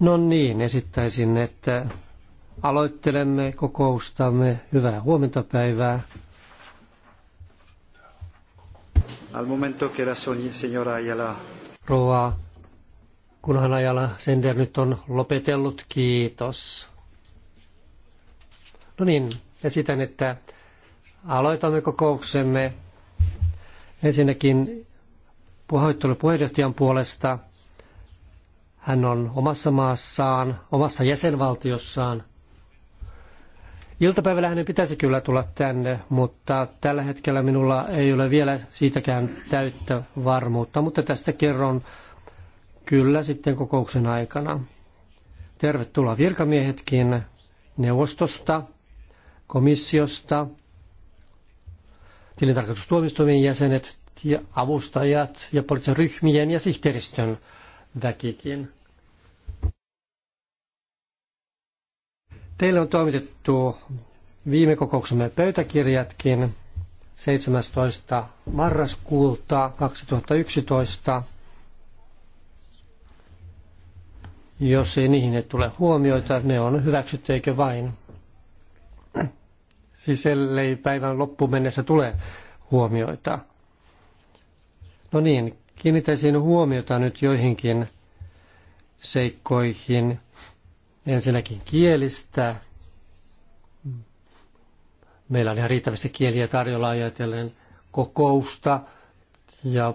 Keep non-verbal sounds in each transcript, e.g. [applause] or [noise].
No niin, esittäisin, että aloittelemme kokoustamme. Hyvää huomentapäivää. Al momento que la señora Ayala... Rouva, kunhan Ajala Sender nyt on lopetellut, kiitos. No niin, esitän, että aloitamme kokouksemme ensinnäkin puheenjohtajan puolesta – hän on omassa maassaan, omassa jäsenvaltiossaan. Iltapäivällä hänen pitäisi kyllä tulla tänne, mutta tällä hetkellä minulla ei ole vielä siitäkään täyttä varmuutta, mutta tästä kerron kyllä sitten kokouksen aikana. Tervetuloa virkamiehetkin neuvostosta, komissiosta, tilintarkastustuomistuomien jäsenet ja avustajat ja poliittisen ryhmien ja sihteeristön väkikin. Teille on toimitettu viime kokouksemme pöytäkirjatkin 17. marraskuulta 2011. Jos ei niihin ei tule huomioita, ne on hyväksytty eikö vain. Siis ellei päivän loppuun mennessä tule huomioita. No niin, Kiinnittäisin huomiota nyt joihinkin seikkoihin. Ensinnäkin kielistä. Meillä on ihan riittävästi kieliä tarjolla ajatellen kokousta ja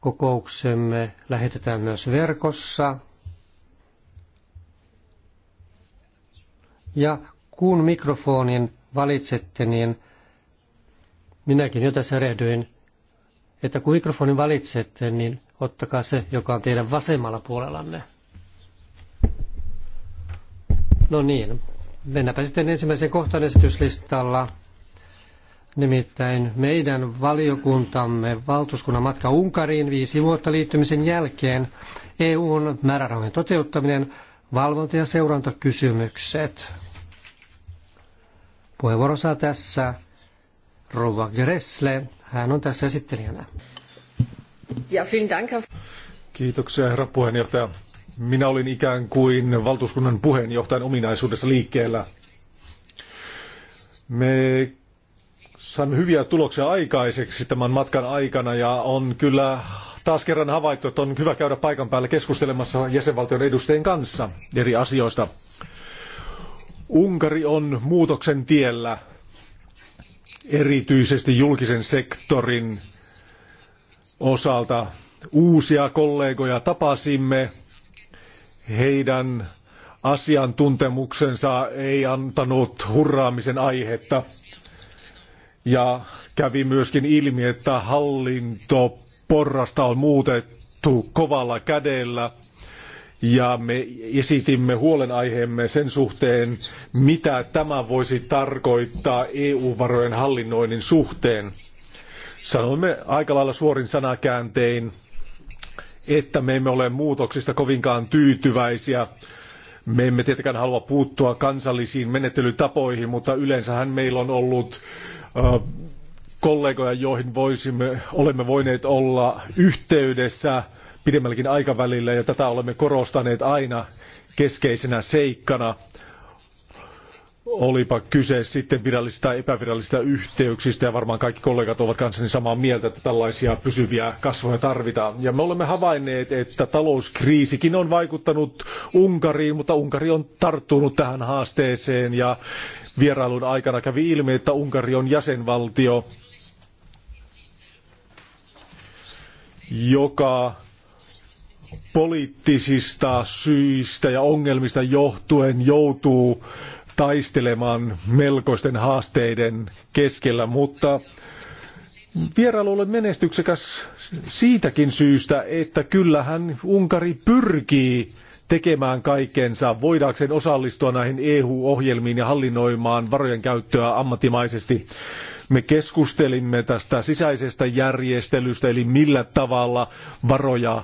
kokouksemme lähetetään myös verkossa. Ja kun mikrofonin valitsette, niin minäkin jo tässä rehdyin että kun mikrofonin valitsette, niin ottakaa se, joka on teidän vasemmalla puolellanne. No niin, mennäänpä sitten ensimmäiseen kohtaan esityslistalla. Nimittäin meidän valiokuntamme valtuuskunnan matka Unkariin viisi vuotta liittymisen jälkeen EUn määrärahojen toteuttaminen, valvonta- ja seurantakysymykset. Puheenvuoro saa tässä Rova Gressle, hän on tässä esittelijänä. Ja, dank. Kiitoksia herra puheenjohtaja. Minä olin ikään kuin valtuuskunnan puheenjohtajan ominaisuudessa liikkeellä. Me saimme hyviä tuloksia aikaiseksi tämän matkan aikana ja on kyllä taas kerran havaittu, että on hyvä käydä paikan päällä keskustelemassa jäsenvaltion edustajien kanssa eri asioista. Unkari on muutoksen tiellä erityisesti julkisen sektorin osalta. Uusia kollegoja tapasimme. Heidän asiantuntemuksensa ei antanut hurraamisen aihetta. Ja kävi myöskin ilmi, että hallintoporrasta on muutettu kovalla kädellä – ja me esitimme huolenaiheemme sen suhteen, mitä tämä voisi tarkoittaa EU-varojen hallinnoinnin suhteen. Sanoimme aika lailla suorin sanakääntein, että me emme ole muutoksista kovinkaan tyytyväisiä. Me emme tietenkään halua puuttua kansallisiin menettelytapoihin, mutta yleensähän meillä on ollut kollegoja, joihin voisimme, olemme voineet olla yhteydessä – pidemmälläkin aikavälillä, ja tätä olemme korostaneet aina keskeisenä seikkana. Olipa kyse sitten virallisista tai epävirallisista yhteyksistä, ja varmaan kaikki kollegat ovat kanssani samaa mieltä, että tällaisia pysyviä kasvoja tarvitaan. Ja me olemme havainneet, että talouskriisikin on vaikuttanut Unkariin, mutta Unkari on tarttunut tähän haasteeseen, ja vierailun aikana kävi ilmi, että Unkari on jäsenvaltio, joka poliittisista syistä ja ongelmista johtuen joutuu taistelemaan melkoisten haasteiden keskellä, mutta vierailu oli menestyksekäs siitäkin syystä, että kyllähän Unkari pyrkii tekemään kaikkensa voidakseen osallistua näihin EU-ohjelmiin ja hallinnoimaan varojen käyttöä ammattimaisesti. Me keskustelimme tästä sisäisestä järjestelystä, eli millä tavalla varoja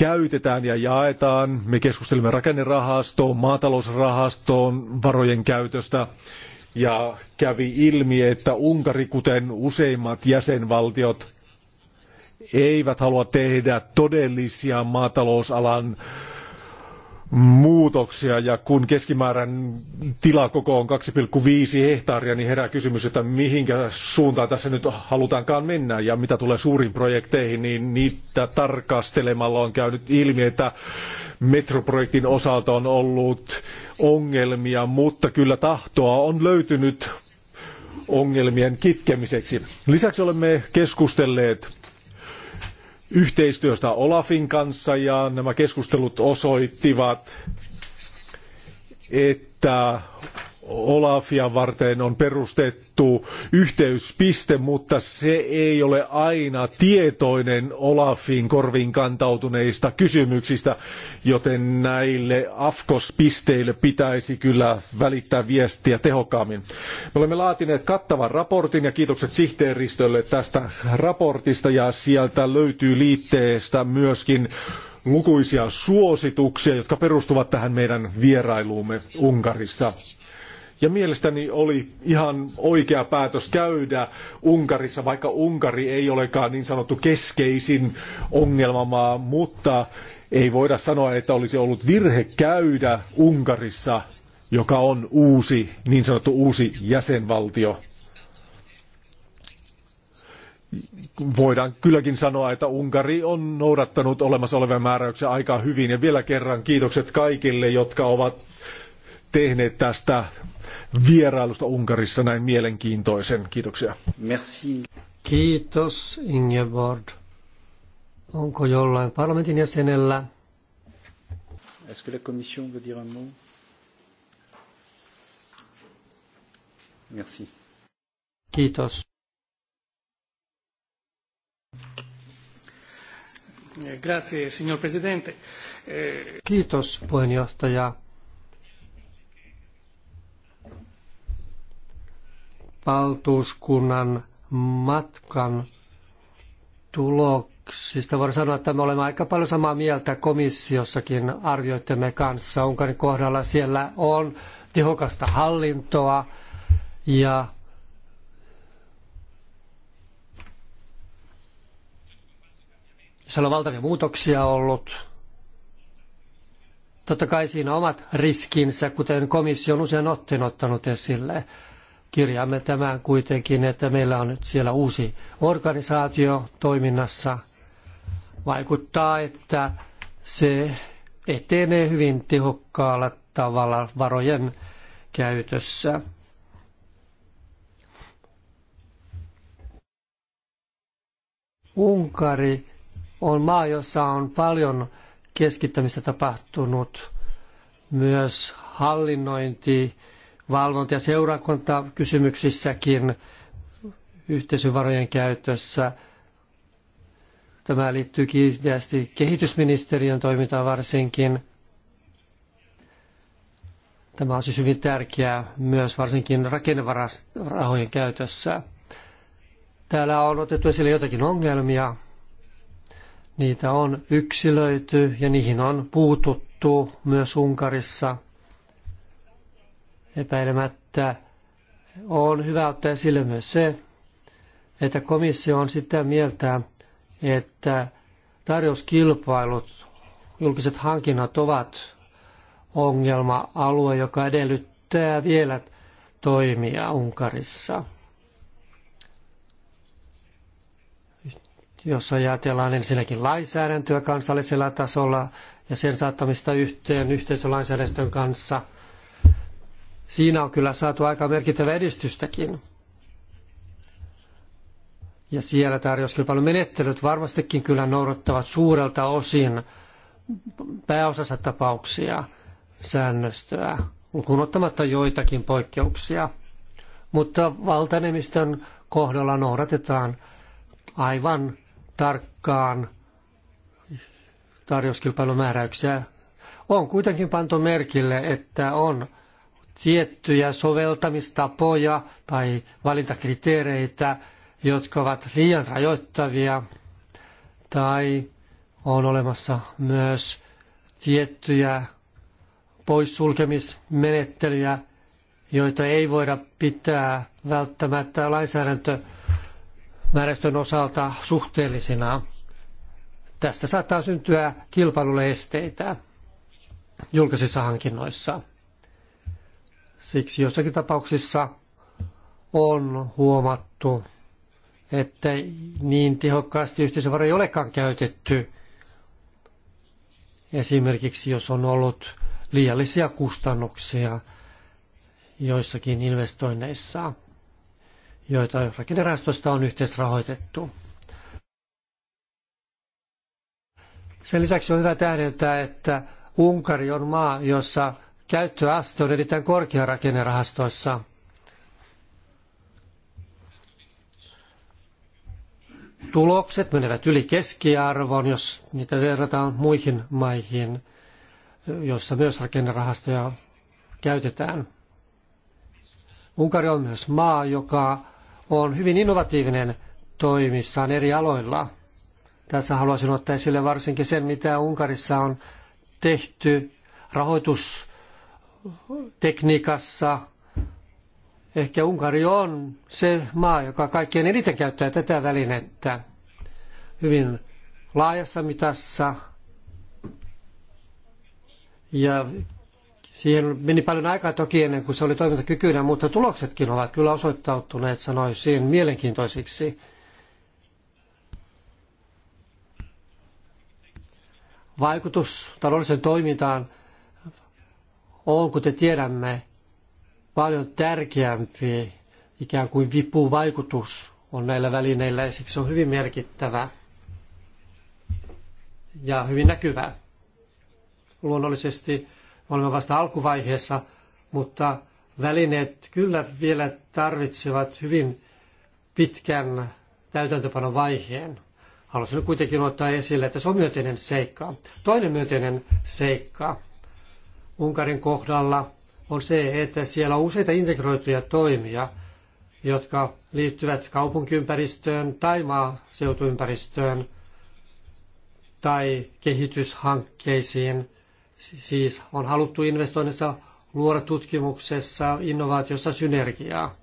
käytetään ja jaetaan. Me keskustelimme rakennerahastoon, maatalousrahastoon varojen käytöstä ja kävi ilmi, että Unkari, kuten useimmat jäsenvaltiot, eivät halua tehdä todellisia maatalousalan äh, muutoksia ja kun keskimäärän tilakoko on 2,5 hehtaaria, niin herää kysymys, että mihinkä suuntaan tässä nyt halutaankaan mennä ja mitä tulee suuriin projekteihin, niin niitä tarkastelemalla on käynyt ilmi, että metroprojektin osalta on ollut ongelmia, mutta kyllä tahtoa on löytynyt ongelmien kitkemiseksi. Lisäksi olemme keskustelleet yhteistyöstä Olafin kanssa ja nämä keskustelut osoittivat, että Olafia varten on perustettu yhteyspiste, mutta se ei ole aina tietoinen Olafin korviin kantautuneista kysymyksistä, joten näille AFKOS-pisteille pitäisi kyllä välittää viestiä tehokkaammin. Me olemme laatineet kattavan raportin ja kiitokset sihteeristölle tästä raportista ja sieltä löytyy liitteestä myöskin lukuisia suosituksia, jotka perustuvat tähän meidän vierailuumme Unkarissa. Ja mielestäni oli ihan oikea päätös käydä Unkarissa, vaikka Unkari ei olekaan niin sanottu keskeisin ongelmamaa, mutta ei voida sanoa, että olisi ollut virhe käydä Unkarissa, joka on uusi, niin sanottu uusi jäsenvaltio voidaan kylläkin sanoa, että Unkari on noudattanut olemassa olevia määräyksiä aika hyvin. Ja vielä kerran kiitokset kaikille, jotka ovat tehneet tästä vierailusta Unkarissa näin mielenkiintoisen. Kiitoksia. Merci. Kiitos Ingeborg. Onko jollain parlamentin jäsenellä? Est-ce que la commission veut dire un mot? Merci. Kiitos. Grazie, signor Presidente. Eh, Kiitos puheenjohtaja. valtuuskunnan matkan tuloksista. Voin sanoa, että me olemme aika paljon samaa mieltä komissiossakin arvioittemme kanssa. Unkarin kohdalla siellä on tehokasta hallintoa ja siellä on valtavia muutoksia ollut. Totta kai siinä on omat riskinsä, kuten komissio on usein ottanut esille. Kirjaamme tämän kuitenkin, että meillä on nyt siellä uusi organisaatio toiminnassa. Vaikuttaa, että se etenee hyvin tehokkaalla tavalla varojen käytössä. Unkari on maa, jossa on paljon keskittämistä tapahtunut. Myös hallinnointi valvonta- ja seurakuntakysymyksissäkin yhteisövarojen käytössä. Tämä liittyy kiinteästi kehitysministeriön toimintaan varsinkin. Tämä on siis hyvin tärkeää myös varsinkin rakennevarahojen käytössä. Täällä on otettu esille jotakin ongelmia. Niitä on yksilöity ja niihin on puututtu myös Unkarissa – Epäilemättä on hyvä ottaa esille myös se, että komissio on sitä mieltä, että tarjouskilpailut, julkiset hankinnat ovat ongelma-alue, joka edellyttää vielä toimia Unkarissa. Jos ajatellaan ensinnäkin lainsäädäntöä kansallisella tasolla ja sen saattamista yhteen yhteisölainsäädäntön kanssa – Siinä on kyllä saatu aika merkittävä edistystäkin. Ja siellä tarjouskilpailun menettelyt varmastikin kyllä noudattavat suurelta osin pääosassa tapauksia säännöstöä, lukuun ottamatta joitakin poikkeuksia. Mutta valtaenemmistön kohdalla noudatetaan aivan tarkkaan tarjouskilpailumääräyksiä. On kuitenkin pantu merkille, että on tiettyjä soveltamistapoja tai valintakriteereitä, jotka ovat liian rajoittavia, tai on olemassa myös tiettyjä poissulkemismenettelyjä, joita ei voida pitää välttämättä lainsäädäntömääräysten osalta suhteellisina. Tästä saattaa syntyä kilpailulle esteitä julkisissa hankinnoissa. Siksi jossakin tapauksissa on huomattu, että niin tehokkaasti yhteisövaroja ei olekaan käytetty. Esimerkiksi jos on ollut liiallisia kustannuksia joissakin investoinneissa, joita rakennerahastosta on yhteisrahoitettu. Sen lisäksi on hyvä tähdentää, että Unkari on maa, jossa käyttöaste on erittäin korkea rakennerahastoissa. Tulokset menevät yli keskiarvon, jos niitä verrataan muihin maihin, joissa myös rakennerahastoja käytetään. Unkari on myös maa, joka on hyvin innovatiivinen toimissaan eri aloilla. Tässä haluaisin ottaa esille varsinkin sen, mitä Unkarissa on tehty rahoitus tekniikassa. Ehkä Unkari on se maa, joka kaikkein eniten käyttää tätä välinettä hyvin laajassa mitassa. Ja siihen meni paljon aikaa toki ennen kuin se oli toimintakykyinen, mutta tuloksetkin ovat kyllä osoittautuneet, sanoisin, mielenkiintoisiksi. Vaikutus taloudelliseen toimintaan on, kuten tiedämme, paljon tärkeämpi ikään kuin vipuvaikutus on näillä välineillä ja siksi se on hyvin merkittävä ja hyvin näkyvää. Luonnollisesti olemme vasta alkuvaiheessa, mutta välineet kyllä vielä tarvitsevat hyvin pitkän täytäntöpanon vaiheen. Haluaisin kuitenkin ottaa esille, että se on myönteinen seikka. Toinen myönteinen seikka Unkarin kohdalla on se, että siellä on useita integroituja toimia, jotka liittyvät kaupunkiympäristöön tai maaseutuympäristöön tai kehityshankkeisiin. Siis on haluttu investoinnissa luoda tutkimuksessa, innovaatiossa synergiaa,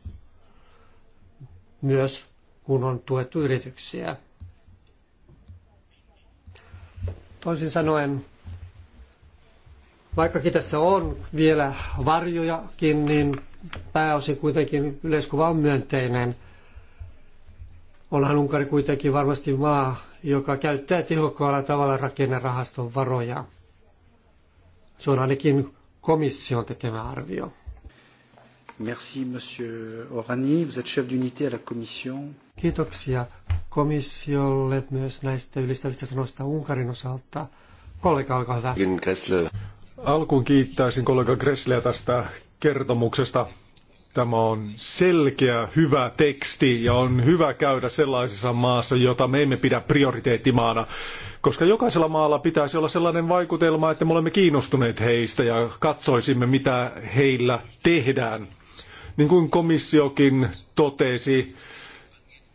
myös kun on tuettu yrityksiä. Toisin sanoen Vaikkakin tässä on vielä varjojakin, niin pääosin kuitenkin yleiskuva on myönteinen. Onhan Unkari kuitenkin varmasti maa, joka käyttää tehokkaalla tavalla rakennerahaston varoja. Se on ainakin komission tekemä arvio. Merci, monsieur Orani. Vous êtes chef d'unité à la commission. Kiitoksia komissiolle myös näistä ylistävistä sanoista Unkarin osalta. Kollega, olkaa hyvä. Alkuun kiittäisin kollega Gressleä tästä kertomuksesta. Tämä on selkeä, hyvä teksti ja on hyvä käydä sellaisessa maassa, jota me emme pidä prioriteettimaana, koska jokaisella maalla pitäisi olla sellainen vaikutelma, että me olemme kiinnostuneet heistä ja katsoisimme, mitä heillä tehdään. Niin kuin komissiokin totesi,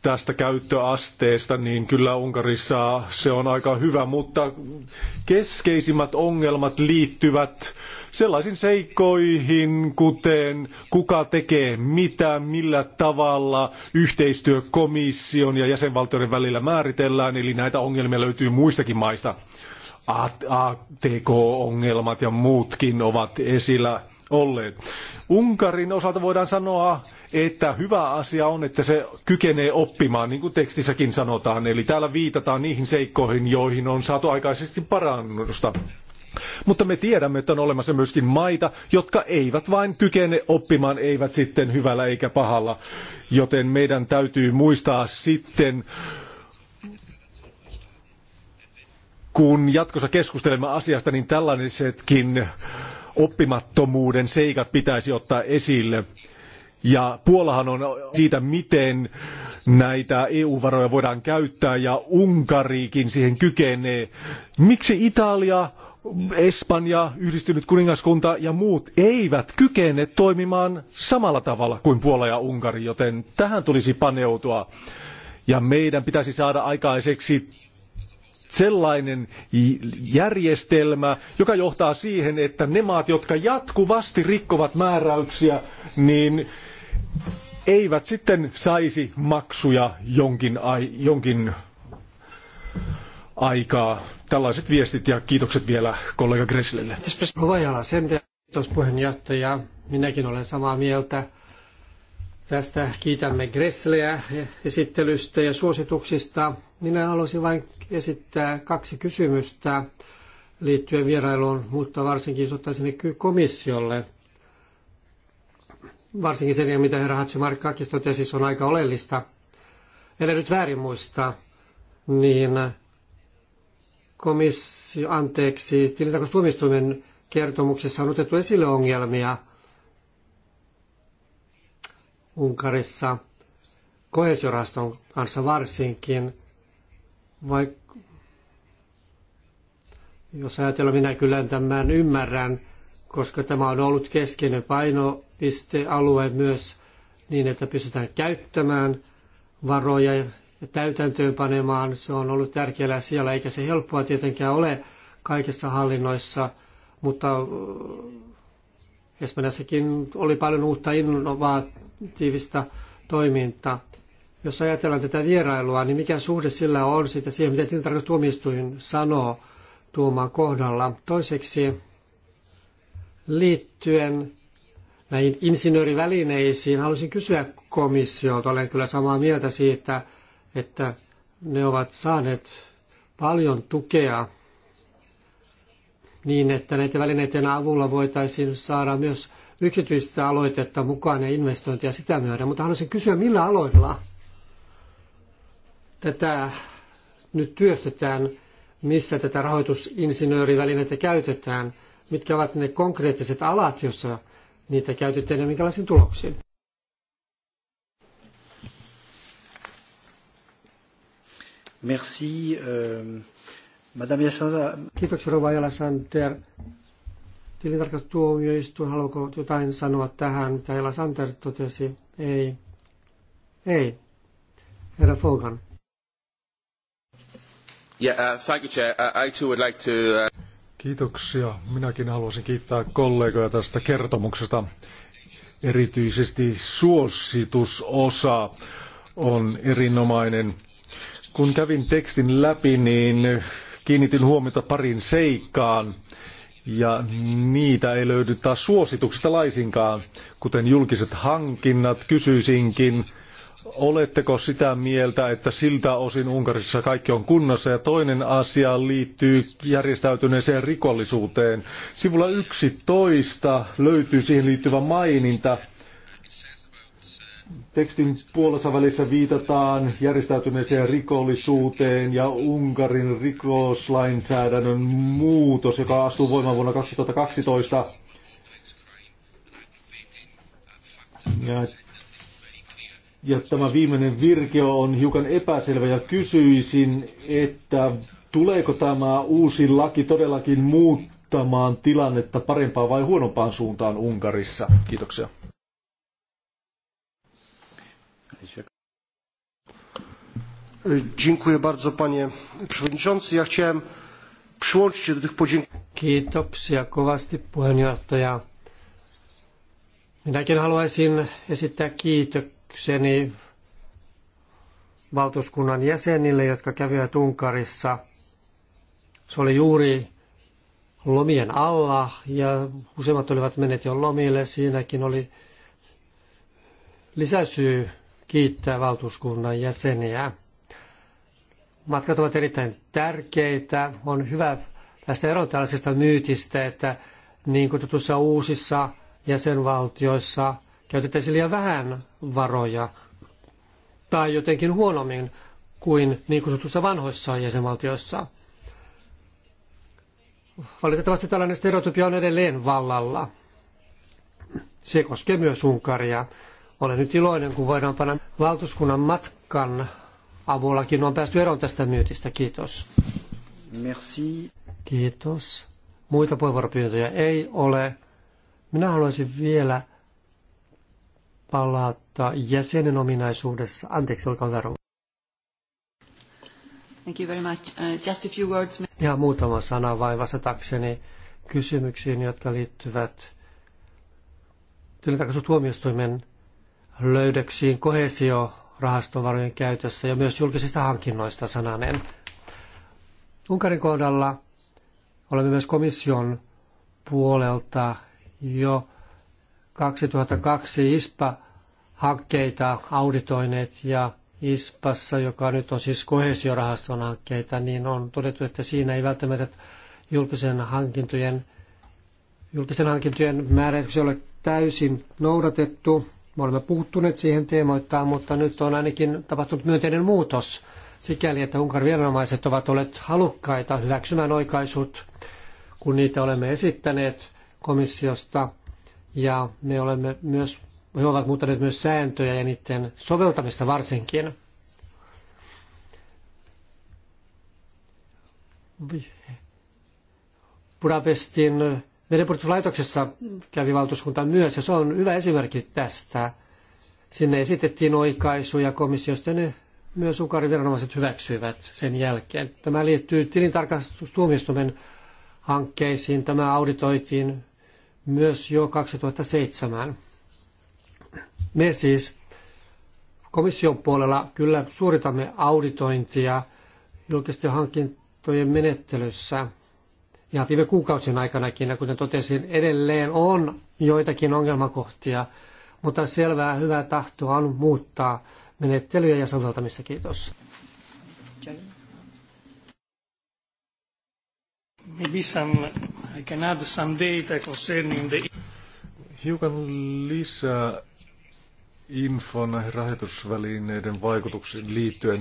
tästä käyttöasteesta, niin kyllä Unkarissa se on aika hyvä, mutta keskeisimmät ongelmat liittyvät sellaisiin seikkoihin, kuten kuka tekee mitä, millä tavalla yhteistyö komission ja jäsenvaltioiden välillä määritellään, eli näitä ongelmia löytyy muistakin maista. ATK-ongelmat ja muutkin ovat esillä olleet. Unkarin osalta voidaan sanoa, että hyvä asia on, että se kykenee oppimaan, niin kuin tekstissäkin sanotaan. Eli täällä viitataan niihin seikkoihin, joihin on saatu aikaisesti parannusta. Mutta me tiedämme, että on olemassa myöskin maita, jotka eivät vain kykene oppimaan, eivät sitten hyvällä eikä pahalla. Joten meidän täytyy muistaa sitten, kun jatkossa keskustelemme asiasta, niin tällaisetkin oppimattomuuden seikat pitäisi ottaa esille. Ja Puolahan on siitä, miten näitä EU-varoja voidaan käyttää ja Unkariikin siihen kykenee. Miksi Italia, Espanja, Yhdistynyt kuningaskunta ja muut eivät kykene toimimaan samalla tavalla kuin Puola ja Unkari, joten tähän tulisi paneutua. Ja meidän pitäisi saada aikaiseksi sellainen järjestelmä, joka johtaa siihen, että ne maat, jotka jatkuvasti rikkovat määräyksiä, niin eivät sitten saisi maksuja jonkin, ai, jonkin aikaa. Tällaiset viestit ja kiitokset vielä kollega Gresslelle. Kovajala, sen kiitos puheenjohtaja. Minäkin olen samaa mieltä. Tästä kiitämme Gressleä esittelystä ja suosituksista. Minä haluaisin vain esittää kaksi kysymystä liittyen vierailuun, mutta varsinkin ottaisin komissiolle varsinkin sen, mitä herra Hatsimarkkakis totesi, se on aika oleellista. Ellei nyt väärin muista, niin komissio, anteeksi, tilintarkastustuomioistuimen kertomuksessa on otettu esille ongelmia Unkarissa kohesioraston kanssa varsinkin, vaikka jos ajatellaan, minä kyllä tämän ymmärrän, koska tämä on ollut keskeinen paino painopistealue myös niin, että pystytään käyttämään varoja ja täytäntöön panemaan. Se on ollut tärkeällä siellä, eikä se helppoa tietenkään ole kaikissa hallinnoissa, mutta Espanjassakin oli paljon uutta innovatiivista toimintaa. Jos ajatellaan tätä vierailua, niin mikä suhde sillä on siitä siihen, mitä tilintarkastustuomioistuin sanoo tuomaan kohdalla. Toiseksi liittyen näihin insinöörivälineisiin haluaisin kysyä komissiolta. Olen kyllä samaa mieltä siitä, että ne ovat saaneet paljon tukea niin, että näiden välineiden avulla voitaisiin saada myös yksityistä aloitetta mukaan ja investointia sitä myöden. Mutta haluaisin kysyä, millä aloilla tätä nyt työstetään, missä tätä rahoitusinsinöörivälineitä käytetään, mitkä ovat ne konkreettiset alat, joissa niitä käytetään ja minkälaisiin tuloksiin? Merci. Euh, Madame Yassana. Kiitoksia Rova Jalasander. Tilintarkastustuomioistuin, haluatko jotain sanoa tähän, mitä Jalasander totesi? Ei. Ei. Herra Fogan. Yeah, uh, thank you, Chair. Uh, I too would like to... Uh... Kiitoksia. Minäkin haluaisin kiittää kollegoja tästä kertomuksesta. Erityisesti suositusosa on erinomainen. Kun kävin tekstin läpi, niin kiinnitin huomiota parin seikkaan. Ja niitä ei löydy taas suosituksista laisinkaan, kuten julkiset hankinnat. Kysyisinkin, Oletteko sitä mieltä, että siltä osin Unkarissa kaikki on kunnossa? Ja toinen asia liittyy järjestäytyneeseen rikollisuuteen. Sivulla 11 löytyy siihen liittyvä maininta. Tekstin puolessa välissä viitataan järjestäytyneeseen rikollisuuteen ja Unkarin rikoslainsäädännön muutos, joka astuu voimaan vuonna 2012. Ja ja tämä viimeinen virke on hiukan epäselvä ja kysyisin, että tuleeko tämä uusi laki todellakin muuttamaan tilannetta parempaan vai huonompaan suuntaan Unkarissa? Kiitoksia. Dziękuję bardzo panie przewodniczący. Ja chciałem przyłączyć się do tych podziękowań. Kiitoksia kovasti puheenjohtaja. Minäkin haluaisin esittää kiitoksia kysymykseni valtuuskunnan jäsenille, jotka kävivät Unkarissa. Se oli juuri lomien alla ja useimmat olivat menneet jo lomille. Siinäkin oli lisäsyy kiittää valtuuskunnan jäseniä. Matkat ovat erittäin tärkeitä. On hyvä tästä eroon tällaisesta myytistä, että niin tuossa uusissa jäsenvaltioissa käytettäisi liian vähän varoja tai jotenkin huonommin kuin niin kutsutussa vanhoissa jäsenvaltioissa. Valitettavasti tällainen stereotypia on edelleen vallalla. Se koskee myös Unkaria. Olen nyt iloinen, kun voidaan panna valtuuskunnan matkan avullakin on päästy eroon tästä myytistä. Kiitos. Merci. Kiitos. Muita puheenvuoropyyntöjä ei ole. Minä haluaisin vielä palata jäsenen ominaisuudessa. Anteeksi, olkaa hyvä rouva. Thank you very much. Uh, just a few words. Ihan muutama sana vain vastatakseni kysymyksiin, jotka liittyvät tilintarkastustuomioistuimen löydöksiin kohesio rahastovarojen käytössä ja myös julkisista hankinnoista sananen. Unkarin kohdalla olemme myös komission puolelta jo 2002 ISPA hankkeita auditoineet ja ISPassa, joka nyt on siis kohesiorahaston hankkeita, niin on todettu, että siinä ei välttämättä julkisen hankintojen, julkisen hankintojen määräyksiä ole täysin noudatettu. Me olemme puuttuneet siihen teemoittaan, mutta nyt on ainakin tapahtunut myönteinen muutos sikäli, että Unkarin viranomaiset ovat olleet halukkaita hyväksymään oikaisut, kun niitä olemme esittäneet komissiosta. Ja me olemme myös he ovat muuttaneet myös sääntöjä ja niiden soveltamista varsinkin. Budapestin vedenpuolustuslaitoksessa kävi valtuuskunta myös, ja se on hyvä esimerkki tästä. Sinne esitettiin oikaisuja komissiosta, ja ne myös Ukarin viranomaiset hyväksyivät sen jälkeen. Tämä liittyy tilintarkastustuomioistuimen hankkeisiin. Tämä auditoitiin myös jo 2007. Me siis komission puolella kyllä suoritamme auditointia julkisten hankintojen menettelyssä. Ja viime kuukausien aikanakin, ja kuten totesin, edelleen on joitakin ongelmakohtia, mutta selvää hyvää tahtoa on muuttaa menettelyjä ja soveltamista. Kiitos. Maybe some, I can add some data concerning the... Hiukan lisää infoa näihin rahoitusvälineiden vaikutuksiin liittyen.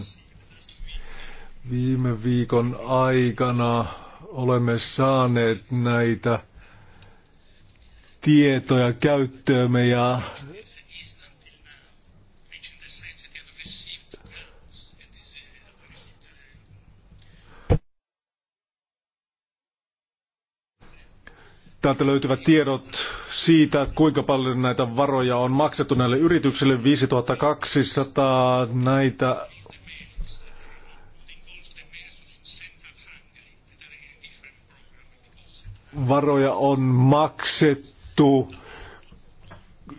Viime viikon aikana olemme saaneet näitä tietoja käyttöömme ja Täältä löytyvät tiedot siitä, kuinka paljon näitä varoja on maksettu näille yrityksille, 5200 näitä varoja on maksettu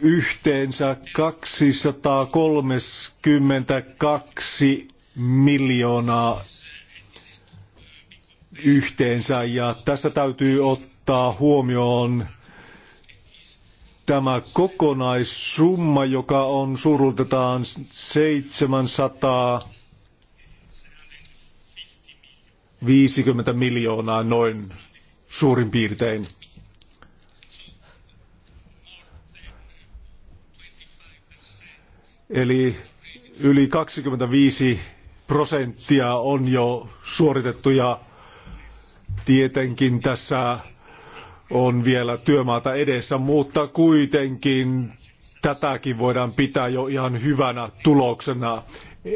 yhteensä 232 miljoonaa yhteensä ja tässä täytyy ottaa ottaa huomioon tämä kokonaissumma, joka on suurultetaan 700 50 miljoonaa noin suurin piirtein. Eli yli 25 prosenttia on jo suoritettu ja tietenkin tässä on vielä työmaata edessä, mutta kuitenkin tätäkin voidaan pitää jo ihan hyvänä tuloksena,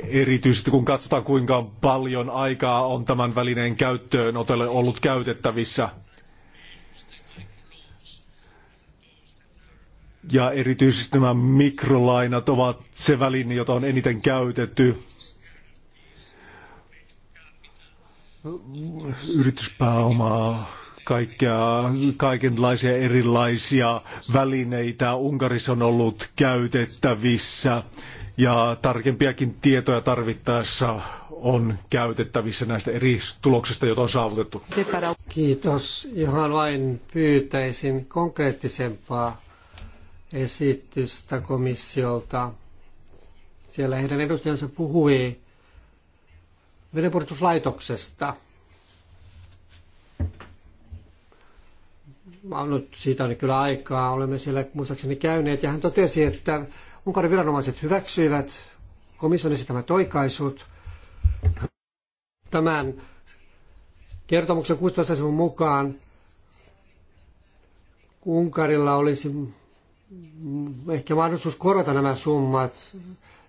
erityisesti kun katsotaan kuinka paljon aikaa on tämän välineen käyttöön otelle ollut käytettävissä. Ja erityisesti nämä mikrolainat ovat se väline, jota on eniten käytetty. Yrityspääomaa kaikkea, kaikenlaisia erilaisia välineitä Unkarissa on ollut käytettävissä ja tarkempiakin tietoja tarvittaessa on käytettävissä näistä eri tuloksista, joita on saavutettu. Kiitos. Ihan vain pyytäisin konkreettisempaa esitystä komissiolta. Siellä heidän edustajansa puhui vedenpuolustuslaitoksesta – nyt siitä on kyllä aikaa, olemme siellä muistaakseni käyneet, ja hän totesi, että Unkarin viranomaiset hyväksyivät komission esittämät oikaisut tämän kertomuksen 16 sivun mukaan Unkarilla olisi ehkä mahdollisuus korvata nämä summat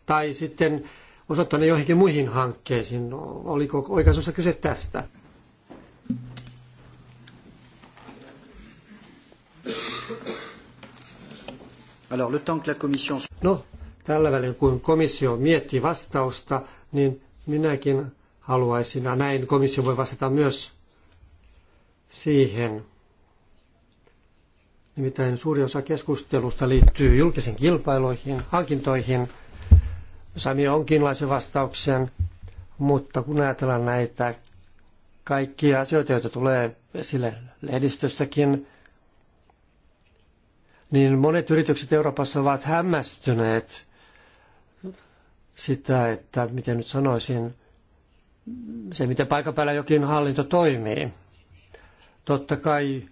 tai sitten osoittaa ne joihinkin muihin hankkeisiin. Oliko oikeasuussa kyse tästä? Alors, le temps que la commission... No, tällä välin kun komissio miettii vastausta, niin minäkin haluaisin, ja näin komissio voi vastata myös siihen. Nimittäin suuri osa keskustelusta liittyy julkisiin kilpailuihin, hankintoihin. Saimme jonkinlaisen vastauksen, mutta kun ajatellaan näitä kaikkia asioita, joita tulee esille lehdistössäkin, niin monet yritykset Euroopassa ovat hämmästyneet sitä, että miten nyt sanoisin, se miten paikan päällä jokin hallinto toimii. Totta kai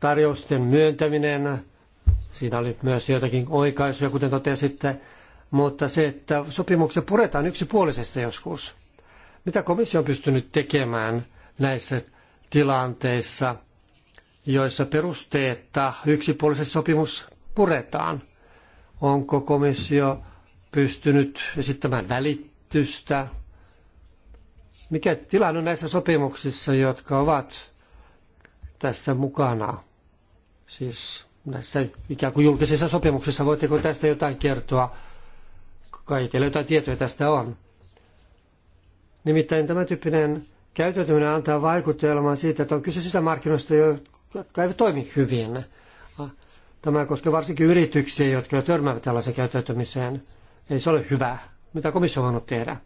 tarjousten myöntäminen, siinä oli myös joitakin oikaisuja, kuten totesitte, mutta se, että sopimuksia puretaan yksipuolisesti joskus. Mitä komissio on pystynyt tekemään näissä tilanteissa – joissa perusteetta yksipuoliset sopimus puretaan. Onko komissio pystynyt esittämään välitystä? Mikä tilanne on näissä sopimuksissa, jotka ovat tässä mukana? Siis näissä ikään kuin julkisissa sopimuksissa, voitteko tästä jotain kertoa? teillä jotain tietoja tästä on. Nimittäin tämä tyyppinen käyttäytyminen antaa vaikutelman siitä, että on kyse sisämarkkinoista, jotka eivät toimi hyvin. Tämä koskee varsinkin yrityksiä, jotka törmäävät tällaiseen käyttäytymiseen. Ei se ole hyvä. Mitä komissio on voinut tehdä?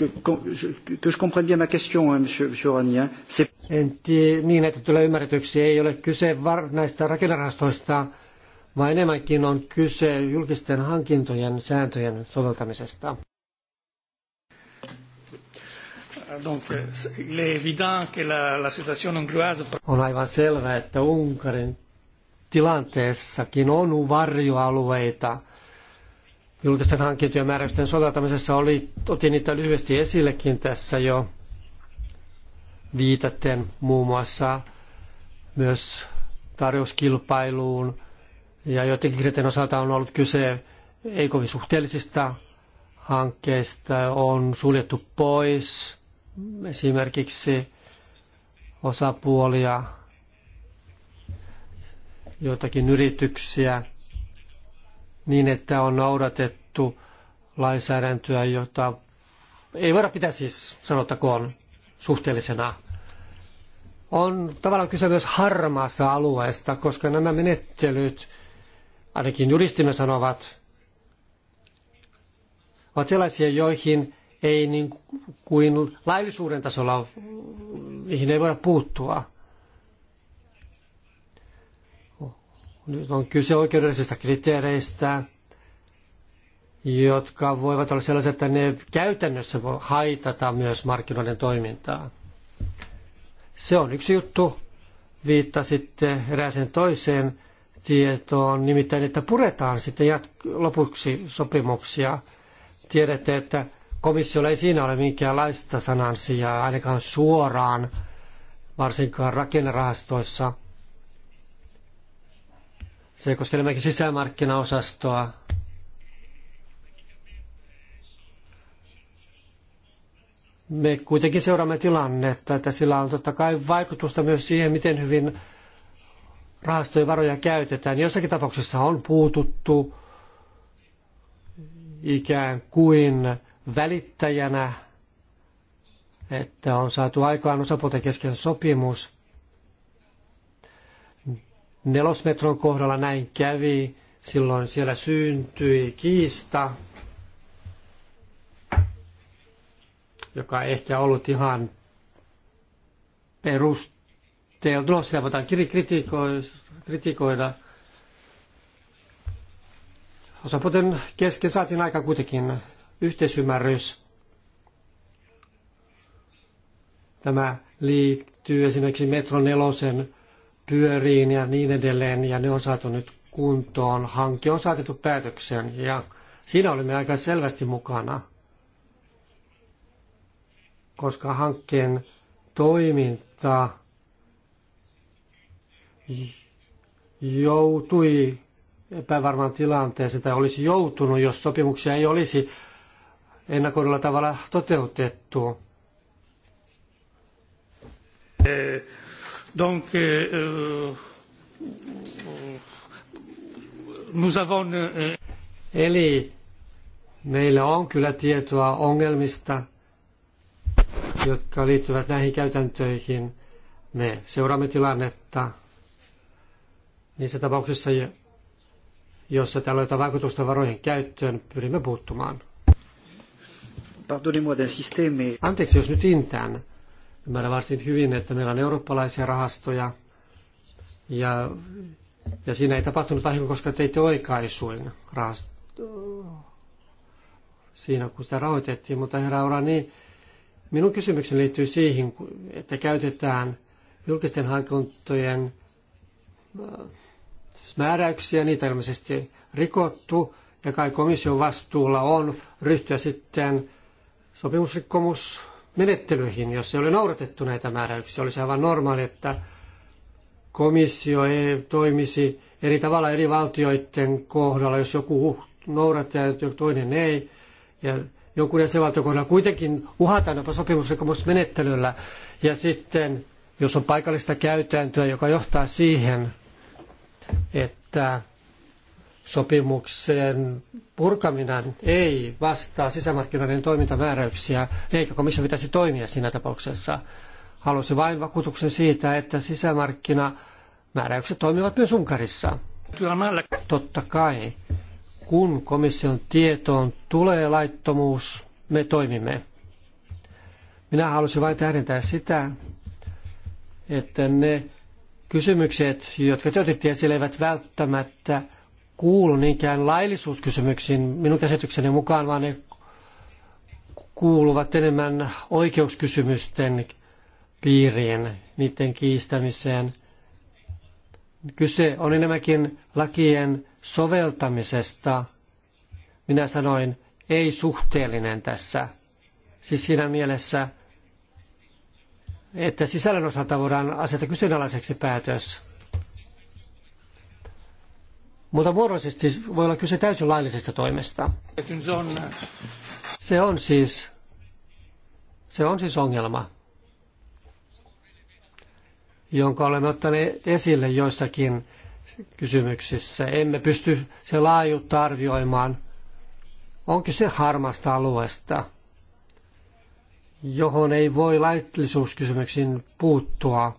que je comprenne bien ma question, hein, monsieur, monsieur Ranien. C'est... niin, että tulee ymmärretyksi, ei ole kyse var, näistä rakennerahastoista, vaan enemmänkin on kyse julkisten hankintojen sääntöjen soveltamisesta. On aivan selvä, että Unkarin tilanteessakin on varjoalueita. Julkisten hankintojen määräysten soveltamisessa oli, otin niitä lyhyesti esillekin tässä jo viitaten muun muassa myös tarjouskilpailuun ja joidenkin kriteerien osalta on ollut kyse ei kovin suhteellisista hankkeista, on suljettu pois esimerkiksi osapuolia, joitakin yrityksiä, niin että on noudatettu lainsäädäntöä, jota ei voida pitää siis, sanottakoon, suhteellisena. On tavallaan kyse myös harmaasta alueesta, koska nämä menettelyt, ainakin juristimme sanovat, ovat sellaisia, joihin ei niin kuin laillisuuden tasolla, niihin ei voida puuttua. Nyt on kyse oikeudellisista kriteereistä, jotka voivat olla sellaisia, että ne käytännössä voi haitata myös markkinoiden toimintaa. Se on yksi juttu. Viittasitte erääseen toiseen tietoon, nimittäin että puretaan sitten jat- lopuksi sopimuksia. Tiedätte, että Komissiolla ei siinä ole minkäänlaista sanansijaa, ainakaan suoraan, varsinkaan rakennerahastoissa. Se koske enemmänkin sisämarkkinaosastoa. Me kuitenkin seuraamme tilannetta, että sillä on totta kai vaikutusta myös siihen, miten hyvin rahastojen varoja käytetään. Jossakin tapauksessa on puututtu ikään kuin välittäjänä, että on saatu aikaan osapuolten kesken sopimus. Nelosmetron kohdalla näin kävi, silloin siellä syntyi kiista, joka ei ehkä ollut ihan perusteltu. No, sitä voidaan kritikoida. Osapuolten kesken saatiin aika kuitenkin yhteisymmärrys. Tämä liittyy esimerkiksi Metro nelosen pyöriin ja niin edelleen, ja ne on saatu nyt kuntoon. Hanke on saatettu päätöksen, ja siinä olimme aika selvästi mukana, koska hankkeen toiminta joutui epävarmaan tilanteeseen tai olisi joutunut, jos sopimuksia ei olisi ennakoidulla tavalla toteutettu. Eh, donc, euh, nous avons... Eh, Eli meillä on kyllä tietoa ongelmista, jotka liittyvät näihin käytäntöihin. Me seuraamme tilannetta niissä tapauksissa, jossa tällä on vaikutusta varojen käyttöön, pyrimme puuttumaan. Anteeksi, jos nyt intään. Ymmärrän varsin hyvin, että meillä on eurooppalaisia rahastoja ja, ja siinä ei tapahtunut vahinko, koska teitte oikaisuin rahasto, siinä, kun sitä rahoitettiin. Mutta herra Ora, niin minun kysymykseni liittyy siihen, että käytetään julkisten hankintojen äh, määräyksiä, niitä ilmeisesti rikottu, ja kai komission vastuulla on ryhtyä sitten sopimusrikkomusmenettelyihin, jos ei ole noudatettu näitä määräyksiä. Olisi aivan normaali, että komissio ei toimisi eri tavalla eri valtioiden kohdalla, jos joku uh- noudattaa ja toinen ei. Ja jonkun jäsenvaltion kohdalla kuitenkin uhataan jopa sopimusrikkomusmenettelyllä. Ja sitten, jos on paikallista käytäntöä, joka johtaa siihen, että sopimuksen purkaminen ei vastaa sisämarkkinoiden toimintamääräyksiä, eikä komissio pitäisi toimia siinä tapauksessa. Halusin vain vakuutuksen siitä, että sisämarkkinamääräykset toimivat myös Unkarissa. Totta kai, kun komission tietoon tulee laittomuus, me toimimme. Minä halusin vain tähdentää sitä, että ne kysymykset, jotka te otitte esille, eivät välttämättä – kuulu niinkään laillisuuskysymyksiin minun käsitykseni mukaan, vaan ne kuuluvat enemmän oikeuskysymysten piiriin, niiden kiistämiseen. Kyse on enemmänkin lakien soveltamisesta. Minä sanoin, ei suhteellinen tässä. Siis siinä mielessä, että sisällön osalta voidaan asettaa kyseenalaiseksi päätös. Mutta vuoroisesti voi olla kyse täysin laillisesta toimesta. Se on siis, se on siis ongelma, jonka olemme ottaneet esille joissakin kysymyksissä. Emme pysty se laajuutta arvioimaan. On kyse harmasta alueesta, johon ei voi laillisuuskysymyksiin puuttua,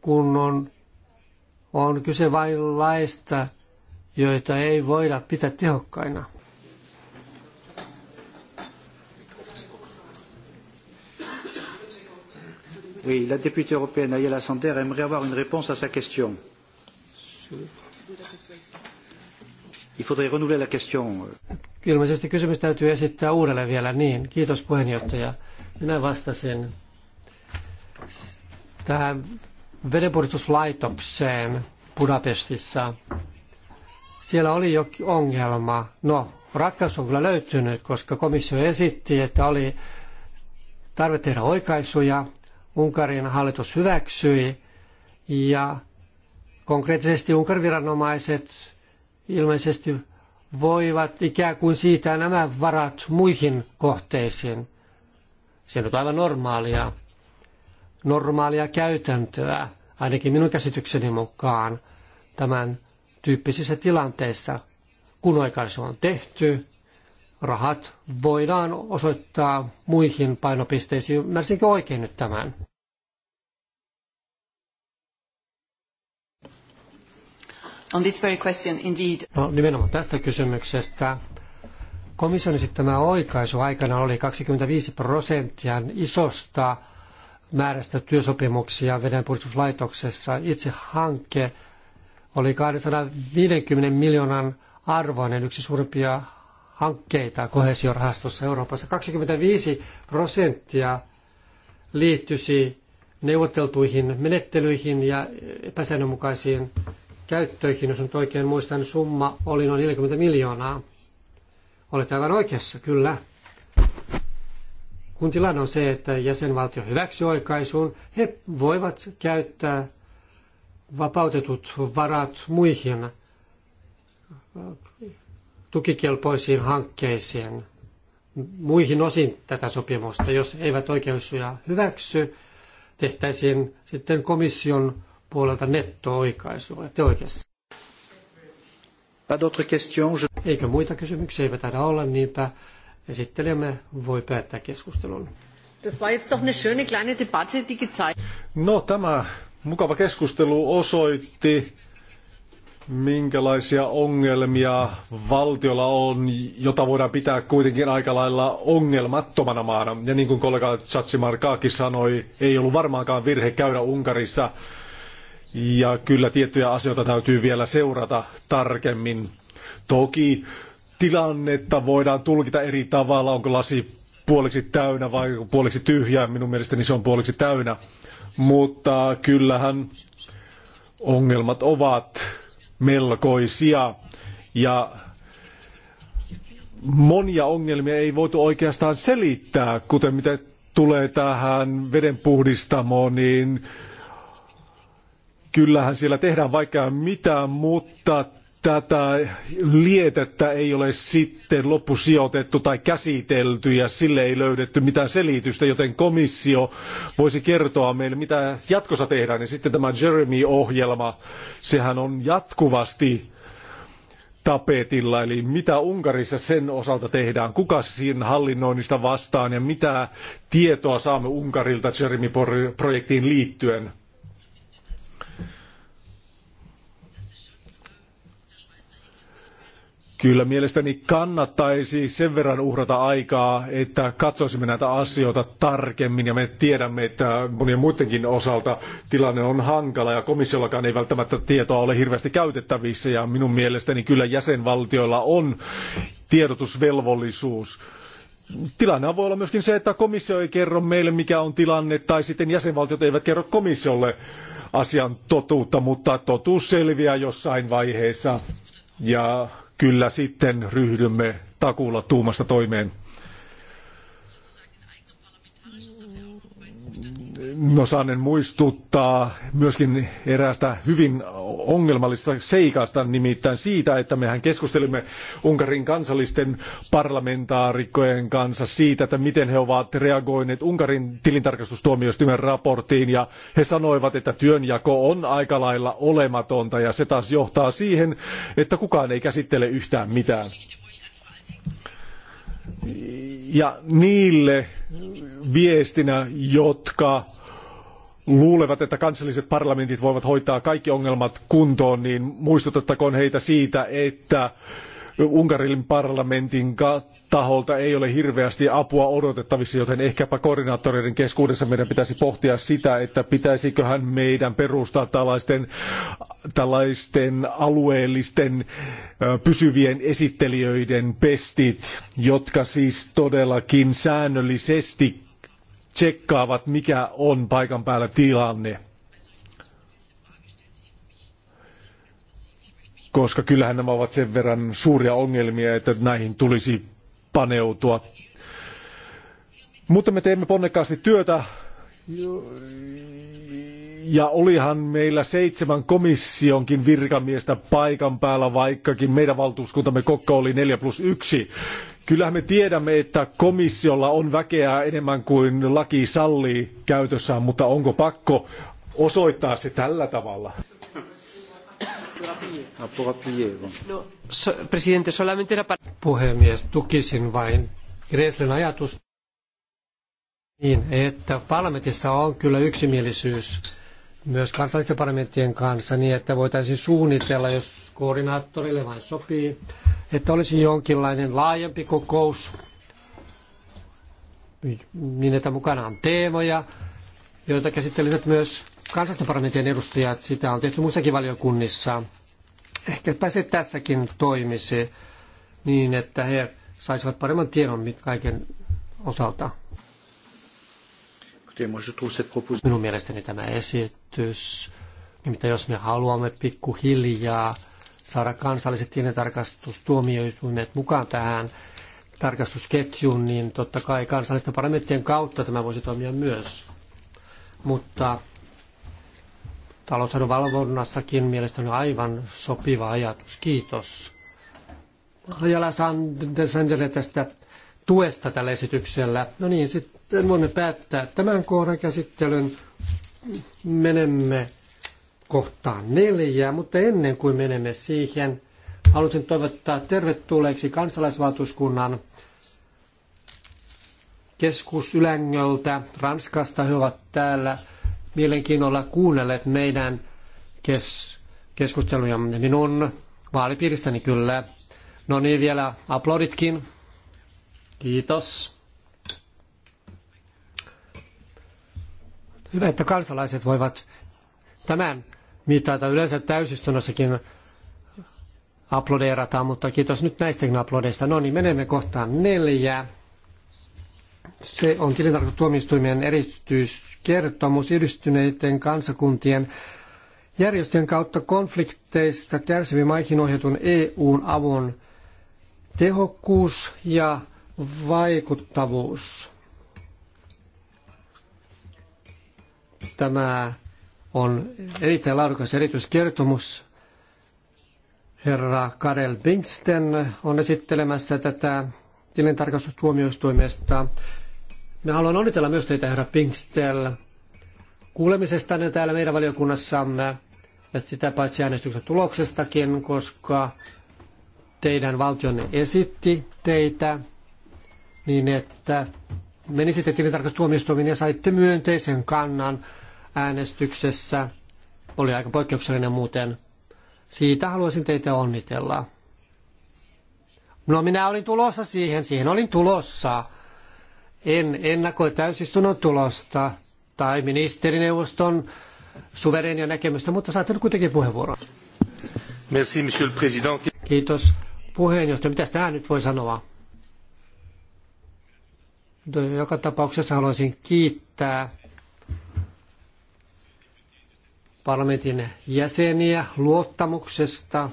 kun on on kyse vain laista, joita ei voida pitää tehokkaina. Oui, la députée européenne Ayala Sander aimerait avoir une réponse à sa question. Il faudrait renouveler la question. Ilmeisesti kysymys täytyy esittää uudelleen vielä niin. Kiitos puheenjohtaja. Minä vastasin tähän vedenpuhdistuslaitokseen Budapestissa. Siellä oli jo ongelma. No, ratkaisu on kyllä löytynyt, koska komissio esitti, että oli tarve tehdä oikaisuja. Unkarin hallitus hyväksyi ja konkreettisesti Unkarin viranomaiset ilmeisesti voivat ikään kuin siitä nämä varat muihin kohteisiin. Se on aivan normaalia normaalia käytäntöä, ainakin minun käsitykseni mukaan, tämän tyyppisissä tilanteissa, kun oikaisu on tehty, rahat voidaan osoittaa muihin painopisteisiin. Ymmärsinkö oikein nyt tämän? On this very question, indeed. No, nimenomaan tästä kysymyksestä. Komission esittämä oikaisu aikana oli 25 prosenttia isosta määrästä työsopimuksia Venäjän Itse hanke oli 250 miljoonan arvoinen yksi suurimpia hankkeita kohesiorahastossa Euroopassa. 25 prosenttia liittyisi neuvoteltuihin menettelyihin ja epäsäännönmukaisiin käyttöihin. Jos nyt oikein muistan, summa oli noin 40 miljoonaa. Olet aivan oikeassa, kyllä kun tilanne on se, että jäsenvaltio hyväksyy oikaisuun, he voivat käyttää vapautetut varat muihin tukikelpoisiin hankkeisiin, muihin osin tätä sopimusta. Jos eivät oikeusuja hyväksy, tehtäisiin sitten komission puolelta netto-oikaisu. Olette oikeassa. Eikö muita kysymyksiä? Eipä taida olla, niinpä Esittelemme voi päättää keskustelun. Das war jetzt doch eine schöne kleine Debatte, die gezeigt. No tämä mukava keskustelu osoitti, minkälaisia ongelmia valtiolla on, jota voidaan pitää kuitenkin aika lailla ongelmattomana maana. Ja niin kuin kollega Tsatsimarkaakin sanoi, ei ollut varmaankaan virhe käydä Unkarissa. Ja kyllä tiettyjä asioita täytyy vielä seurata tarkemmin. Toki tilannetta voidaan tulkita eri tavalla, onko lasi puoliksi täynnä vai puoliksi tyhjä? Minun mielestäni se on puoliksi täynnä. Mutta kyllähän ongelmat ovat melkoisia ja monia ongelmia ei voitu oikeastaan selittää, kuten mitä tulee tähän vedenpuhdistamoon, niin kyllähän siellä tehdään vaikka mitä, mutta tätä lietettä ei ole sitten loppusijoitettu tai käsitelty ja sille ei löydetty mitään selitystä, joten komissio voisi kertoa meille, mitä jatkossa tehdään. Ja sitten tämä Jeremy-ohjelma, sehän on jatkuvasti tapetilla, eli mitä Unkarissa sen osalta tehdään, kuka siinä hallinnoinnista vastaan ja mitä tietoa saamme Unkarilta Jeremy-projektiin liittyen. Kyllä mielestäni kannattaisi sen verran uhrata aikaa, että katsoisimme näitä asioita tarkemmin ja me tiedämme, että monien muidenkin osalta tilanne on hankala ja komissiollakaan ei välttämättä tietoa ole hirveästi käytettävissä ja minun mielestäni kyllä jäsenvaltioilla on tiedotusvelvollisuus. Tilanne voi olla myöskin se, että komissio ei kerro meille mikä on tilanne tai sitten jäsenvaltiot eivät kerro komissiolle asian totuutta, mutta totuus selviää jossain vaiheessa. Ja kyllä sitten ryhdymme takuulla tuumasta toimeen. No saanen muistuttaa myöskin eräästä hyvin ongelmallisesta seikasta, nimittäin siitä, että mehän keskustelimme Unkarin kansallisten parlamentaarikkojen kanssa siitä, että miten he ovat reagoineet Unkarin tilintarkastustuomioistuimen raporttiin, ja he sanoivat, että työnjako on aika lailla olematonta, ja se taas johtaa siihen, että kukaan ei käsittele yhtään mitään. Ja niille viestinä, jotka luulevat, että kansalliset parlamentit voivat hoitaa kaikki ongelmat kuntoon, niin muistutettakoon heitä siitä, että Unkarin parlamentin taholta ei ole hirveästi apua odotettavissa, joten ehkäpä koordinaattoreiden keskuudessa meidän pitäisi pohtia sitä, että pitäisiköhän meidän perustaa tällaisten, tällaisten alueellisten pysyvien esittelijöiden pestit, jotka siis todellakin säännöllisesti tsekkaavat, mikä on paikan päällä tilanne. Koska kyllähän nämä ovat sen verran suuria ongelmia, että näihin tulisi paneutua. Mutta me teemme ponnekkaasti työtä ja olihan meillä seitsemän komissionkin virkamiestä paikan päällä, vaikkakin meidän valtuuskuntamme kokko oli 4 plus 1. Kyllähän me tiedämme, että komissiolla on väkeä enemmän kuin laki sallii käytössään, mutta onko pakko osoittaa se tällä tavalla? No, Puhemies, tukisin vain Greslen ajatusta niin, että parlamentissa on kyllä yksimielisyys myös kansallisten parlamenttien kanssa niin, että voitaisiin suunnitella, jos koordinaattorille vain sopii, että olisi jonkinlainen laajempi kokous, niin että mukana on teemoja, joita käsittelivät myös kansallisten parlamentin edustajat. Sitä on tehty muissakin valiokunnissa. Ehkäpä se tässäkin toimisi niin, että he saisivat paremman tiedon kaiken osalta. Minun mielestäni tämä esitys, nimittäin jos me haluamme pikkuhiljaa saada kansalliset tilintarkastustuomioistuimet mukaan tähän tarkastusketjuun, niin totta kai kansallisten parlamenttien kautta tämä voisi toimia myös. Mutta taloushan valvonnassakin mielestäni on aivan sopiva ajatus. Kiitos. Ajala Sandelle tästä tuesta tällä esityksellä. No niin, sitten voimme päättää tämän kohdan käsittelyn. Menemme kohtaan neljää, mutta ennen kuin menemme siihen, halusin toivottaa tervetulleeksi kansalaisvaltuuskunnan keskusylängöltä Ranskasta. He ovat täällä mielenkiinnolla kuunnelleet meidän kes- keskustelujamme minun vaalipiiristäni kyllä. No niin, vielä aploditkin. Kiitos. Hyvä, että kansalaiset voivat tämän mitä Yleensä täysistunnossakin aplodeerataan, mutta kiitos nyt näistäkin aplodeista. No niin, menemme kohtaan neljä. Se on tilintarkastustuomioistuimen erityiskertomus yhdistyneiden kansakuntien järjestöjen kautta konflikteista kärsiviin maihin ohjatun EUn avun tehokkuus ja vaikuttavuus. Tämä on erittäin laadukas erityiskertomus. Herra Karel Binsten on esittelemässä tätä tilintarkastustuomioistuimesta. Me haluan onnitella myös teitä, herra Pinkstel, kuulemisestanne täällä meidän valiokunnassamme ja sitä paitsi äänestyksen tuloksestakin, koska teidän valtionne esitti teitä niin, että menisitte tilintarkastustuomioistuimeen ja saitte myönteisen kannan äänestyksessä. Oli aika poikkeuksellinen muuten. Siitä haluaisin teitä onnitella. No minä olin tulossa siihen, siihen olin tulossa. En ennakoi täysistunnon tulosta tai ministerineuvoston suverenia näkemystä, mutta saatte nyt kuitenkin puheenvuoron. Merci, monsieur le président. Kiitos puheenjohtaja. Mitä tähän nyt voi sanoa? No, joka tapauksessa haluaisin kiittää parlamentin jäseniä luottamuksesta,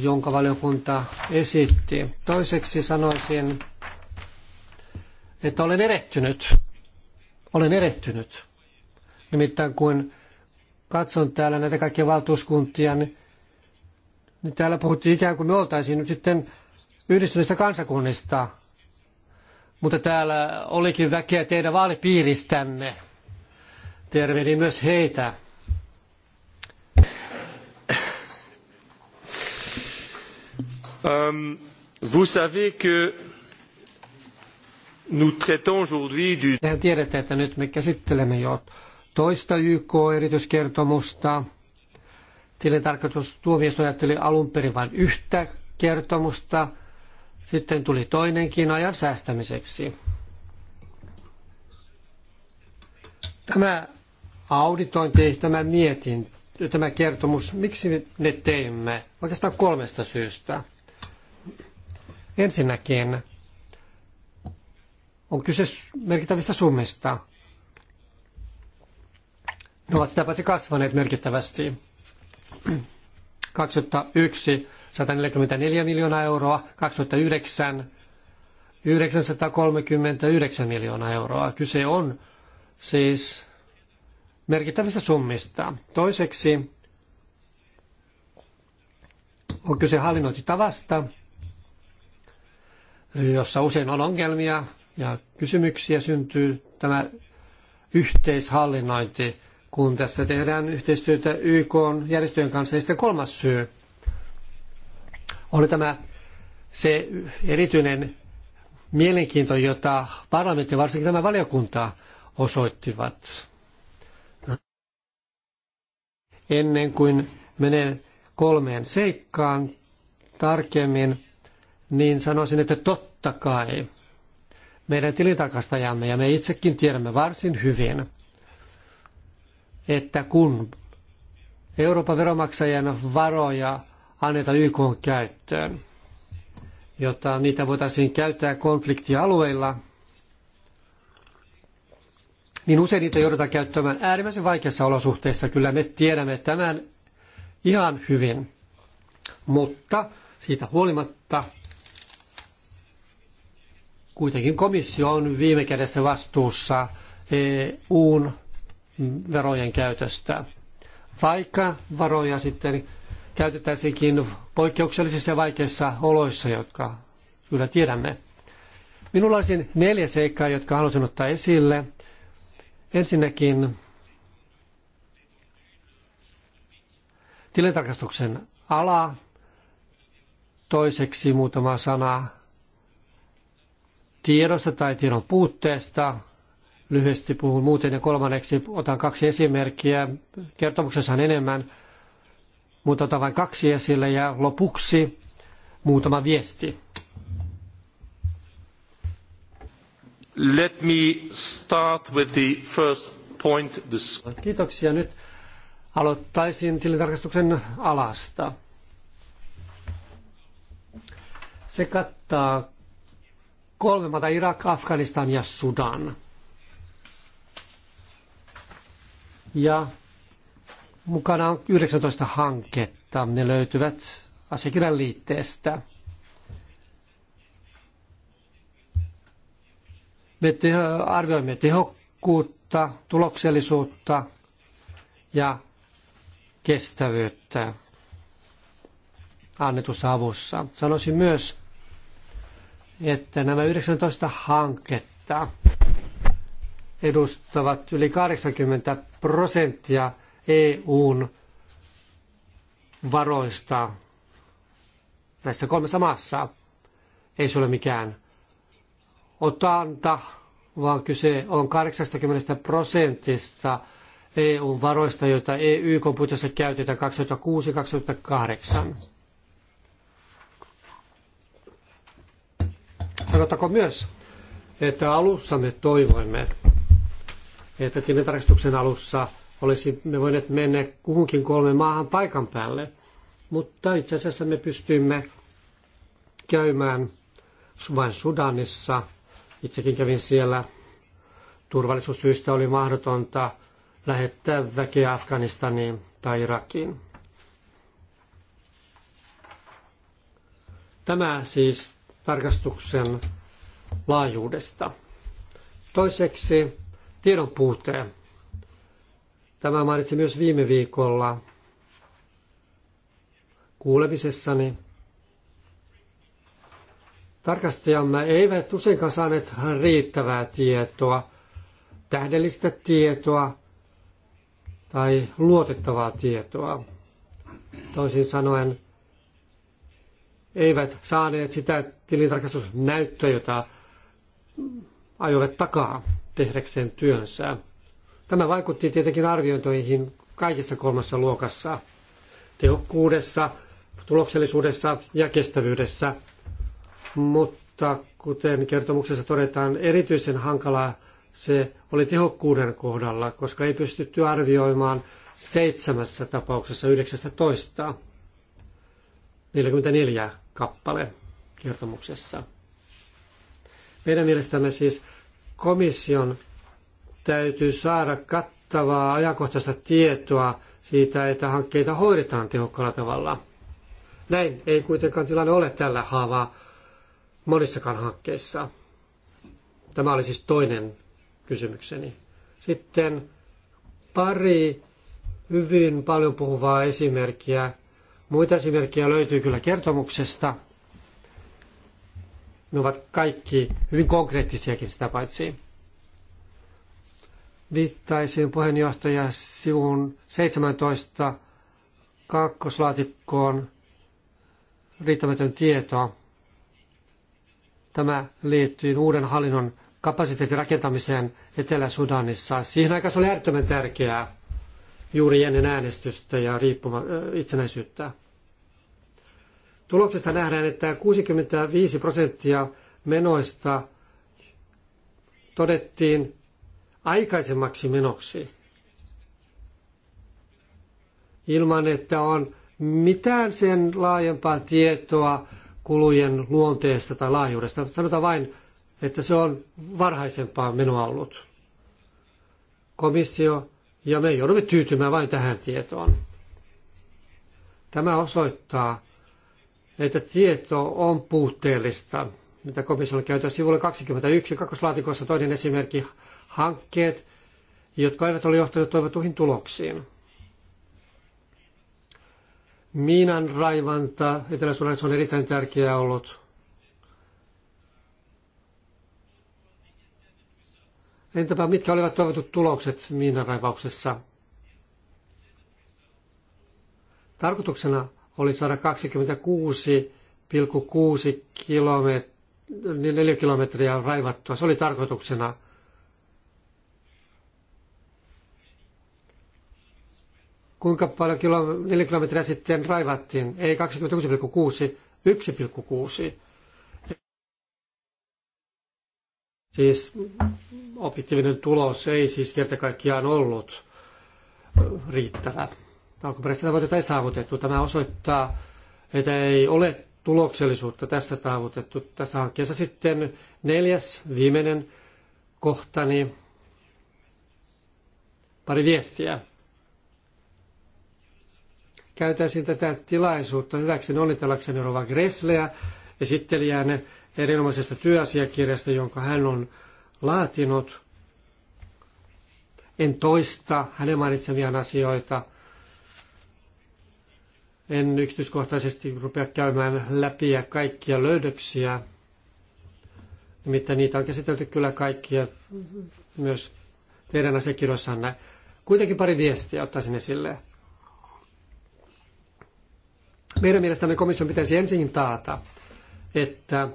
jonka valiokunta esitti. Toiseksi sanoisin, että olen erehtynyt. Olen erehtynyt. Nimittäin kun katson täällä näitä kaikkia valtuuskuntia, niin, niin täällä puhuttiin ikään kuin me oltaisiin nyt sitten yhdistyneistä kansakunnista. Mutta täällä olikin väkeä teidän vaalipiiristänne tervehdin myös heitä. Um, vous savez que nous traitons aujourd'hui du... Tehän tiedätte, että nyt me käsittelemme jo toista YK-erityiskertomusta. Tilintarkastustuomioistuin ajatteli alun perin vain yhtä kertomusta. Sitten tuli toinenkin ajan säästämiseksi. Tämä auditointi, tämä mietin, tämä kertomus, miksi ne teimme? Oikeastaan kolmesta syystä. Ensinnäkin on kyse merkittävistä summista. Ne ovat sitä paitsi kasvaneet merkittävästi. 2001 144 miljoonaa euroa, 2009 939 miljoonaa euroa. Kyse on siis merkittävistä summista. Toiseksi on kyse hallinnointitavasta, jossa usein on ongelmia ja kysymyksiä syntyy tämä yhteishallinnointi, kun tässä tehdään yhteistyötä YK järjestöjen kanssa. Ja niin sitten kolmas syy oli tämä se erityinen mielenkiinto, jota parlamentti, varsinkin tämä valiokunta, osoittivat ennen kuin menen kolmeen seikkaan tarkemmin, niin sanoisin, että totta kai meidän tilintarkastajamme ja me itsekin tiedämme varsin hyvin, että kun Euroopan veromaksajien varoja annetaan YK käyttöön, jotta niitä voitaisiin käyttää konfliktialueilla, niin usein niitä joudutaan käyttämään äärimmäisen vaikeissa olosuhteissa. Kyllä me tiedämme tämän ihan hyvin. Mutta siitä huolimatta kuitenkin komissio on viime kädessä vastuussa EUn verojen käytöstä. Vaikka varoja sitten käytettäisiinkin poikkeuksellisissa ja vaikeissa oloissa, jotka kyllä tiedämme. Minulla olisi neljä seikkaa, jotka halusin ottaa esille – Ensinnäkin tilintarkastuksen ala, toiseksi muutama sana tiedosta tai tiedon puutteesta. Lyhyesti puhun muuten ja kolmanneksi otan kaksi esimerkkiä. Kertomuksessa on enemmän, mutta otan vain kaksi esille ja lopuksi muutama viesti. Let me start with the first point. Kiitoksia. Nyt aloittaisin tilintarkastuksen alasta. Se kattaa kolme maata, Irak, Afganistan ja Sudan. Ja mukana on 19 hanketta. Ne löytyvät asiakirjan liitteestä. Me teho, arvioimme tehokkuutta, tuloksellisuutta ja kestävyyttä annetussa avussa. Sanoisin myös, että nämä 19 hanketta edustavat yli 80 prosenttia EUn varoista näissä kolmessa maassa. Ei se ole mikään otanta, vaan kyse on 80 prosentista EUn varoista, joita eu puitteissa käytetään 2006-2008. Sanottakoon myös, että alussa me toivoimme, että tilintarkastuksen alussa olisimme voineet mennä kuhunkin kolme maahan paikan päälle, mutta itse asiassa me pystyimme käymään vain Sudanissa – Itsekin kävin siellä. Turvallisuussyistä oli mahdotonta lähettää väkeä Afganistaniin tai Irakiin. Tämä siis tarkastuksen laajuudesta. Toiseksi tiedon puute. Tämä mainitsin myös viime viikolla kuulemisessani. Tarkastajamme eivät useinkaan saaneet riittävää tietoa, tähdellistä tietoa tai luotettavaa tietoa. Toisin sanoen, eivät saaneet sitä tilintarkastusnäyttöä, jota ajoivat takaa tehdäkseen työnsä. Tämä vaikutti tietenkin arviointoihin kaikissa kolmassa luokassa, tehokkuudessa, tuloksellisuudessa ja kestävyydessä mutta kuten kertomuksessa todetaan, erityisen hankalaa se oli tehokkuuden kohdalla, koska ei pystytty arvioimaan seitsemässä tapauksessa 19, 44 kappale kertomuksessa. Meidän mielestämme siis komission täytyy saada kattavaa ajankohtaista tietoa siitä, että hankkeita hoidetaan tehokkaalla tavalla. Näin ei kuitenkaan tilanne ole tällä haavaa monissakaan hankkeissa. Tämä oli siis toinen kysymykseni. Sitten pari hyvin paljon puhuvaa esimerkkiä. Muita esimerkkejä löytyy kyllä kertomuksesta. Ne ovat kaikki hyvin konkreettisiakin sitä paitsi. Viittaisin puheenjohtaja sivun 17 kakkoslaatikkoon riittämätön tieto. Tämä liittyy uuden hallinnon kapasiteetin rakentamiseen Etelä-Sudanissa. Siihen aikaan se oli äärettömän tärkeää juuri ennen äänestystä ja riippuma, itsenäisyyttä. Tuloksesta nähdään, että 65 prosenttia menoista todettiin aikaisemmaksi menoksi ilman, että on mitään sen laajempaa tietoa kulujen luonteesta tai laajuudesta. Sanotaan vain, että se on varhaisempaa menoa ollut. Komissio ja me joudumme tyytymään vain tähän tietoon. Tämä osoittaa, että tieto on puutteellista, mitä komissiolla käytetään sivulla 21, kakkoslaatikossa toinen esimerkki, hankkeet, jotka eivät ole johtaneet toivottuihin tuloksiin. Miinan raivanta etelä on erittäin tärkeää ollut. Entäpä mitkä olivat toivotut tulokset miinanraivauksessa? Tarkoituksena oli saada 26,6 kilometriä, kilometriä raivattua. Se oli tarkoituksena – kuinka paljon kilo, nelikilometriä sitten raivattiin. Ei 26,6, 1,6. Siis objektiivinen tulos ei siis kerta kaikkiaan ollut riittävä. Alkuperäistä tavoitetta ei saavutettu. Tämä osoittaa, että ei ole tuloksellisuutta tässä saavutettu. Tässä hankkeessa sitten neljäs, viimeinen kohtani, pari viestiä käytäisin tätä tilaisuutta hyväkseni onnitellakseni Rova Gressleä esittelijänne erinomaisesta työasiakirjasta, jonka hän on laatinut. En toista hänen mainitsemiaan asioita. En yksityiskohtaisesti rupea käymään läpi kaikkia löydöksiä. Nimittäin niitä on käsitelty kyllä kaikkia myös teidän asiakirjoissanne. Kuitenkin pari viestiä ottaisin esille. Meidän mielestämme komission pitäisi ensin taata, että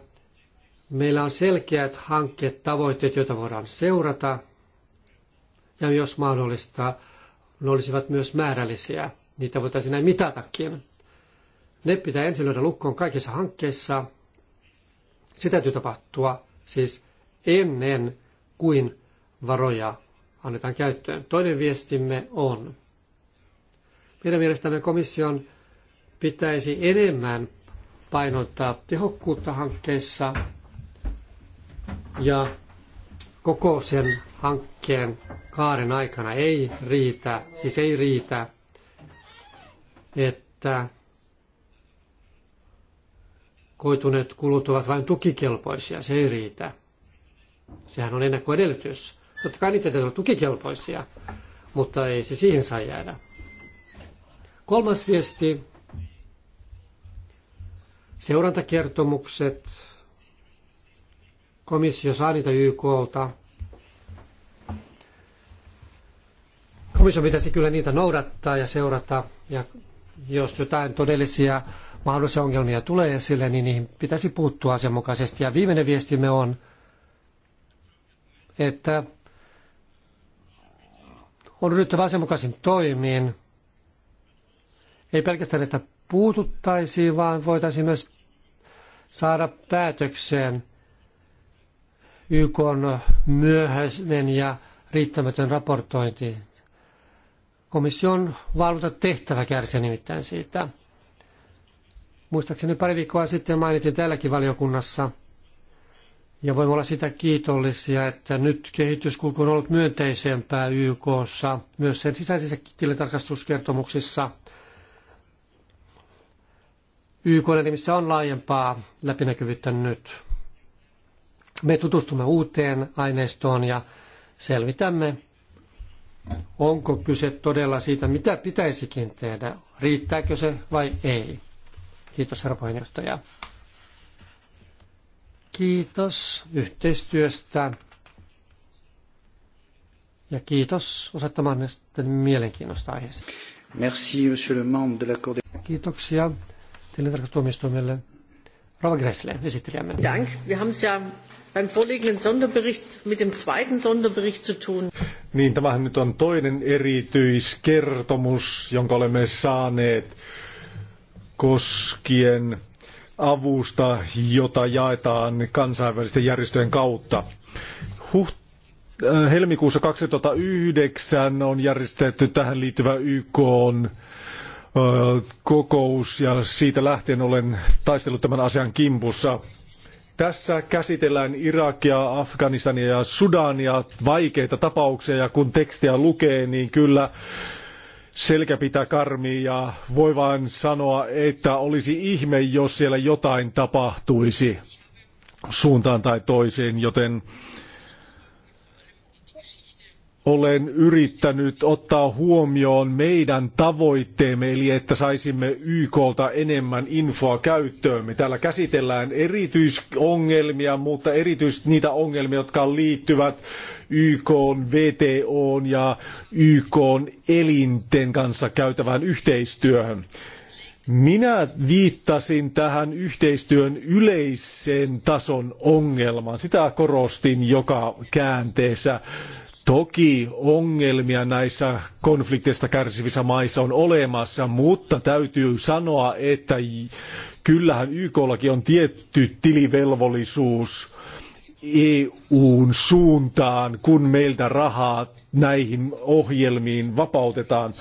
meillä on selkeät hankkeet, tavoitteet, joita voidaan seurata, ja jos mahdollista, ne olisivat myös määrällisiä. Niitä voitaisiin näin mitatakin. Ne pitää ensin löydä lukkoon kaikissa hankkeissa. Se täytyy tapahtua siis ennen kuin varoja annetaan käyttöön. Toinen viestimme on, meidän mielestämme komission pitäisi enemmän painottaa tehokkuutta hankkeissa ja koko sen hankkeen kaaren aikana ei riitä, siis ei riitä, että koituneet kulut ovat vain tukikelpoisia, se ei riitä. Sehän on ennakkoedellytys. Totta kai niitä täytyy olla tukikelpoisia, mutta ei se siihen saa jäädä. Kolmas viesti Seurantakertomukset, komissio saa niitä YKlta. Komissio pitäisi kyllä niitä noudattaa ja seurata, ja jos jotain todellisia mahdollisia ongelmia tulee esille, niin niihin pitäisi puuttua asianmukaisesti. Ja viimeinen viestimme on, että on ryhtyvä asianmukaisin toimiin. Ei pelkästään, että puututtaisiin, vaan voitaisiin myös saada päätökseen YK on myöhäinen ja riittämätön raportointi. Komission valvontatehtävä tehtävä kärsii nimittäin siitä. Muistaakseni pari viikkoa sitten mainitin täälläkin valiokunnassa, ja voimme olla sitä kiitollisia, että nyt kehityskulku on ollut myönteisempää YKssa, myös sen sisäisissä tilintarkastuskertomuksissa – YK nimissä on laajempaa läpinäkyvyyttä nyt. Me tutustumme uuteen aineistoon ja selvitämme, onko kyse todella siitä, mitä pitäisikin tehdä, riittääkö se vai ei. Kiitos herra puheenjohtaja. Kiitos yhteistyöstä ja kiitos osoittamaan mielenkiinnosta aiheesta. Merci, monsieur le membre de la Cour de... Kiitoksia tilintarkastuomioistuimelle. Rova Gressle, esittelijämme. Dank. Wir haben ja beim vorliegenden Sonderbericht mit dem zweiten Sonderbericht zu tun. Niin, tämähän nyt on toinen erityiskertomus, jonka olemme saaneet koskien avusta, jota jaetaan kansainvälisten järjestöjen kautta. Huht äh, helmikuussa 2009 on järjestetty tähän liittyvä YK on kokous ja siitä lähtien olen taistellut tämän asian kimpussa. Tässä käsitellään Irakia, Afganistania ja Sudania, vaikeita tapauksia ja kun tekstiä lukee, niin kyllä selkä pitää karmii ja voi vain sanoa, että olisi ihme, jos siellä jotain tapahtuisi suuntaan tai toiseen, joten olen yrittänyt ottaa huomioon meidän tavoitteemme, eli että saisimme YKlta enemmän infoa käyttöömme. Täällä käsitellään erityisongelmia, mutta erityisesti niitä ongelmia, jotka liittyvät YK, VTO ja YK elinten kanssa käytävään yhteistyöhön. Minä viittasin tähän yhteistyön yleisen tason ongelmaan. Sitä korostin joka käänteessä. Toki ongelmia näissä konflikteista kärsivissä maissa on olemassa, mutta täytyy sanoa, että kyllähän YKllakin on tietty tilivelvollisuus EUn suuntaan, kun meiltä rahaa näihin ohjelmiin vapautetaan.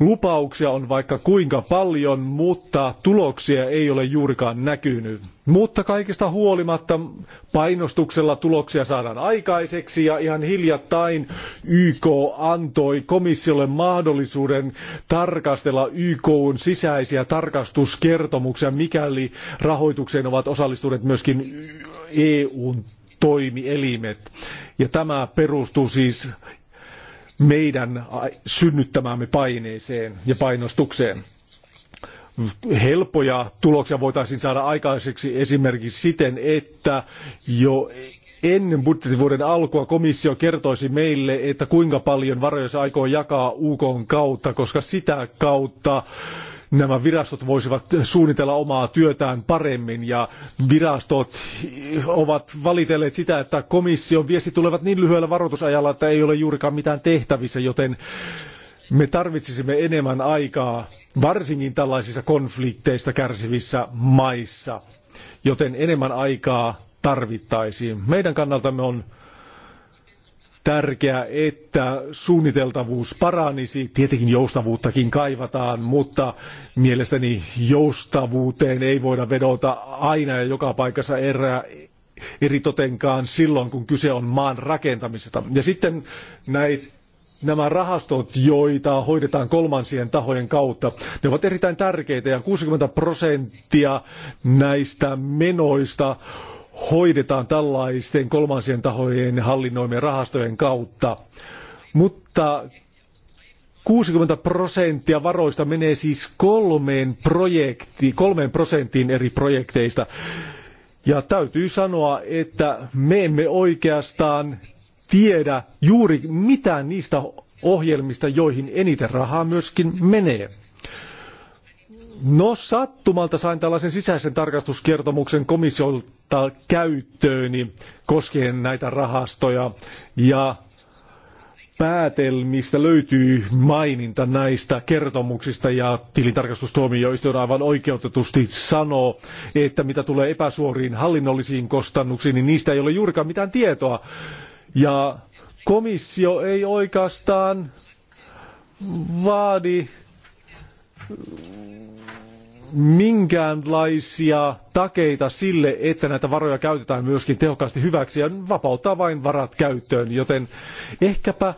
Lupauksia on vaikka kuinka paljon, mutta tuloksia ei ole juurikaan näkynyt. Mutta kaikista huolimatta painostuksella tuloksia saadaan aikaiseksi ja ihan hiljattain YK antoi komissiolle mahdollisuuden tarkastella YKn sisäisiä tarkastuskertomuksia, mikäli rahoitukseen ovat osallistuneet myöskin EUn toimielimet. Ja tämä perustuu siis meidän synnyttämäämme paineeseen ja painostukseen. Helpoja tuloksia voitaisiin saada aikaiseksi esimerkiksi siten, että jo ennen budjettivuoden alkua komissio kertoisi meille, että kuinka paljon varoja se aikoo jakaa UK kautta, koska sitä kautta nämä virastot voisivat suunnitella omaa työtään paremmin ja virastot ovat valitelleet sitä, että komission viesti tulevat niin lyhyellä varoitusajalla, että ei ole juurikaan mitään tehtävissä, joten me tarvitsisimme enemmän aikaa varsinkin tällaisissa konflikteista kärsivissä maissa, joten enemmän aikaa tarvittaisiin. Meidän kannaltamme on tärkeää, että suunniteltavuus paranisi. Tietenkin joustavuuttakin kaivataan, mutta mielestäni joustavuuteen ei voida vedota aina ja joka paikassa erää eritotenkaan silloin, kun kyse on maan rakentamisesta. Ja sitten näitä nämä rahastot, joita hoidetaan kolmansien tahojen kautta, ne ovat erittäin tärkeitä ja 60 prosenttia näistä menoista hoidetaan tällaisten kolmansien tahojen hallinnoimien rahastojen kautta. Mutta 60 prosenttia varoista menee siis kolmeen, projekti, kolmeen prosenttiin eri projekteista. Ja täytyy sanoa, että me emme oikeastaan tiedä juuri mitään niistä ohjelmista, joihin eniten rahaa myöskin menee. No sattumalta sain tällaisen sisäisen tarkastuskertomuksen komissiolta käyttööni koskien näitä rahastoja ja päätelmistä löytyy maininta näistä kertomuksista ja tilintarkastustuomioistuin aivan oikeutetusti sanoo, että mitä tulee epäsuoriin hallinnollisiin kustannuksiin, niin niistä ei ole juurikaan mitään tietoa. Ja komissio ei oikeastaan vaadi minkäänlaisia takeita sille, että näitä varoja käytetään myöskin tehokkaasti hyväksi ja vapauttaa vain varat käyttöön, joten ehkäpä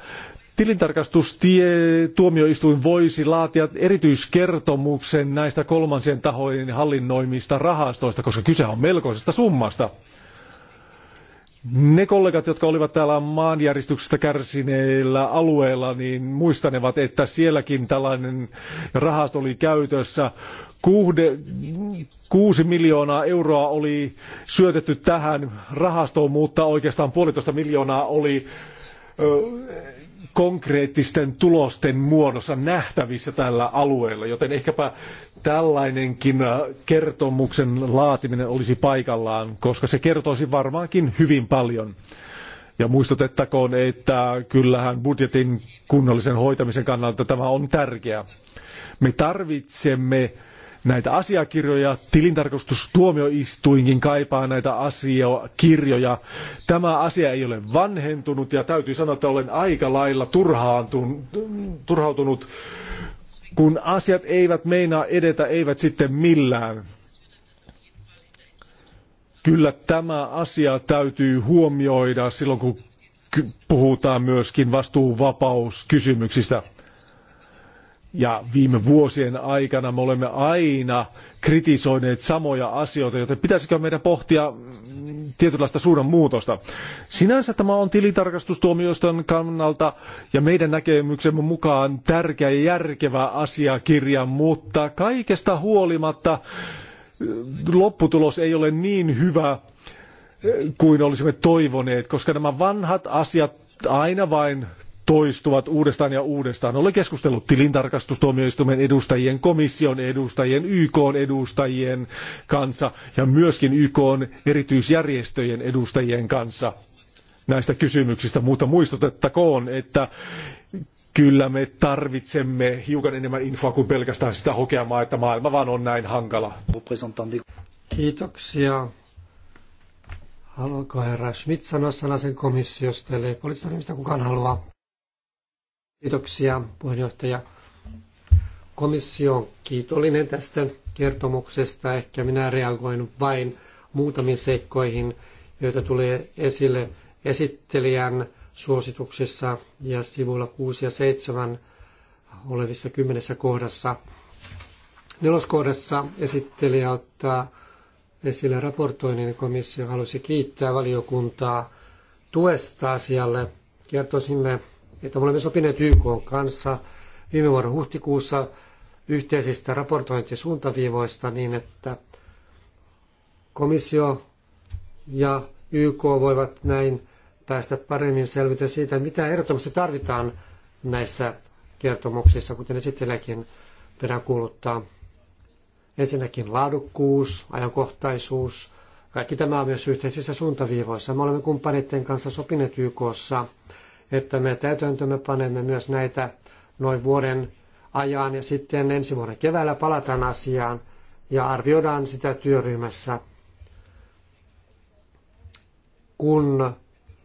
tilintarkastustuomioistuin voisi laatia erityiskertomuksen näistä kolmansien tahojen hallinnoimista rahastoista, koska kyse on melkoisesta summasta. Ne kollegat, jotka olivat täällä maanjäristyksestä kärsineillä alueilla, niin muistanevat, että sielläkin tällainen rahasto oli käytössä. Kuhde, kuusi miljoonaa euroa oli syötetty tähän rahastoon, mutta oikeastaan puolitoista miljoonaa oli konkreettisten tulosten muodossa nähtävissä tällä alueella, joten ehkäpä tällainenkin äh, kertomuksen laatiminen olisi paikallaan, koska se kertoisi varmaankin hyvin paljon. Ja muistutettakoon, että kyllähän budjetin kunnollisen hoitamisen kannalta tämä on tärkeää. Me tarvitsemme näitä asiakirjoja. Tilintarkastustuomioistuinkin kaipaa näitä asiakirjoja. Tämä asia ei ole vanhentunut ja täytyy sanoa, että olen aika lailla turhautunut, kun asiat eivät meinaa edetä, eivät sitten millään. Kyllä tämä asia täytyy huomioida silloin, kun puhutaan myöskin vastuuvapauskysymyksistä. Ja viime vuosien aikana me olemme aina kritisoineet samoja asioita, joten pitäisikö meidän pohtia mm, tietynlaista suunnanmuutosta. Sinänsä tämä on tilitarkastustuomioiston kannalta ja meidän näkemyksemme mukaan tärkeä ja järkevä asiakirja, mutta kaikesta huolimatta mm, lopputulos ei ole niin hyvä mm, kuin olisimme toivoneet, koska nämä vanhat asiat aina vain toistuvat uudestaan ja uudestaan. Olen keskustellut tilintarkastustuomioistuimen edustajien, komission edustajien, YK edustajien kanssa ja myöskin YK erityisjärjestöjen edustajien kanssa näistä kysymyksistä, mutta muistutettakoon, että kyllä me tarvitsemme hiukan enemmän infoa kuin pelkästään sitä hokemaa, että maailma vaan on näin hankala. Kiitoksia. Haluaako herra Schmidt sanoa sanasen komissiosta, eli poliittista kukaan haluaa? Kiitoksia puheenjohtaja. Komissio on kiitollinen tästä kertomuksesta. Ehkä minä reagoin vain muutamiin seikkoihin, joita tulee esille esittelijän suosituksissa ja sivulla 6 ja 7 olevissa kymmenessä kohdassa. Neloskohdassa esittelijä ottaa esille raportoinnin komissio halusi kiittää valiokuntaa tuesta asialle. Kertoisimme että me olemme sopineet YK kanssa viime vuoden huhtikuussa yhteisistä raportointisuuntaviivoista niin, että komissio ja YK voivat näin päästä paremmin selvityä siitä, mitä ehdottomasti tarvitaan näissä kertomuksissa, kuten esittelijäkin peräkuuluttaa. Ensinnäkin laadukkuus, ajankohtaisuus, kaikki tämä on myös yhteisissä suuntaviivoissa. Me olemme kumppaneiden kanssa sopineet YKssa – että me täytäntömme panemme myös näitä noin vuoden ajan ja sitten ensi vuoden keväällä palataan asiaan ja arvioidaan sitä työryhmässä, kun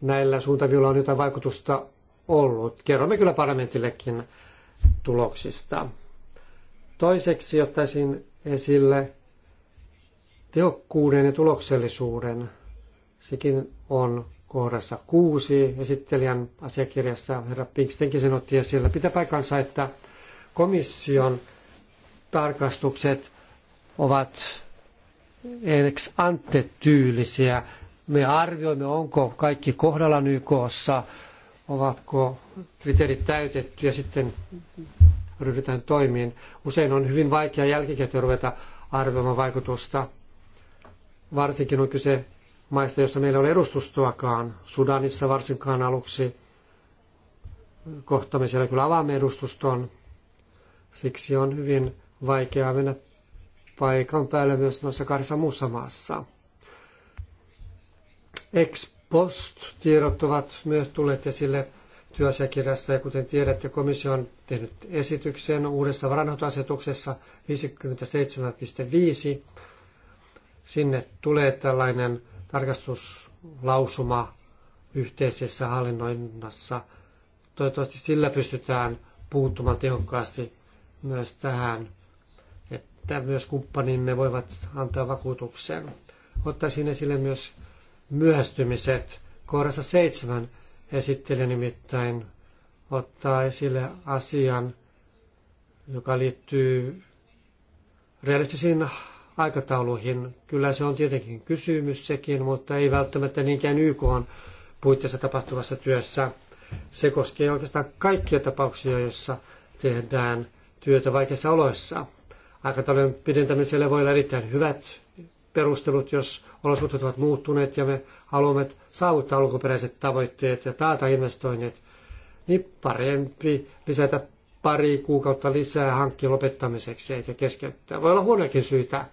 näillä suuntaviolla on jotain vaikutusta ollut. Kerromme kyllä parlamentillekin tuloksista. Toiseksi ottaisin esille tehokkuuden ja tuloksellisuuden. Sekin on kohdassa kuusi esittelijän asiakirjassa, herra Pinkstenkin sen otti esillä, pitää paikansa, että komission tarkastukset ovat ex ante tyylisiä. Me arvioimme, onko kaikki kohdalla YKssa, ovatko kriteerit täytetty ja sitten ryhdytään toimiin. Usein on hyvin vaikea jälkikäteen ruveta arvioimaan vaikutusta. Varsinkin on kyse maista, joissa meillä oli edustustoakaan, Sudanissa varsinkaan aluksi. Kohta siellä kyllä avaamme edustuston. Siksi on hyvin vaikeaa mennä paikan päälle myös noissa kahdessa muussa maassa. Ex post-tiedot ovat myös tulleet esille työasiakirjassa ja kuten tiedätte, komissio on tehnyt esityksen uudessa varanhoitoasetuksessa 57.5. Sinne tulee tällainen tarkastuslausuma yhteisessä hallinnoinnassa. Toivottavasti sillä pystytään puuttumaan tehokkaasti myös tähän, että myös kumppanimme voivat antaa vakuutuksen. Ottaisin esille myös myöhästymiset. Kohdassa seitsemän esitteli nimittäin ottaa esille asian, joka liittyy realistisiin aikatauluihin. Kyllä se on tietenkin kysymys sekin, mutta ei välttämättä niinkään YK on puitteissa tapahtuvassa työssä. Se koskee oikeastaan kaikkia tapauksia, joissa tehdään työtä vaikeissa oloissa. Aikataulun pidentämiselle voi olla erittäin hyvät perustelut, jos olosuhteet ovat muuttuneet ja me haluamme saavuttaa alkuperäiset tavoitteet ja taata investoinnit, niin parempi lisätä pari kuukautta lisää hankkeen lopettamiseksi eikä keskeyttää. Voi olla huonoakin syitä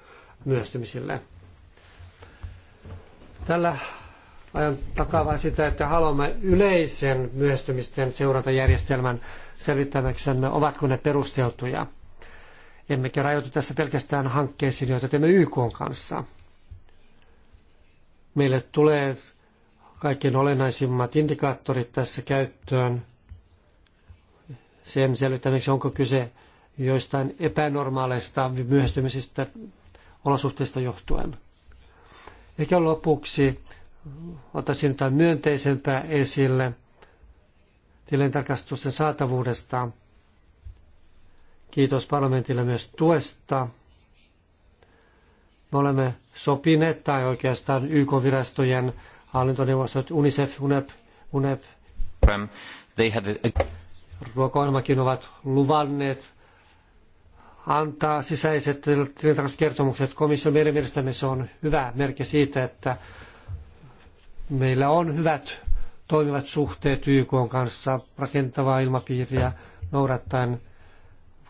myöstymisille. Tällä ajan takaa vain sitä, että haluamme yleisen myöstymisten seurantajärjestelmän selvittämäksemme, ovatko ne perusteltuja. Emmekä rajoitu tässä pelkästään hankkeisiin, joita teemme YK kanssa. Meille tulee kaikkein olennaisimmat indikaattorit tässä käyttöön sen selvittämiseksi, onko kyse joistain epänormaaleista myöhästymisistä olosuhteista johtuen. Ehkä lopuksi ottaisin jotain myönteisempää esille tilintarkastusten saatavuudesta. Kiitos parlamentille myös tuesta. Me olemme sopineet, tai oikeastaan YK-virastojen hallintoneuvostot, UNICEF, UNEP, UNEP, um, They have ruokaohjelmakin ovat luvanneet antaa sisäiset tilintarkastuskertomukset komission. Meidän mielestämme se on hyvä merkki siitä, että meillä on hyvät toimivat suhteet YK kanssa, rakentavaa ilmapiiriä noudattaen.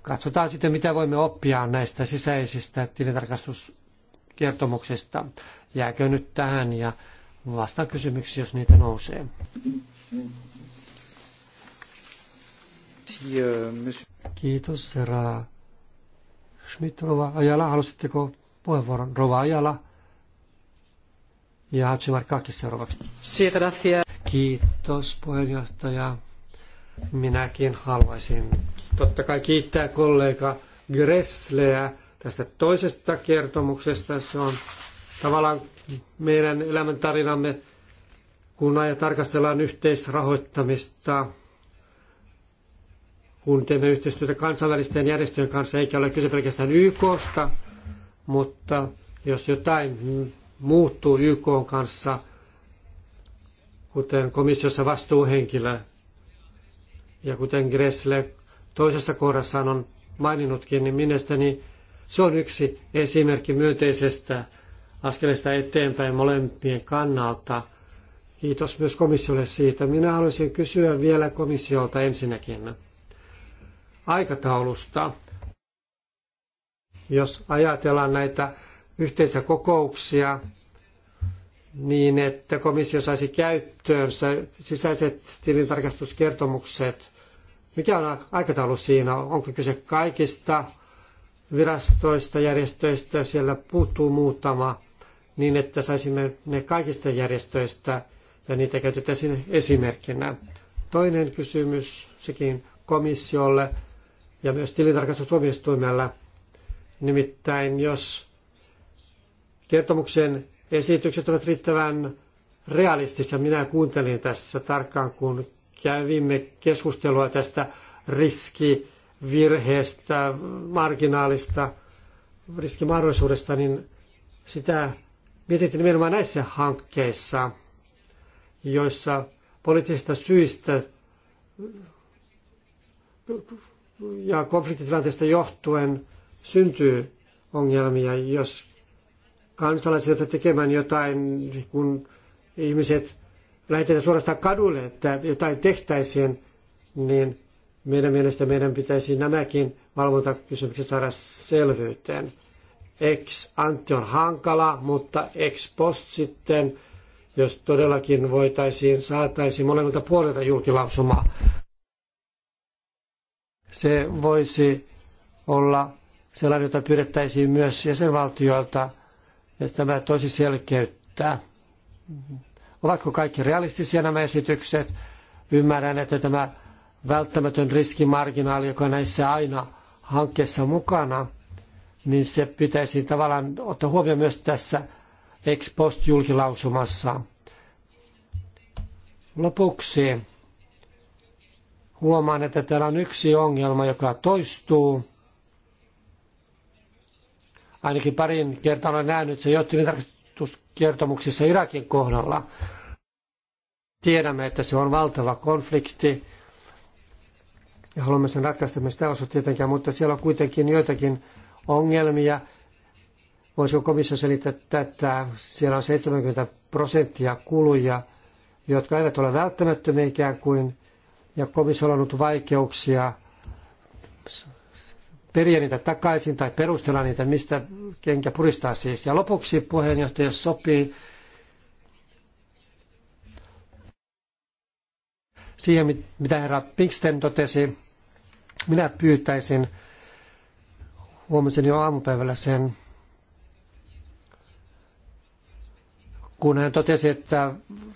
Katsotaan sitten, mitä voimme oppia näistä sisäisistä tilintarkastuskertomuksista. Jääkö nyt tähän ja vastaan kysymyksiin, jos niitä nousee. Kiitos, herra Schmidt, Rova Ajala, halusitteko puheenvuoron? Rova Ajala ja Kaki seuraavaksi. Kiitos puheenjohtaja. Minäkin haluaisin totta kai kiittää kollega Gressleä tästä toisesta kertomuksesta. Se on tavallaan meidän elämäntarinamme, kun tarkastellaan yhteisrahoittamista kun teemme yhteistyötä kansainvälisten järjestöjen kanssa, eikä ole kyse pelkästään YKsta, mutta jos jotain muuttuu YK kanssa, kuten komissiossa vastuuhenkilö ja kuten Gressle toisessa kohdassa on maininnutkin, niin mielestäni se on yksi esimerkki myönteisestä askeleesta eteenpäin molempien kannalta. Kiitos myös komissiolle siitä. Minä haluaisin kysyä vielä komissiolta ensinnäkin aikataulusta. Jos ajatellaan näitä yhteisiä kokouksia, niin että komissio saisi käyttöönsä sisäiset tilintarkastuskertomukset. Mikä on aikataulu siinä? Onko kyse kaikista virastoista, järjestöistä? Siellä puuttuu muutama niin, että saisimme ne kaikista järjestöistä ja niitä käytetään esimerkkinä. Toinen kysymys sekin komissiolle ja myös tilintarkastustuomioistuimella. Nimittäin jos kertomuksen esitykset ovat riittävän realistisia, minä kuuntelin tässä tarkkaan, kun kävimme keskustelua tästä riskivirheestä, marginaalista riskimahdollisuudesta, niin sitä mietittiin nimenomaan näissä hankkeissa, joissa poliittisista syistä ja konfliktitilanteesta johtuen syntyy ongelmia, jos kansalaiset joutuvat tekemään jotain, kun ihmiset lähetetään suorastaan kadulle, että jotain tehtäisiin, niin meidän mielestä meidän pitäisi nämäkin valvontakysymykset saada selvyyteen. Ex ante on hankala, mutta ex post sitten, jos todellakin voitaisiin, saataisiin molemmilta puolilta julkilausumaa se voisi olla sellainen, jota pyydettäisiin myös jäsenvaltioilta, ja tämä toisi selkeyttää. Ovatko kaikki realistisia nämä esitykset? Ymmärrän, että tämä välttämätön riskimarginaali, joka näissä aina hankkeessa mukana, niin se pitäisi tavallaan ottaa huomioon myös tässä ex post julkilausumassa. Lopuksi huomaan, että täällä on yksi ongelma, joka toistuu. Ainakin parin kertaa olen nähnyt se johtuvien tarkastuskertomuksissa Irakin kohdalla. Tiedämme, että se on valtava konflikti ja haluamme sen ratkaista, myös sitä tietenkään, mutta siellä on kuitenkin joitakin ongelmia. Voisiko komissio selittää tätä? Siellä on 70 prosenttia kuluja, jotka eivät ole välttämättömiä ikään kuin – ja komissiolla on ollut vaikeuksia periä niitä takaisin tai perustella niitä, mistä kenkä puristaa siis. Ja lopuksi puheenjohtaja sopii siihen, mitä herra Pinksten totesi. Minä pyytäisin, huomisen jo aamupäivällä sen, kun hän totesi, että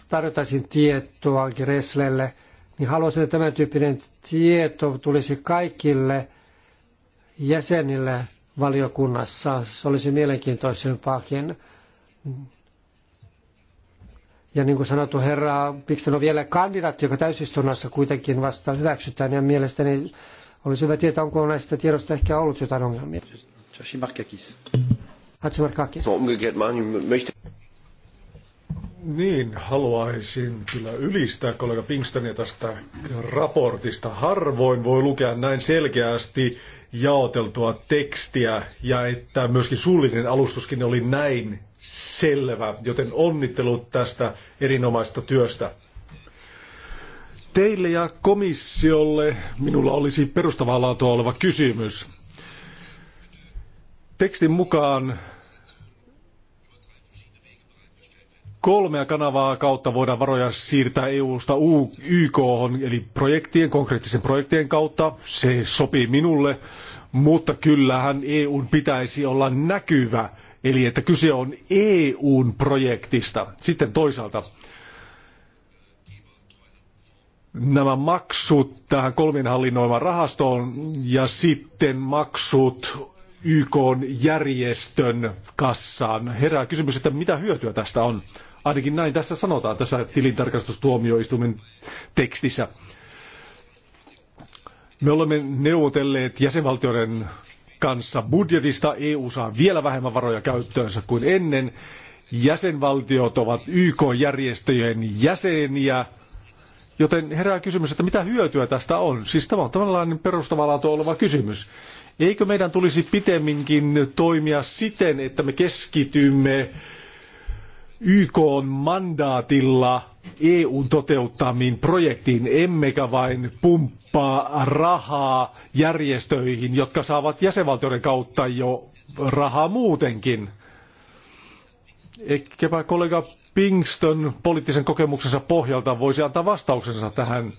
tarjotaisin tietoa Gresslelle, niin haluaisin, että tämän tyyppinen tieto tulisi kaikille jäsenille valiokunnassa. Se olisi mielenkiintoisempaakin. Ja niin kuin sanottu, herra Pixton on vielä kandidaatti, joka täysistunnossa kuitenkin vasta hyväksytään. Ja mielestäni olisi hyvä tietää, onko näistä tiedosta ehkä ollut jotain ongelmia. Hatsimarkakis. Niin, haluaisin kyllä ylistää kollega Pinkstonia tästä raportista. Harvoin voi lukea näin selkeästi jaoteltua tekstiä ja että myöskin suullinen alustuskin oli näin selvä, joten onnittelut tästä erinomaista työstä. Teille ja komissiolle minulla olisi perustavaa laatua oleva kysymys. Tekstin mukaan kolmea kanavaa kautta voidaan varoja siirtää EU-sta YK, eli projektien, konkreettisen projektien kautta. Se sopii minulle, mutta kyllähän EUn pitäisi olla näkyvä, eli että kyse on EUn projektista. Sitten toisaalta nämä maksut tähän kolmen hallinnoimaan rahastoon ja sitten maksut YK järjestön kassaan. Herää kysymys, että mitä hyötyä tästä on? Ainakin näin tässä sanotaan tässä tilintarkastustuomioistuimen tekstissä. Me olemme neuvotelleet jäsenvaltioiden kanssa budjetista. EU saa vielä vähemmän varoja käyttöönsä kuin ennen. Jäsenvaltiot ovat YK-järjestöjen jäseniä. Joten herää kysymys, että mitä hyötyä tästä on? Siis tämä on tällainen perustavanlaatu oleva kysymys. Eikö meidän tulisi pitemminkin toimia siten, että me keskitymme YK on mandaatilla EUn toteuttamiin projektiin, emmekä vain pumppaa rahaa järjestöihin, jotka saavat jäsenvaltioiden kautta jo rahaa muutenkin. Ehkäpä kollega Pingston poliittisen kokemuksensa pohjalta voisi antaa vastauksensa tähän.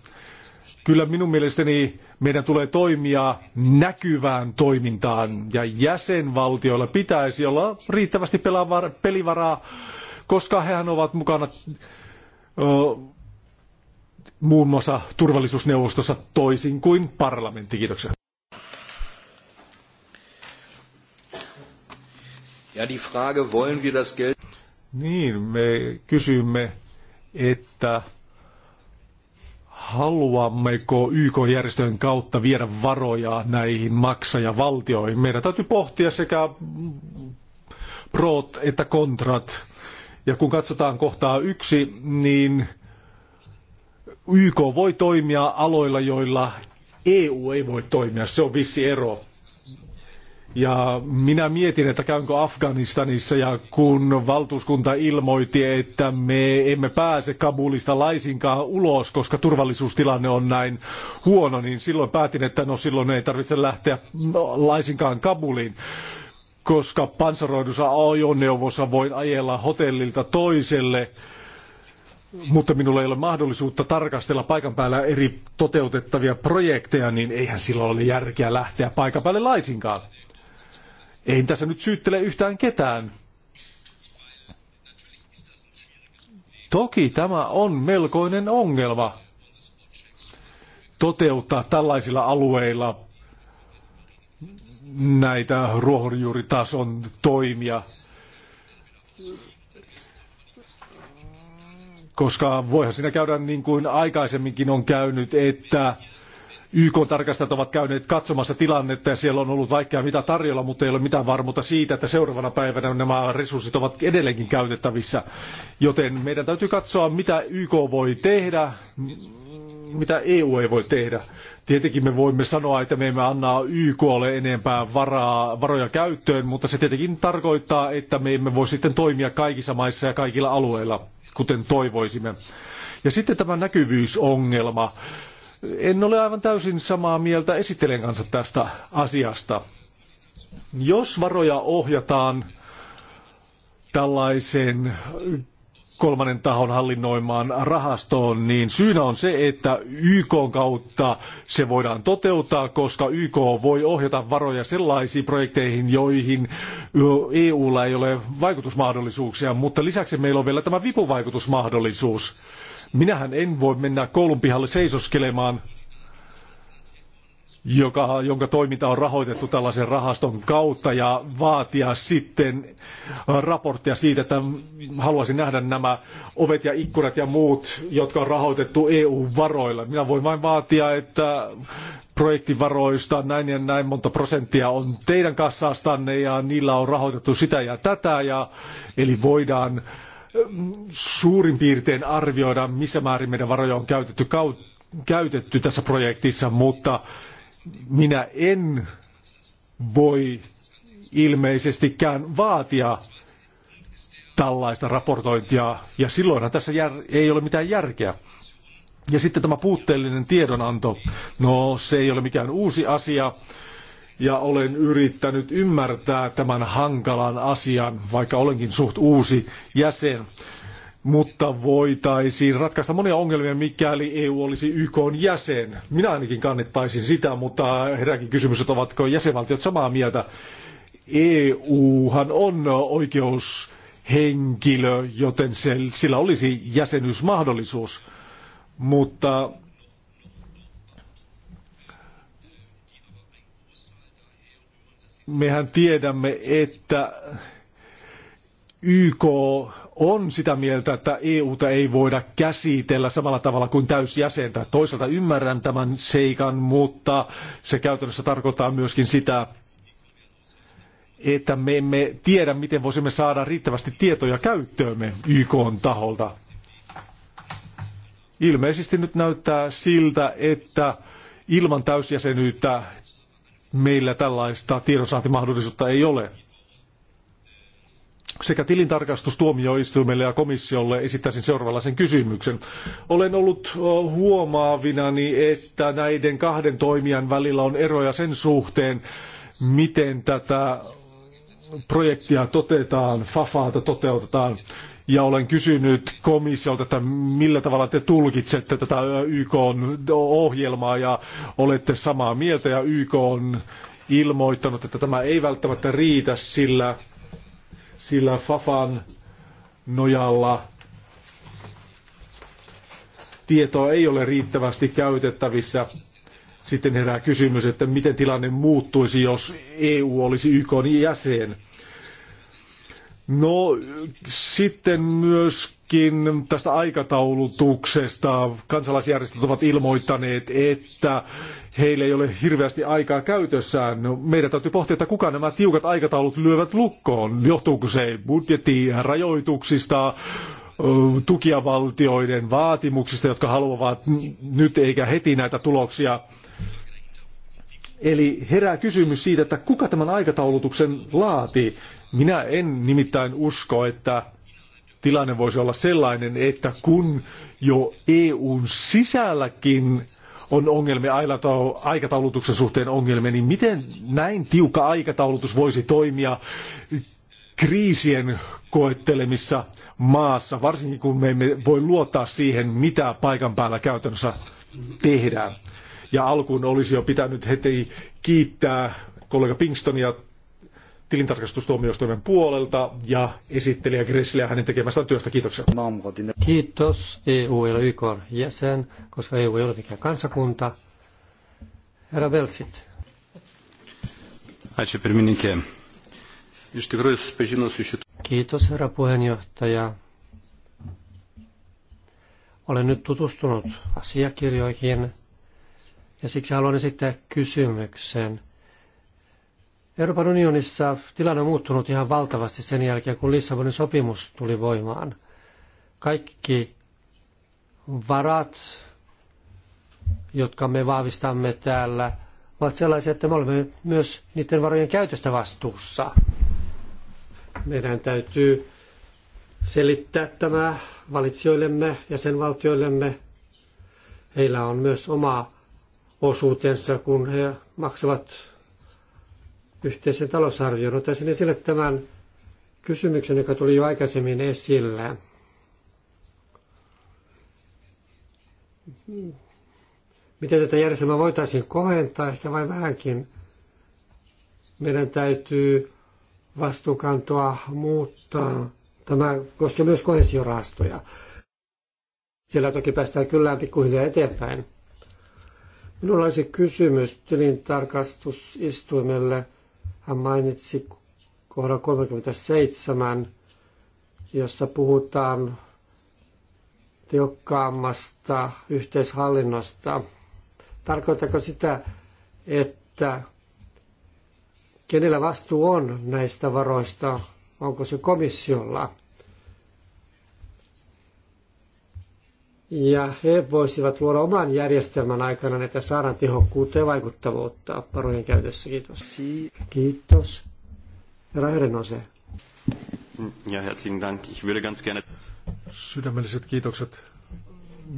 Kyllä minun mielestäni meidän tulee toimia näkyvään toimintaan ja jäsenvaltioilla pitäisi olla riittävästi pelivaraa koska hehän ovat mukana muun muassa turvallisuusneuvostossa toisin kuin parlamentti. Kiitoksia. Ja die Frage, wollen wir das Geld... Niin, me kysymme, että haluammeko YK-järjestöjen kautta viedä varoja näihin maksajavaltioihin. Meidän täytyy pohtia sekä prot että kontrat ja kun katsotaan kohtaa yksi, niin YK voi toimia aloilla, joilla EU ei voi toimia. Se on vissi ero. Ja minä mietin, että käynkö Afganistanissa ja kun valtuuskunta ilmoitti, että me emme pääse Kabulista laisinkaan ulos, koska turvallisuustilanne on näin huono, niin silloin päätin, että no silloin ei tarvitse lähteä laisinkaan Kabuliin koska panssaroidussa ajoneuvossa voin ajella hotellilta toiselle, mutta minulla ei ole mahdollisuutta tarkastella paikan päällä eri toteutettavia projekteja, niin eihän silloin ole järkeä lähteä paikan päälle laisinkaan. Ei tässä nyt syyttele yhtään ketään. Toki tämä on melkoinen ongelma toteuttaa tällaisilla alueilla näitä ruohonjuuritason toimia, koska voihan siinä käydä niin kuin aikaisemminkin on käynyt, että YK-tarkastajat ovat käyneet katsomassa tilannetta ja siellä on ollut vaikea mitä tarjolla, mutta ei ole mitään varmuutta siitä, että seuraavana päivänä nämä resurssit ovat edelleenkin käytettävissä. Joten meidän täytyy katsoa, mitä YK voi tehdä, mitä EU ei voi tehdä. Tietenkin me voimme sanoa, että me emme anna YKlle enempää varaa, varoja käyttöön, mutta se tietenkin tarkoittaa, että me emme voi sitten toimia kaikissa maissa ja kaikilla alueilla, kuten toivoisimme. Ja sitten tämä näkyvyysongelma. En ole aivan täysin samaa mieltä esittelen kanssa tästä asiasta. Jos varoja ohjataan tällaiseen kolmannen tahon hallinnoimaan rahastoon, niin syynä on se, että YK kautta se voidaan toteuttaa, koska YK voi ohjata varoja sellaisiin projekteihin, joihin EUlla ei ole vaikutusmahdollisuuksia, mutta lisäksi meillä on vielä tämä vipuvaikutusmahdollisuus. Minähän en voi mennä koulun pihalle seisoskelemaan joka, jonka toiminta on rahoitettu tällaisen rahaston kautta ja vaatia sitten raporttia siitä, että haluaisin nähdä nämä ovet ja ikkunat ja muut, jotka on rahoitettu EU-varoilla. Minä voin vain vaatia, että projektivaroista näin ja näin monta prosenttia on teidän kassastanne ja niillä on rahoitettu sitä ja tätä. Ja, eli voidaan mm, suurin piirtein arvioida, missä määrin meidän varoja on käytetty, käytetty tässä projektissa, mutta minä en voi ilmeisestikään vaatia tällaista raportointia, ja silloinhan tässä ei ole mitään järkeä. Ja sitten tämä puutteellinen tiedonanto, no se ei ole mikään uusi asia, ja olen yrittänyt ymmärtää tämän hankalan asian, vaikka olenkin suht uusi jäsen mutta voitaisiin ratkaista monia ongelmia, mikäli EU olisi YK jäsen. Minä ainakin kannattaisin sitä, mutta herääkin kysymys, että ovatko jäsenvaltiot samaa mieltä. EUhan on oikeushenkilö, joten se, sillä olisi jäsenyysmahdollisuus, mutta mehän tiedämme, että YK on sitä mieltä, että EUta ei voida käsitellä samalla tavalla kuin täysjäsentä. Toisaalta ymmärrän tämän seikan, mutta se käytännössä tarkoittaa myöskin sitä, että me emme tiedä, miten voisimme saada riittävästi tietoja käyttöömme YK taholta. Ilmeisesti nyt näyttää siltä, että ilman täysjäsenyyttä meillä tällaista tiedonsaantimahdollisuutta ei ole sekä tilintarkastustuomioistuimelle ja komissiolle esittäisin seuraavanlaisen kysymyksen. Olen ollut huomaavinani, että näiden kahden toimijan välillä on eroja sen suhteen, miten tätä projektia toteutetaan, FAFAata toteutetaan. Ja olen kysynyt komissiolta, että millä tavalla te tulkitsette tätä YK-ohjelmaa ja olette samaa mieltä ja YK on ilmoittanut, että tämä ei välttämättä riitä, sillä sillä Fafan nojalla tietoa ei ole riittävästi käytettävissä. Sitten herää kysymys, että miten tilanne muuttuisi, jos EU olisi YK jäsen. No sitten myös myöskin tästä aikataulutuksesta. Kansalaisjärjestöt ovat ilmoittaneet, että heillä ei ole hirveästi aikaa käytössään. meidän täytyy pohtia, että kuka nämä tiukat aikataulut lyövät lukkoon. Johtuuko se budjettirajoituksista, tukijavaltioiden vaatimuksista, jotka haluavat nyt eikä heti näitä tuloksia. Eli herää kysymys siitä, että kuka tämän aikataulutuksen laati. Minä en nimittäin usko, että tilanne voisi olla sellainen, että kun jo EUn sisälläkin on ongelmia aikataulutuksen suhteen ongelmia, niin miten näin tiukka aikataulutus voisi toimia kriisien koettelemissa maassa, varsinkin kun me emme voi luottaa siihen, mitä paikan päällä käytännössä tehdään. Ja alkuun olisi jo pitänyt heti kiittää kollega Pinkstonia tilintarkastustuomioistuimen puolelta ja esittelijä Grisliä hänen tekemästä työstä. Kiitoksia. Kiitos. EU ei ole YK jäsen, koska EU ei ole mikään kansakunta. Herra Velsit. Kiitos, herra puheenjohtaja. Olen nyt tutustunut asiakirjoihin ja siksi haluan esittää kysymyksen – Euroopan unionissa tilanne on muuttunut ihan valtavasti sen jälkeen, kun Lissabonin sopimus tuli voimaan. Kaikki varat, jotka me vahvistamme täällä, ovat sellaisia, että me olemme myös niiden varojen käytöstä vastuussa. Meidän täytyy selittää tämä valitsijoillemme, jäsenvaltioillemme. Heillä on myös oma osuutensa, kun he maksavat yhteisen talousarvion. Ottaisin esille tämän kysymyksen, joka tuli jo aikaisemmin esillä. Miten tätä järjestelmää voitaisiin kohentaa, ehkä vain vähänkin. Meidän täytyy vastuukantoa muuttaa. Tämä koskee myös kohesiorahastoja. Siellä toki päästään kyllä pikkuhiljaa eteenpäin. Minulla olisi kysymys tilintarkastusistuimelle – hän mainitsi kohdan 37, jossa puhutaan tehokkaammasta yhteishallinnosta. Tarkoitako sitä, että kenellä vastuu on näistä varoista? Onko se komissiolla? ja he voisivat luoda oman järjestelmän aikana, niin että saadaan tehokkuutta ja vaikuttavuutta varojen käytössä. Kiitos. Si- Kiitos. Rahden on mm, Ja herzlichen Dank. Ich würde ganz gerne... Sydämelliset kiitokset.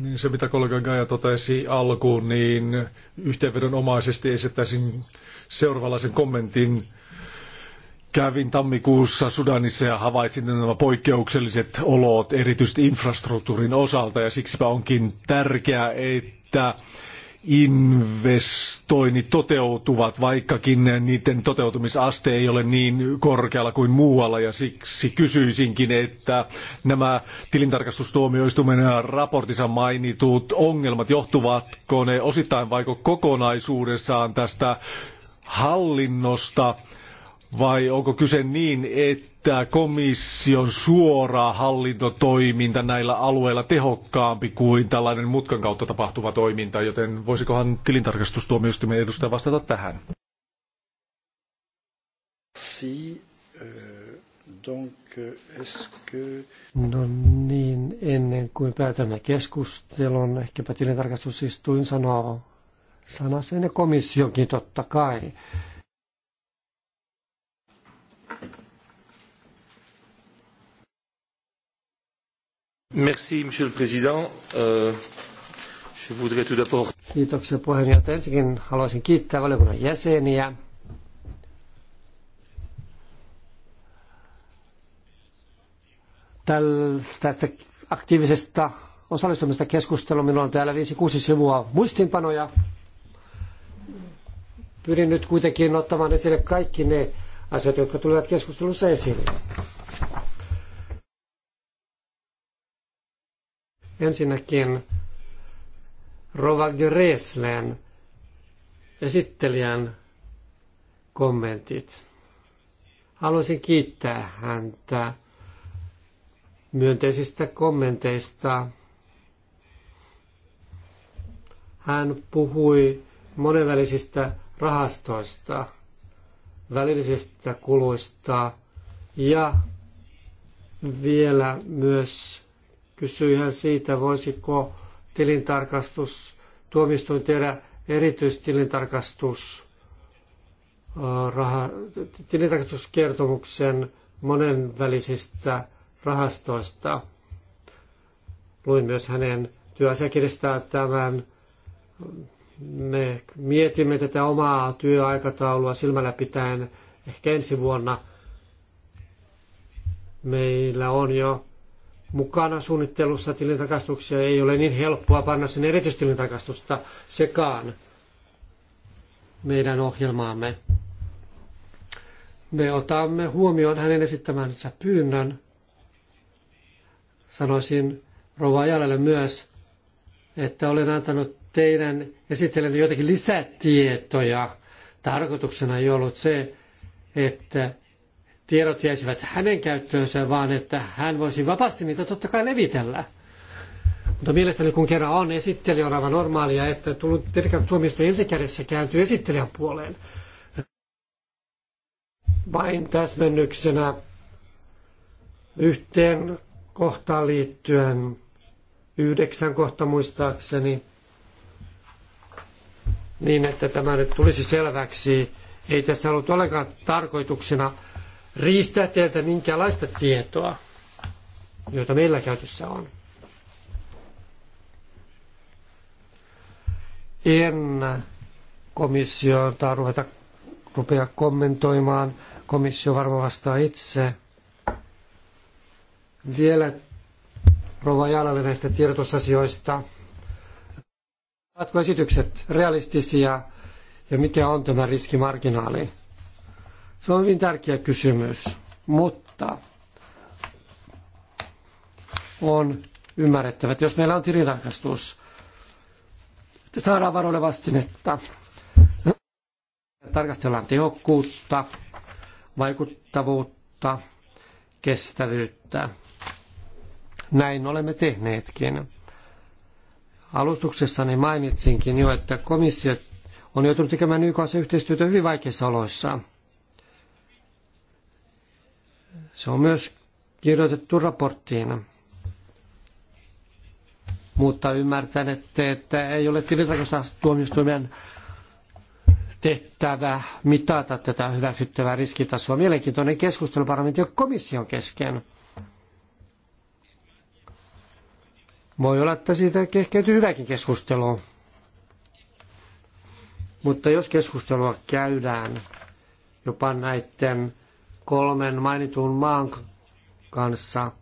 Niin se, mitä kollega Gaia totesi alkuun, niin yhteenvedonomaisesti esittäisin seuraavanlaisen kommentin. Kävin tammikuussa Sudanissa ja havaitsin nämä poikkeukselliset olot, erityisesti infrastruktuurin osalta, ja siksipä onkin tärkeää, että investoinnit toteutuvat, vaikkakin niiden toteutumisaste ei ole niin korkealla kuin muualla, ja siksi kysyisinkin, että nämä tilintarkastustuomioistuimen raportissa mainitut ongelmat johtuvatko ne osittain vaiko kokonaisuudessaan tästä hallinnosta, vai onko kyse niin, että komission suora hallintotoiminta näillä alueilla tehokkaampi kuin tällainen mutkan kautta tapahtuva toiminta, joten voisikohan tilintarkastustuomioistuimen edustaja vastata tähän? Si, eh, donc, No niin, ennen kuin päätämme keskustelun, ehkäpä tilintarkastusistuin sanoo sanasen ja komissiokin totta kai. monsieur le président. Euh, je voudrais tout d'abord... Kiitoksia puheenjohtaja. Ensinnäkin haluaisin kiittää valiokunnan jäseniä. Tästä aktiivisesta osallistumista keskusteluun. Minulla on täällä 5-6 sivua muistinpanoja. Pyrin nyt kuitenkin ottamaan esille kaikki ne asiat, jotka tulevat keskustelussa esille. Ensinnäkin Rova Greslen esittelijän kommentit. Haluaisin kiittää häntä myönteisistä kommenteista. Hän puhui monenvälisistä rahastoista, välillisistä kuluista ja vielä myös Kysyi hän siitä, voisiko tilintarkastus, tuomistuin tehdä erityistilintarkastus, äh, raha, tilintarkastuskertomuksen monenvälisistä rahastoista. Luin myös hänen työasiakirjastaan tämän. Me mietimme tätä omaa työaikataulua silmällä pitäen ehkä ensi vuonna. Meillä on jo mukana suunnittelussa tilintarkastuksia. Ei ole niin helppoa panna sen erityistilintarkastusta sekaan meidän ohjelmaamme. Me otamme huomioon hänen esittämänsä pyynnön. Sanoisin rouva Ajalalle myös, että olen antanut teidän esittelijänne jotakin lisätietoja. Tarkoituksena ei ollut se, että tiedot jäisivät hänen käyttöönsä, vaan että hän voisi vapaasti niitä totta kai levitellä. Mutta mielestäni kun kerran on esittelijä, on aivan normaalia, että tullut tietenkään tuomioistuin ensikädessä kääntyy esittelijän puoleen. Vain täsmennyksenä yhteen kohtaan liittyen, yhdeksän kohta muistaakseni, niin että tämä nyt tulisi selväksi. Ei tässä ollut ollenkaan tarkoituksena riistää teiltä minkäänlaista tietoa, joita meillä käytössä on. En komission ruveta rupea kommentoimaan. Komissio varmaan vastaa itse. Vielä Rova Jalalle näistä tiedotusasioista. Ovatko esitykset realistisia ja mikä on tämä riskimarginaali? Se on hyvin tärkeä kysymys, mutta on ymmärrettävä, että jos meillä on tilintarkastus, saadaan varoille vastinetta, tarkastellaan tehokkuutta, vaikuttavuutta, kestävyyttä. Näin olemme tehneetkin. Alustuksessani mainitsinkin jo, että komissio on joutunut tekemään YKssa yhteistyötä hyvin vaikeissa oloissa. Se on myös kirjoitettu raporttiina. Mutta ymmärtän, että, että ei ole tuomioistuimen tehtävä mitata tätä hyväksyttävää riskitasoa. Mielenkiintoinen keskustelu parlamentin ja komission kesken. Voi olla, että siitä kehkeytyy hyväkin keskustelua. Mutta jos keskustelua käydään jopa näiden kolmen mainitun maan kanssa,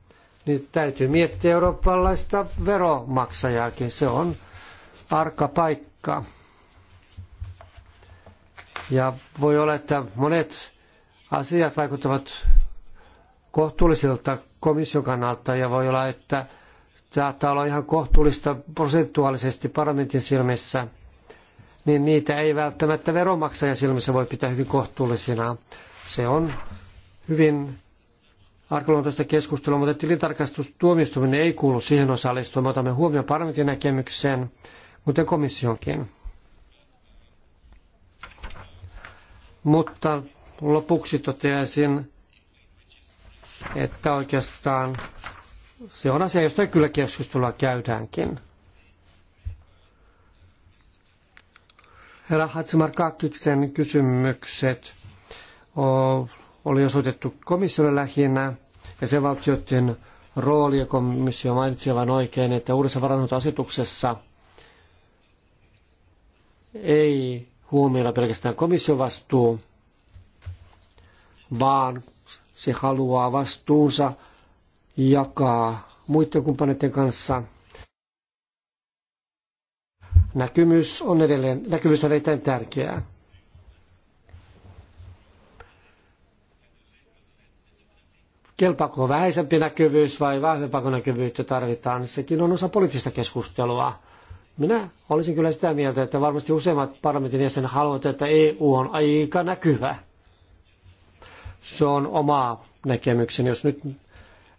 niin täytyy miettiä eurooppalaista veromaksajaakin. Se on arka paikka. Ja voi olla, että monet asiat vaikuttavat kohtuullisilta komission kannalta ja voi olla, että saattaa olla ihan kohtuullista prosentuaalisesti parlamentin silmissä, niin niitä ei välttämättä veronmaksajan silmissä voi pitää hyvin kohtuullisina. Se on hyvin arkaluontoista keskustelua, mutta tilintarkastustuomioistuminen ei kuulu siihen osallistua. Me otamme huomioon parlamentin näkemykseen, kuten komissionkin. Mutta lopuksi toteaisin, että oikeastaan se on asia, josta kyllä keskustelua käydäänkin. Herra Hatsimarkakiksen kysymykset oli osoitettu komissiolle lähinnä ja sen valtioiden rooli, ja komissio mainitsi aivan oikein, että uudessa varannut ei huomioida pelkästään komission vastuu, vaan se haluaa vastuunsa jakaa muiden kumppaneiden kanssa. Näkyvyys on edelleen, näkymys on erittäin tärkeää. kelpaako vähäisempi näkyvyys vai vahvempako näkyvyyttä tarvitaan, sekin on osa poliittista keskustelua. Minä olisin kyllä sitä mieltä, että varmasti useimmat parlamentin jäsen haluavat, että EU on aika näkyvä. Se on oma näkemykseni, jos nyt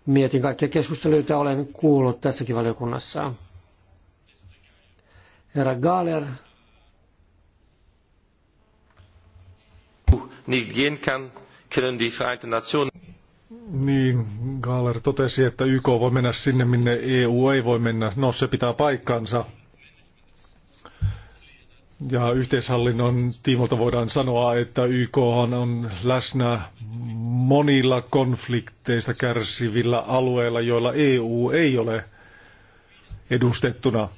mietin kaikkia joita olen kuullut tässäkin valiokunnassa. Herra Gahler. Nicht gehen kann, können die Vereinten Nationen niin, Gaaler totesi, että YK voi mennä sinne, minne EU ei voi mennä. No, se pitää paikkansa. Ja yhteishallinnon tiimolta voidaan sanoa, että YK on läsnä monilla konflikteista kärsivillä alueilla, joilla EU ei ole edustettuna.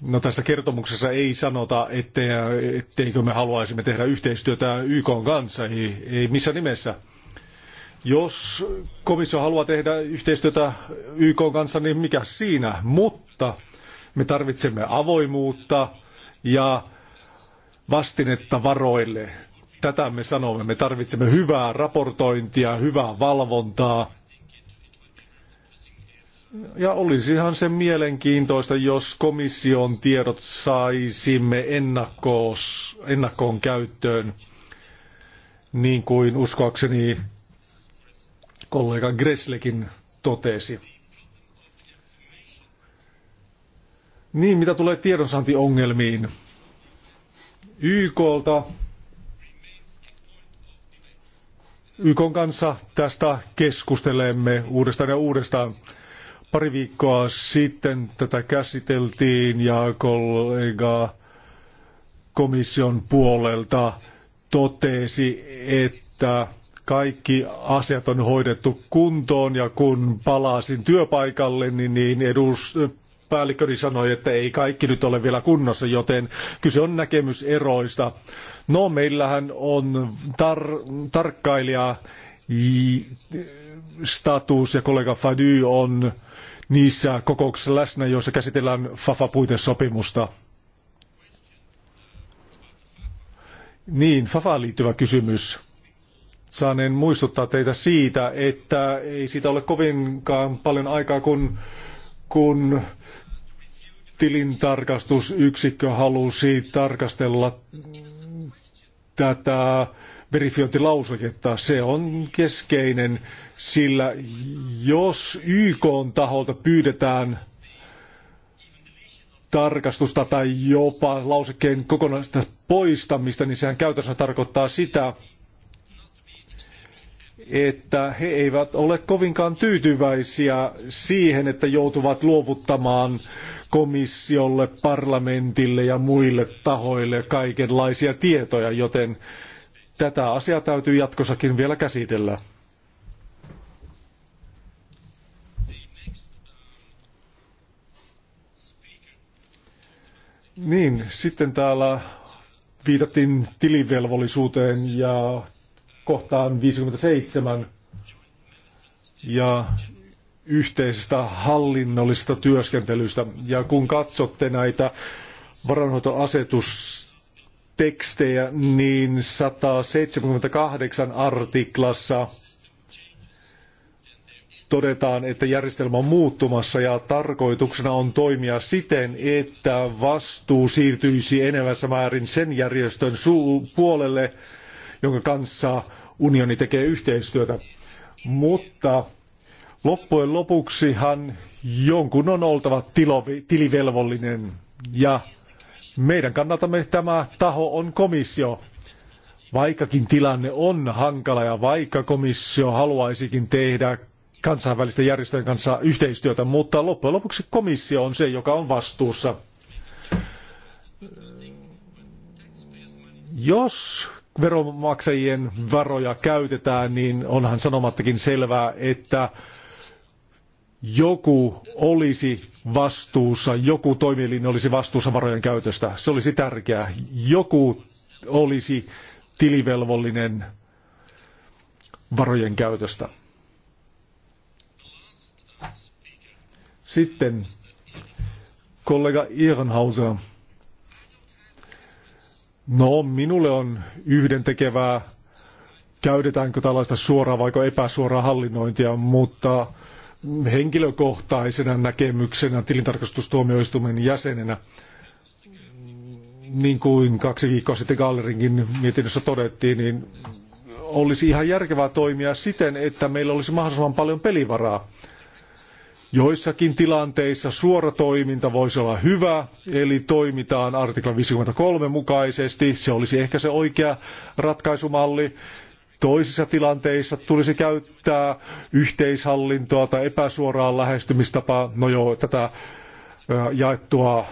No tässä kertomuksessa ei sanota, ettei, etteikö me haluaisimme tehdä yhteistyötä YK kanssa, ei, ei missä nimessä. Jos komissio haluaa tehdä yhteistyötä YK kanssa, niin mikä siinä? Mutta me tarvitsemme avoimuutta ja vastinetta varoille. Tätä me sanomme. Me tarvitsemme hyvää raportointia, hyvää valvontaa. Ja olisihan se mielenkiintoista, jos komission tiedot saisimme ennakkoon käyttöön, niin kuin uskoakseni kollega Greslekin totesi. Niin, mitä tulee tiedonsaantiongelmiin. YKlta YKn kanssa tästä keskustelemme uudestaan ja uudestaan. Pari viikkoa sitten tätä käsiteltiin ja kollega komission puolelta totesi, että kaikki asiat on hoidettu kuntoon ja kun palasin työpaikalle, niin, niin edus, päällikköni sanoi, että ei kaikki nyt ole vielä kunnossa, joten kyse on näkemyseroista. No, meillähän on tar- tarkkailija status ja kollega Fady on niissä kokouksissa läsnä, joissa käsitellään FAFA-puitesopimusta. Niin, FAFAan liittyvä kysymys saaneen niin muistuttaa teitä siitä, että ei siitä ole kovinkaan paljon aikaa, kun, kun tilintarkastusyksikkö halusi tarkastella tätä verifiointilausujetta. Se on keskeinen, sillä jos YK taholta pyydetään tarkastusta tai jopa lausekkeen kokonaista poistamista, niin sehän käytännössä tarkoittaa sitä, että he eivät ole kovinkaan tyytyväisiä siihen, että joutuvat luovuttamaan komissiolle, parlamentille ja muille tahoille kaikenlaisia tietoja, joten tätä asiaa täytyy jatkossakin vielä käsitellä. Niin, sitten täällä viitattiin tilivelvollisuuteen ja kohtaan 57 ja yhteisestä hallinnollisesta työskentelystä. Ja kun katsotte näitä varanhoitoasetustekstejä, niin 178 artiklassa todetaan, että järjestelmä on muuttumassa ja tarkoituksena on toimia siten, että vastuu siirtyisi enemmässä määrin sen järjestön puolelle, jonka kanssa unioni tekee yhteistyötä. Mutta loppujen lopuksihan jonkun on oltava tilivelvollinen ja meidän kannaltamme tämä taho on komissio. Vaikkakin tilanne on hankala ja vaikka komissio haluaisikin tehdä kansainvälisten järjestöjen kanssa yhteistyötä, mutta loppujen lopuksi komissio on se, joka on vastuussa. Jos veronmaksajien varoja käytetään, niin onhan sanomattakin selvää, että joku olisi vastuussa, joku toimielin olisi vastuussa varojen käytöstä. Se olisi tärkeää. Joku olisi tilivelvollinen varojen käytöstä. Sitten kollega Ehrenhauser. No, minulle on yhdentekevää, käytetäänkö tällaista suoraa vai epäsuoraa hallinnointia, mutta henkilökohtaisena näkemyksenä tilintarkastustuomioistuimen jäsenenä, niin kuin kaksi viikkoa sitten Gallerinkin mietinnössä todettiin, niin olisi ihan järkevää toimia siten, että meillä olisi mahdollisimman paljon pelivaraa. Joissakin tilanteissa suora toiminta voisi olla hyvä, eli toimitaan artikla 53 mukaisesti. Se olisi ehkä se oikea ratkaisumalli. Toisissa tilanteissa tulisi käyttää yhteishallintoa tai epäsuoraa lähestymistapaa. No joo, tätä jaettua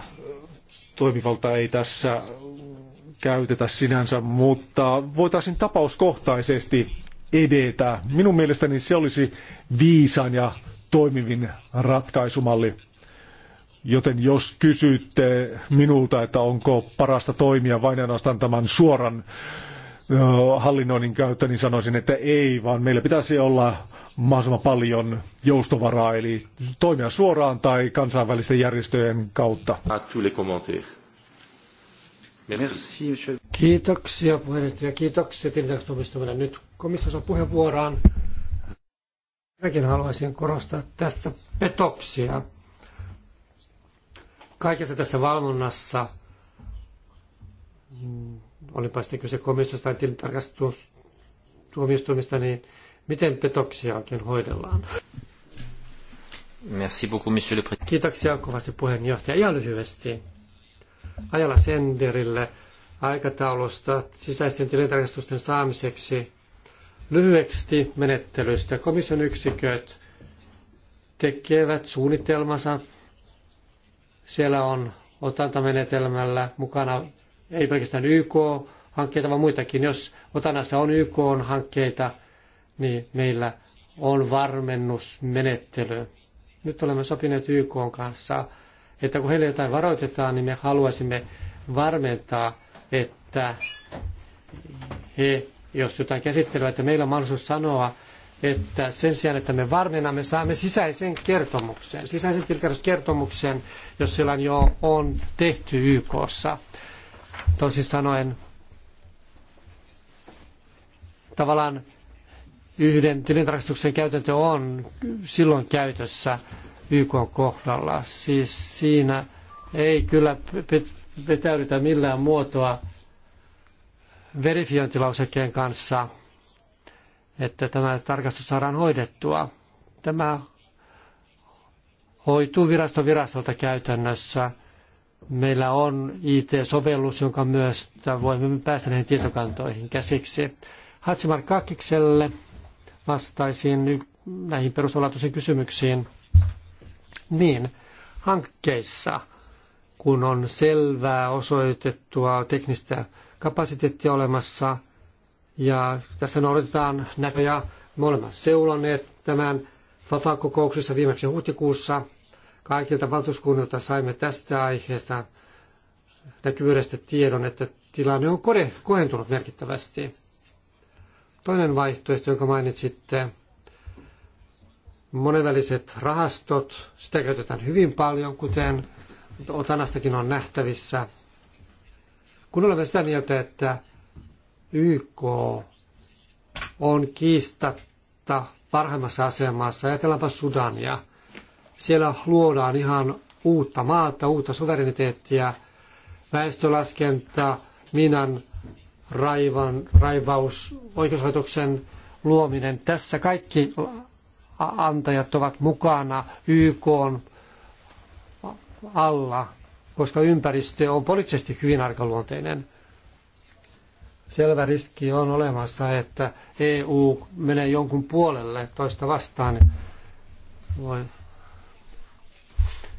toimivaltaa ei tässä käytetä sinänsä, mutta voitaisiin tapauskohtaisesti edetä. Minun mielestäni se olisi viisan ja toimivin ratkaisumalli. Joten jos kysytte minulta, että onko parasta toimia vain ainoastaan tämän suoran hallinnoinnin käyttö, niin sanoisin, että ei, vaan meillä pitäisi olla mahdollisimman paljon joustovaraa, eli toimia suoraan tai kansainvälisten järjestöjen kautta. Kiitoksia puheenjohtaja, kiitokset. Nyt komissiossa puheenvuoroon. Minäkin haluaisin korostaa tässä petoksia. Kaikessa tässä valvonnassa, mm, olipa sitten kyse komissiosta tai tilintarkastustuomioistuimista, niin miten petoksia oikein hoidellaan? Merci beaucoup, monsieur le Kiitoksia kovasti puheenjohtaja. Ihan lyhyesti. Ajalla Senderille aikataulusta sisäisten tilintarkastusten saamiseksi Lyhyesti menettelystä komission yksiköt tekevät suunnitelmansa. Siellä on otantamenetelmällä mukana ei pelkästään YK-hankkeita, vaan muitakin. Jos otanassa on YK-hankkeita, niin meillä on varmennusmenettely. Nyt olemme sopineet YK kanssa, että kun heille jotain varoitetaan, niin me haluaisimme varmentaa, että he jos jotain käsittelyä, että meillä on mahdollisuus sanoa, että sen sijaan, että me varmennamme, saamme sisäisen kertomuksen, sisäisen tilkäryskertomuksen, jos sellainen jo on tehty YKssa. Toisin sanoen, tavallaan yhden tilintarkastuksen käytäntö on silloin käytössä YK kohdalla. Siis siinä ei kyllä vetäydytä millään muotoa verifiointilausekkeen kanssa, että tämä tarkastus saadaan hoidettua. Tämä hoituu virasto virastolta käytännössä. Meillä on IT-sovellus, jonka myös voimme päästä näihin tietokantoihin käsiksi. Hatsimar Kakkikselle vastaisin näihin perusolatuisiin kysymyksiin. Niin, hankkeissa, kun on selvää osoitettua teknistä kapasiteetti olemassa ja tässä noudatetaan näköjään. Me olemme seulanneet tämän FAFA-kokouksessa viimeksi huhtikuussa. Kaikilta valtuuskunnilta saimme tästä aiheesta näkyvyydestä tiedon, että tilanne on kohentunut merkittävästi. Toinen vaihtoehto, jonka mainitsitte, monenväliset rahastot, sitä käytetään hyvin paljon, kuten Otanastakin on nähtävissä. Kun olemme sitä mieltä, että YK on kiistatta parhaimmassa asemassa, ajatellaanpa Sudania. Siellä luodaan ihan uutta maata, uutta suvereniteettia, väestölaskenta, minan raivan, raivaus, oikeuslaitoksen luominen. Tässä kaikki antajat ovat mukana YK alla koska ympäristö on poliittisesti hyvin arkaluonteinen. Selvä riski on olemassa, että EU menee jonkun puolelle toista vastaan. Voi.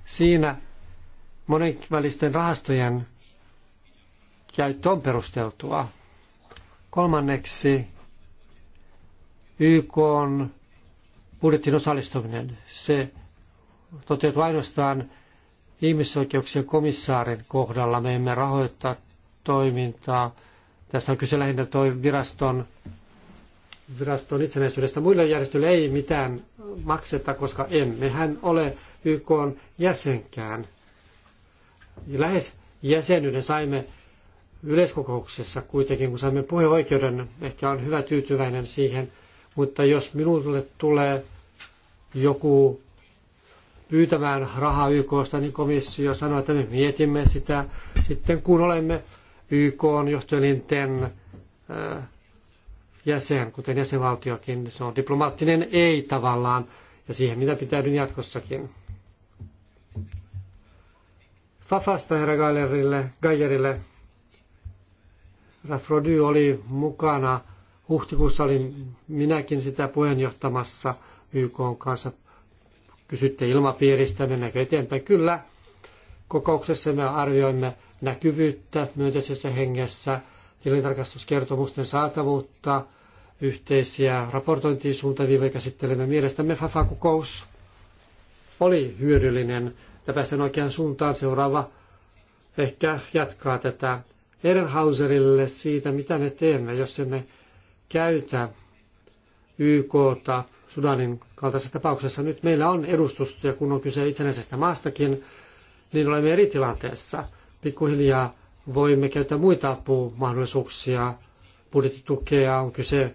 Siinä monenvälisten rahastojen käyttö on perusteltua. Kolmanneksi YK on budjettiin osallistuminen. Se toteutuu ainoastaan ihmisoikeuksien komissaarin kohdalla me emme rahoittaa toimintaa. Tässä on kyse lähinnä toi viraston, viraston itsenäisyydestä. Muille järjestöille ei mitään makseta, koska emmehän ole YK jäsenkään. Lähes jäsenyyden saimme yleiskokouksessa kuitenkin, kun saimme puheoikeuden, ehkä on hyvä tyytyväinen siihen, mutta jos minulle tulee joku pyytämään rahaa YKsta, niin komissio sanoi, että me mietimme sitä sitten, kun olemme YK johtoelinten äh, jäsen, kuten jäsenvaltiokin. Se on diplomaattinen ei tavallaan, ja siihen minä pitäydyn jatkossakin. Fafasta herra Gallerille, Gallerille. Rafrody oli mukana. Huhtikuussa olin minäkin sitä puheenjohtamassa YK kanssa Kysytte ilmapiiristä, mennäänkö eteenpäin? Kyllä. Kokouksessa me arvioimme näkyvyyttä myönteisessä hengessä, tilintarkastuskertomusten saatavuutta, yhteisiä suuntaviivoja käsittelemme. Mielestämme FAFA-kokous oli hyödyllinen ja päästään oikeaan suuntaan. Seuraava ehkä jatkaa tätä Ehrenhauserille siitä, mitä me teemme, jos emme käytä YKta Sudanin kaltaisessa tapauksessa. Nyt meillä on edustusta ja kun on kyse itsenäisestä maastakin, niin olemme eri tilanteessa. Pikkuhiljaa voimme käyttää muita apumahdollisuuksia, budjettitukea, on kyse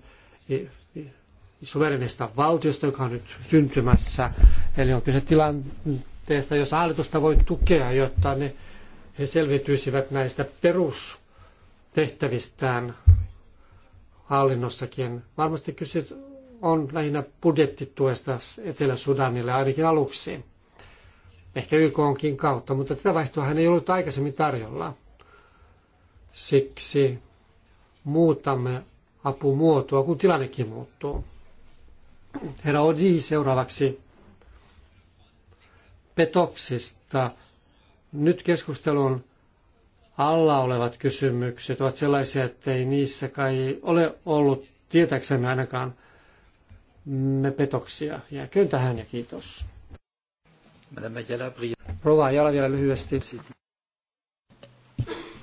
suverenista valtiosta, joka on nyt syntymässä. Eli on kyse tilanteesta, jossa hallitusta voi tukea, jotta ne, he selviytyisivät näistä perustehtävistään hallinnossakin. Varmasti kyse on lähinnä budjettituesta Etelä-Sudanille ainakin aluksi. Ehkä YKonkin kautta, mutta tätä vaihtoa ei ollut aikaisemmin tarjolla. Siksi muutamme apumuotoa, kun tilannekin muuttuu. Herra Odi seuraavaksi petoksista. Nyt keskustelun alla olevat kysymykset ovat sellaisia, että ei niissä kai ole ollut tietääksemme ainakaan me petoksia. Jääköön tähän ja kiitos. Rova Jala vielä lyhyesti.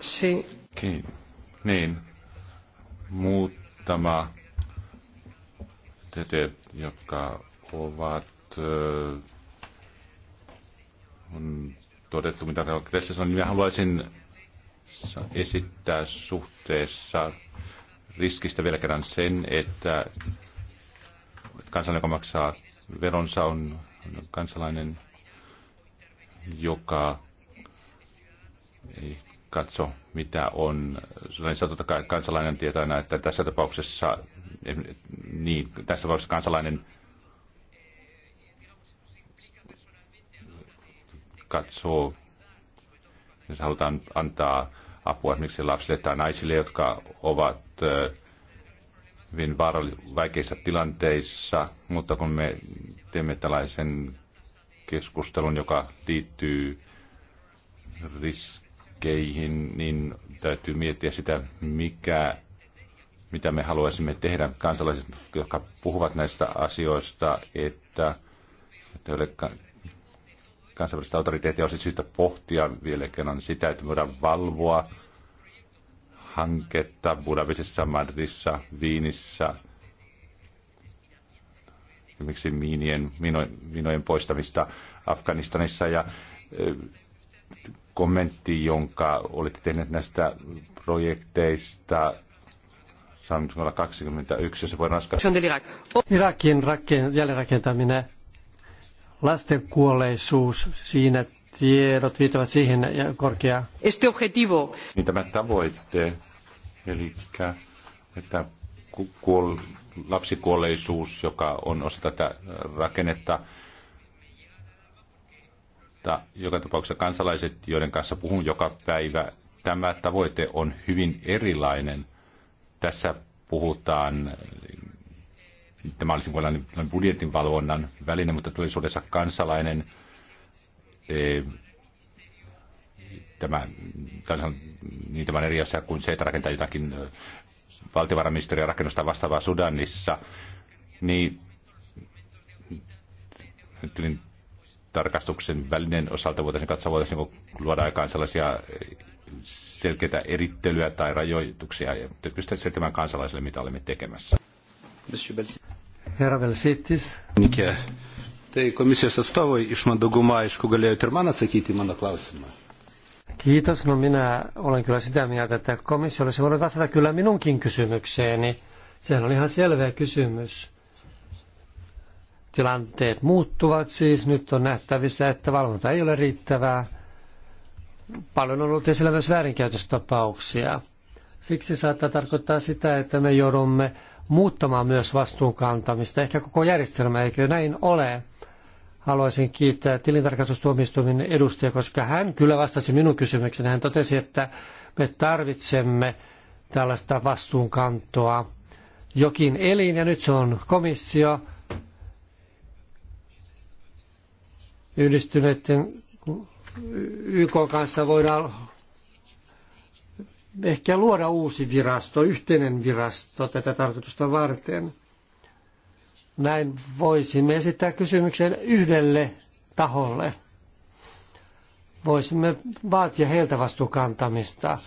Si. Kiin. Niin. Muutama tete, jotka ovat ö, on todettu, mitä tässä on. Minä haluaisin esittää suhteessa riskistä vielä kerran sen, että kansalainen, joka maksaa veronsa, on kansalainen, joka ei katso, mitä on. Totta kai kansalainen tietää aina, että tässä tapauksessa, niin, tässä tapauksessa kansalainen katsoo, jos halutaan antaa apua esimerkiksi lapsille tai naisille, jotka ovat äh, hyvin vaikeissa tilanteissa, mutta kun me teemme tällaisen keskustelun, joka liittyy riskeihin, niin täytyy miettiä sitä, mikä, mitä me haluaisimme tehdä kansalaiset, jotka puhuvat näistä asioista, että, että kansainvälistä autoriteettia olisi syytä pohtia vielä kerran sitä, että voidaan valvoa hanketta Budapestissa, Madridissa, Viinissä, esimerkiksi miinien, minojen poistamista Afganistanissa ja kommentti, jonka olitte tehneet näistä projekteista saamisella 21, se voi raskaa. Irakin raken, jälleenrakentaminen, lasten kuolleisuus, siinä tiedot viittavat siihen korkeaan. Este objetivo. Niin tämä tavoitte, eli että kuol, lapsikuolleisuus, joka on osa tätä äh, rakennetta, ta, joka tapauksessa kansalaiset, joiden kanssa puhun joka päivä, tämä tavoite on hyvin erilainen. Tässä puhutaan, äh, tämä olisi budjetin valvonnan väline, mutta tulisuudessa kansalainen – tämä, tämän, niin tämä on eri asia kuin se, että rakentaa jotakin valtiovarainministeriön rakennusta vastaavaa Sudanissa, niin tylin tarkastuksen välinen osalta voitaisiin katsoa, voitaisiin luoda aikaan sellaisia selkeitä erittelyä tai rajoituksia ja pystytään selittämään kansalaisille, mitä olemme tekemässä. Herra Velsitis. Mikä tai komisijos atstovai iš mandagumą aišku galėjot ir man atsakyti į mano klausimą. Kiitos. No minä olen kyllä sitä mieltä, että komissio olisi voinut vastata kyllä minunkin kysymykseeni. Sehän oli ihan selvä kysymys. Tilanteet muuttuvat siis. Nyt on nähtävissä, että valvonta ei ole riittävää. Paljon on ollut esillä myös väärinkäytöstapauksia. Siksi saattaa tarkoittaa sitä, että me joudumme muuttamaan myös vastuunkantamista, ehkä koko järjestelmä, eikö näin ole? haluaisin kiittää tilintarkastustuomioistuimen edustajia, koska hän kyllä vastasi minun kysymykseni. Hän totesi, että me tarvitsemme tällaista vastuunkantoa jokin elin, ja nyt se on komissio yhdistyneiden YK kanssa voidaan ehkä luoda uusi virasto, yhteinen virasto tätä tarkoitusta varten. Näin voisimme esittää kysymyksen yhdelle taholle. Voisimme vaatia heiltä vastuukantamista,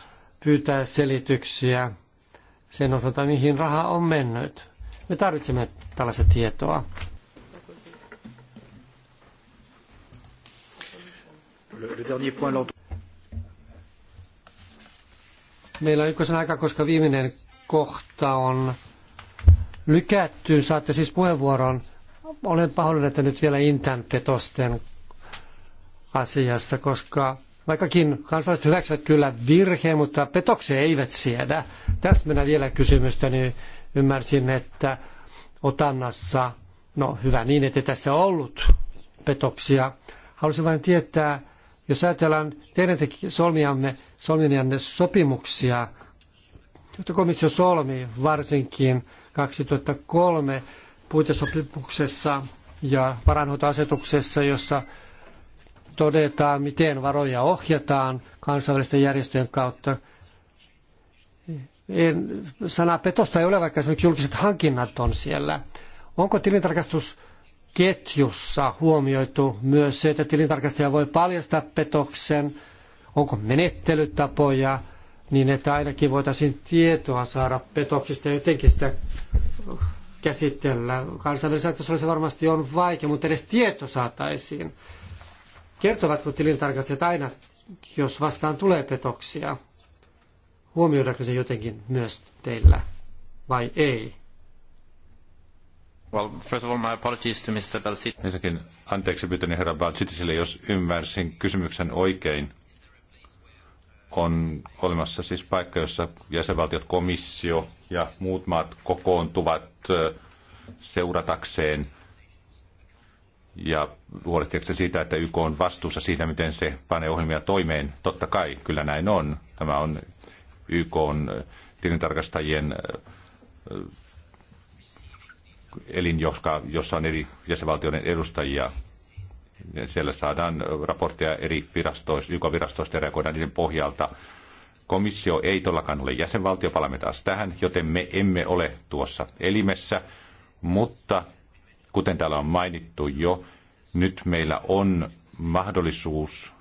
pyytää selityksiä sen osalta, mihin raha on mennyt. Me tarvitsemme tällaista tietoa. Meillä on ykkösen aika, koska viimeinen kohta on lykätty. Saatte siis puheenvuoron. Olen pahoillani, että nyt vielä intän petosten asiassa, koska vaikkakin kansalaiset hyväksyvät kyllä virheen, mutta petoksia eivät siedä. Tässä minä vielä kysymystä, niin ymmärsin, että otannassa, no hyvä niin, että tässä ollut petoksia. Haluaisin vain tietää, jos ajatellaan teidän solmiamme, solmianne sopimuksia, joita komissio solmi varsinkin 2003 puitesopimuksessa ja varanhoitoasetuksessa, jossa todetaan, miten varoja ohjataan kansainvälisten järjestöjen kautta. En, sana petosta ei ole, vaikka esimerkiksi julkiset hankinnat on siellä. Onko tilintarkastusketjussa huomioitu myös se, että tilintarkastaja voi paljastaa petoksen? Onko menettelytapoja? niin että ainakin voitaisiin tietoa saada petoksista ja jotenkin sitä käsitellä. Kansainvälisellä tasolla se varmasti on vaikea, mutta edes tieto saataisiin. Kertovatko tilintarkastajat aina, jos vastaan tulee petoksia? Huomioidaanko se jotenkin myös teillä vai ei? Well, first of all, my apologies to Mr. Belsit. Ensinnäkin anteeksi pyytäni herra Belsitisille, jos ymmärsin kysymyksen oikein on olemassa siis paikka, jossa jäsenvaltiot, komissio ja muut maat kokoontuvat seuratakseen ja huolehtiakseen siitä, että YK on vastuussa siitä, miten se panee ohjelmia toimeen. Totta kai, kyllä näin on. Tämä on YK on tilintarkastajien elin, jossa on eri jäsenvaltioiden edustajia siellä saadaan raportteja eri virastoista, joka virastoista ja reagoidaan niiden pohjalta. Komissio ei todellakaan ole jäsenvaltio, palaamme taas tähän, joten me emme ole tuossa elimessä, mutta kuten täällä on mainittu jo, nyt meillä on mahdollisuus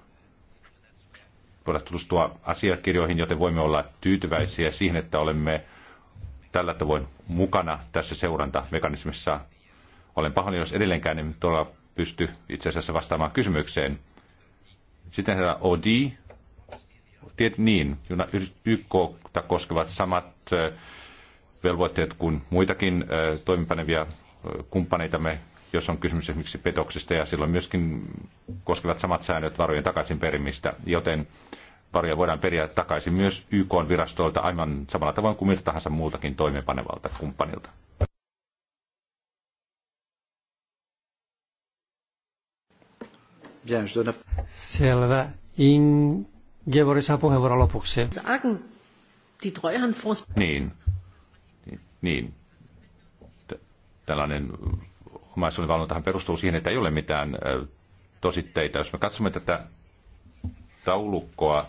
voida tutustua asiakirjoihin, joten voimme olla tyytyväisiä siihen, että olemme tällä tavoin mukana tässä seurantamekanismissa. Olen pahoin, jos edelleenkään en todella pysty itse asiassa vastaamaan kysymykseen. Sitten herra Odi, tiet niin, YK koskevat samat velvoitteet kuin muitakin toimipanevia kumppaneitamme, jos on kysymys esimerkiksi petoksista, ja silloin myöskin koskevat samat säännöt varojen takaisin perimistä, joten varoja voidaan periä takaisin myös yk virastolta aivan samalla tavoin kuin miltä tahansa muultakin toimipanevalta kumppanilta. Bien, je donne... Selvä. Ingeborg saa puheenvuoron lopuksi. Niin. Niin. Tällainen omaisuuden valvontahan perustuu siihen, että ei ole mitään tositteita. Jos me katsomme tätä taulukkoa,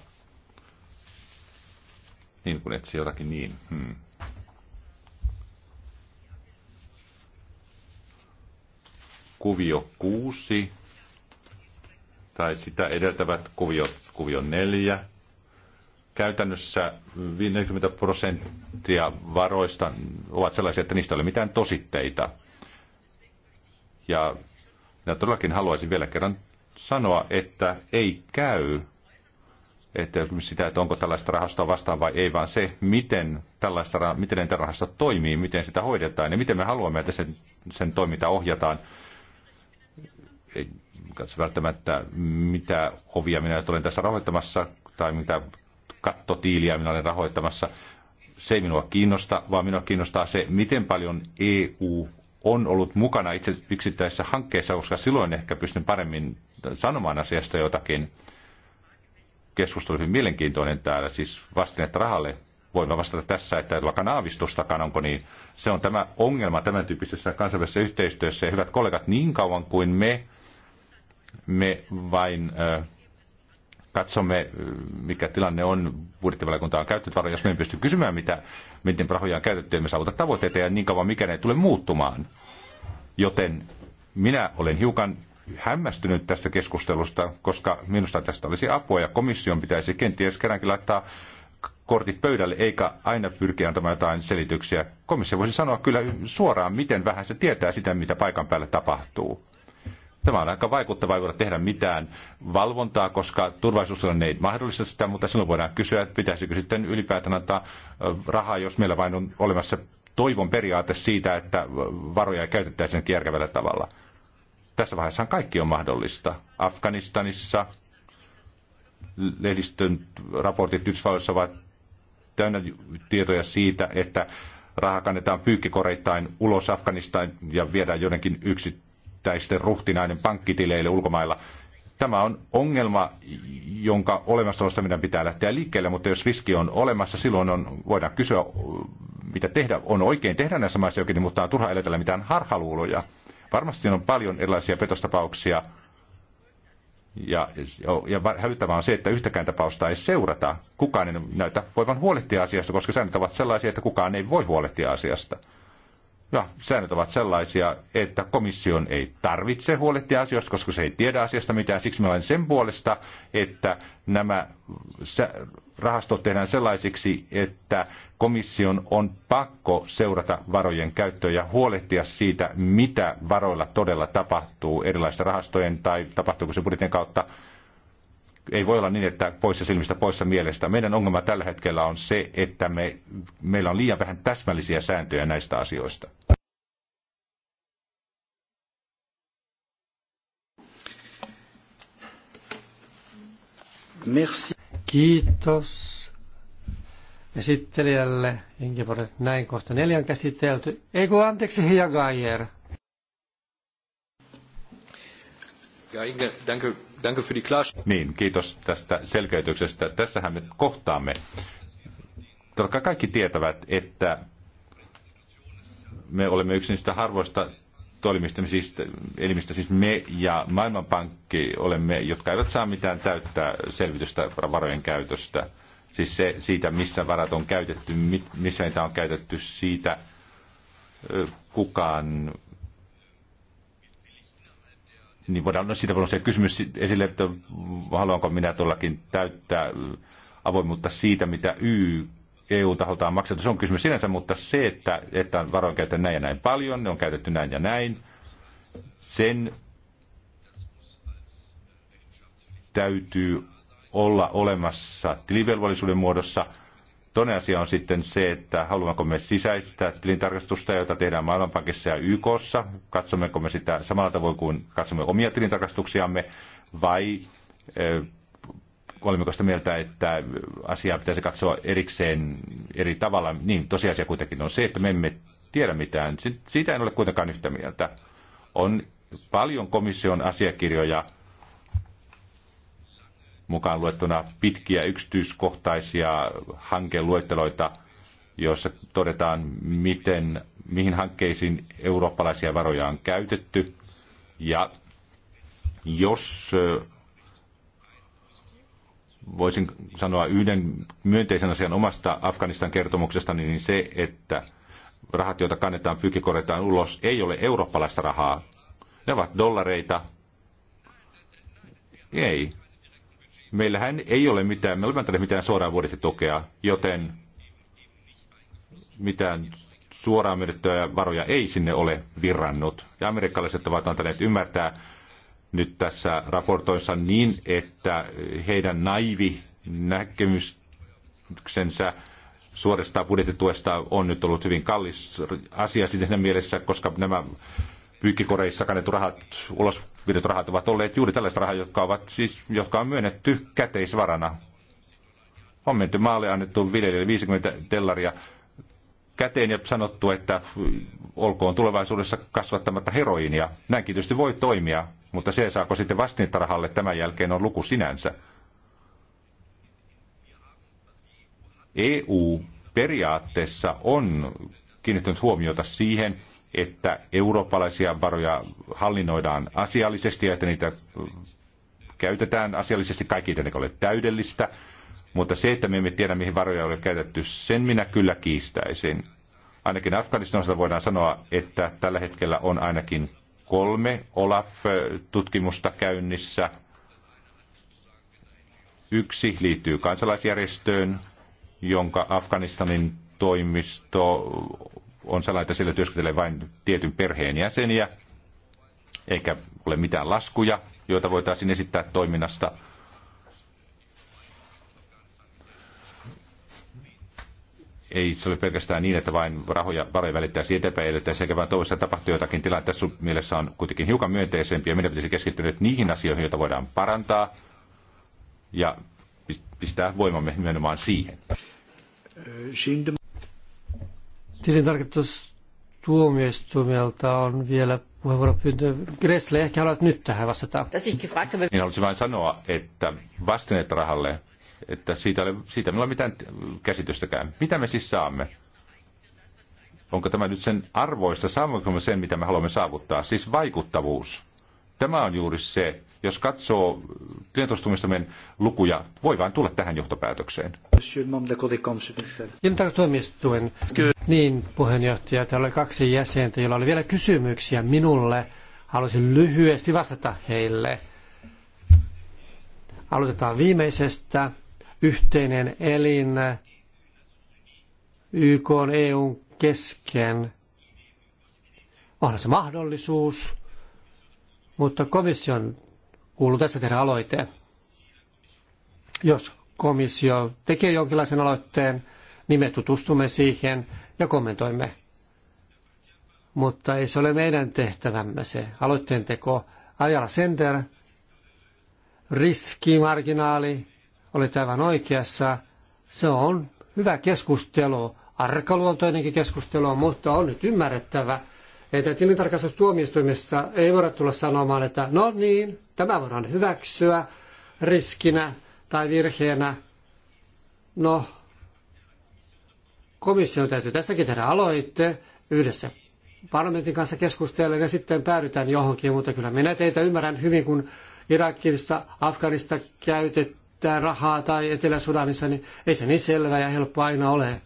niin kun etsi jotakin niin. Hmm. Kuvio 6 tai sitä edeltävät kuviot, kuvio neljä. Käytännössä 50 prosenttia varoista ovat sellaisia, että niistä ei ole mitään tositteita. Ja minä todellakin haluaisin vielä kerran sanoa, että ei käy että sitä, että onko tällaista rahastoa vastaan vai ei, vaan se, miten tällaista, miten näitä rahasto toimii, miten sitä hoidetaan ja miten me haluamme, että sen, sen toiminta ohjataan katso välttämättä, mitä ovia minä olen tässä rahoittamassa tai mitä kattotiiliä minä olen rahoittamassa. Se ei minua kiinnosta, vaan minua kiinnostaa se, miten paljon EU on ollut mukana itse yksittäisessä hankkeessa, koska silloin ehkä pystyn paremmin sanomaan asiasta jotakin. Keskustelu hyvin mielenkiintoinen täällä, siis vastinetta rahalle voimme vastata tässä, että vaikka naavistustakaan onko niin. Se on tämä ongelma tämän tyyppisessä kansainvälisessä yhteistyössä. Ja hyvät kollegat, niin kauan kuin me me vain katsomme, mikä tilanne on. Budjettivaliokunta on käyttänyt varoja, jos me ei pysty kysymään, mitä, miten rahoja on käytetty, emme saavuta tavoitteita ja niin kauan mikä ne tulee muuttumaan. Joten minä olen hiukan hämmästynyt tästä keskustelusta, koska minusta tästä olisi apua ja komission pitäisi kenties kerrankin laittaa kortit pöydälle, eikä aina pyrkiä antamaan jotain selityksiä. Komissio voisi sanoa kyllä suoraan, miten vähän se tietää sitä, mitä paikan päällä tapahtuu. Tämä on aika vaikuttava, ei voida tehdä mitään valvontaa, koska turvallisuustilanne ei mahdollista sitä, mutta silloin voidaan kysyä, että pitäisikö sitten ylipäätään antaa rahaa, jos meillä vain on olemassa toivon periaate siitä, että varoja käytettäisiin järkevällä tavalla. Tässä vaiheessahan kaikki on mahdollista. Afganistanissa lehdistön raportit Yhdysvalloissa ovat täynnä tietoja siitä, että raha kannetaan pyykkikoreittain ulos Afganistan ja viedään jonnekin yksi yksittäisten ruhtinainen pankkitileille ulkomailla. Tämä on ongelma, jonka olemassaolosta meidän pitää lähteä liikkeelle, mutta jos riski on olemassa, silloin on, voidaan kysyä, mitä tehdä. On oikein tehdä näissä maissa jokin, niin mutta on turha elätellä mitään harhaluuloja. Varmasti on paljon erilaisia petostapauksia, ja, ja hälyttävää on se, että yhtäkään tapausta ei seurata. Kukaan ei näytä voivan huolehtia asiasta, koska säännöt ovat sellaisia, että kukaan ei voi huolehtia asiasta ja säännöt ovat sellaisia, että komission ei tarvitse huolehtia asioista, koska se ei tiedä asiasta mitään. Siksi me olen sen puolesta, että nämä rahastot tehdään sellaisiksi, että komission on pakko seurata varojen käyttöä ja huolehtia siitä, mitä varoilla todella tapahtuu erilaisten rahastojen tai tapahtuuko se budjetin kautta ei voi olla niin, että poissa silmistä, poissa mielestä. Meidän ongelma tällä hetkellä on se, että me, meillä on liian vähän täsmällisiä sääntöjä näistä asioista. Merci. Kiitos esittelijälle Ingeborg. Näin kohta neljän käsitelty. Eiku anteeksi, Hia Geier. Ja, Inge, danke, niin, kiitos tästä selkeytyksestä. Tässähän me kohtaamme. Totta kaikki tietävät, että me olemme yksi niistä harvoista toimista, siis, elimistä, siis me ja Maailmanpankki olemme, jotka eivät saa mitään täyttää selvitystä varojen käytöstä. Siis se, siitä, missä varat on käytetty, missä niitä on käytetty, siitä kukaan niin voidaan, no siitä voi nostaa kysymys esille, että haluanko minä tuollakin täyttää avoimuutta siitä, mitä Y eu on maksettu. Se on kysymys sinänsä, mutta se, että, että on varoin käytetty näin ja näin paljon, ne on käytetty näin ja näin, sen täytyy olla olemassa tilivelvollisuuden muodossa – Toinen asia on sitten se, että haluammeko me sisäistää tilintarkastusta, jota tehdään Maailmanpankissa ja YKssa. Katsommeko me sitä samalla tavoin kuin katsomme omia tilintarkastuksiamme vai olemmeko sitä mieltä, että asiaa pitäisi katsoa erikseen eri tavalla. Niin, tosiasia kuitenkin on se, että me emme tiedä mitään. Siitä en ole kuitenkaan yhtä mieltä. On paljon komission asiakirjoja, mukaan luettuna pitkiä yksityiskohtaisia hankeluetteloita, joissa todetaan, miten, mihin hankkeisiin eurooppalaisia varoja on käytetty. Ja jos voisin sanoa yhden myönteisen asian omasta Afganistan kertomuksesta, niin se, että rahat, joita kannetaan pyykkikorjataan ulos, ei ole eurooppalaista rahaa. Ne ovat dollareita. Ei meillähän ei ole mitään, me olemme antaneet mitään suoraan budjettitukea, joten mitään suoraan myönnettyjä varoja ei sinne ole virrannut. Ja amerikkalaiset ovat antaneet ymmärtää nyt tässä raportoissa niin, että heidän naivi näkemyksensä suorasta budjettituesta on nyt ollut hyvin kallis asia siinä mielessä, koska nämä pyykkikoreissa kannetut rahat, ulosvidut rahat ovat olleet juuri tällaiset rahat, jotka, ovat, siis, jotka on myönnetty käteisvarana. On menty maalle annettu viljelijälle 50 dollaria käteen ja sanottu, että olkoon tulevaisuudessa kasvattamatta heroinia. Näinkin tietysti voi toimia, mutta se saako sitten vastinetta rahalle tämän jälkeen on luku sinänsä. EU periaatteessa on kiinnittänyt huomiota siihen, että eurooppalaisia varoja hallinnoidaan asiallisesti ja että niitä käytetään asiallisesti. Kaikki ei ole täydellistä, mutta se, että me emme tiedä, mihin varoja on käytetty, sen minä kyllä kiistäisin. Ainakin Afganistanista voidaan sanoa, että tällä hetkellä on ainakin kolme Olaf-tutkimusta käynnissä. Yksi liittyy kansalaisjärjestöön, jonka Afganistanin toimisto on sellainen, että siellä työskentelee vain tietyn perheen jäseniä, eikä ole mitään laskuja, joita voitaisiin esittää toiminnasta. Ei se ole pelkästään niin, että vain rahoja, varoja välittäisi eteenpäin että sekä vain toisessa tapahtuu jotakin tilaa. Tässä mielessä on kuitenkin hiukan myönteisempi ja meidän pitäisi keskittyä nyt niihin asioihin, joita voidaan parantaa ja pistää voimamme nimenomaan siihen. Äh, tuomioistuimelta on vielä puheenvuoropyyntö. Gressle, ehkä haluat nyt tähän vastata. Niin haluaisin vain sanoa, että vastineet rahalle, että siitä, ole, siitä meillä on mitään käsitystäkään. Mitä me siis saamme? Onko tämä nyt sen arvoista? Saammeko me sen, mitä me haluamme saavuttaa? Siis vaikuttavuus. Tämä on juuri se, jos katsoo tietoistumistamien lukuja, voi vain tulla tähän johtopäätökseen. Tuomistuen. Niin, puheenjohtaja, täällä oli kaksi jäsentä, joilla oli vielä kysymyksiä minulle. Haluaisin lyhyesti vastata heille. Aloitetaan viimeisestä. Yhteinen elin YK on EUn kesken. Onhan se mahdollisuus, mutta komission kuuluu tässä tehdä aloite. Jos komissio tekee jonkinlaisen aloitteen, niin me tutustumme siihen ja kommentoimme. Mutta ei se ole meidän tehtävämme se aloitteen teko. Ajala Sender, riskimarginaali, oli aivan oikeassa. Se on hyvä keskustelu, arkaluontoinenkin keskustelu, mutta on nyt ymmärrettävä, että tilintarkastustuomioistuimessa ei voida tulla sanomaan, että no niin, tämä voidaan hyväksyä riskinä tai virheenä. No, komission täytyy tässäkin tehdä aloitte yhdessä parlamentin kanssa keskustellen ja sitten päädytään johonkin, mutta kyllä minä teitä ymmärrän hyvin, kun Irakissa, Afganista käytetään rahaa tai Etelä-Sudanissa, niin ei se niin selvä ja helppo aina ole.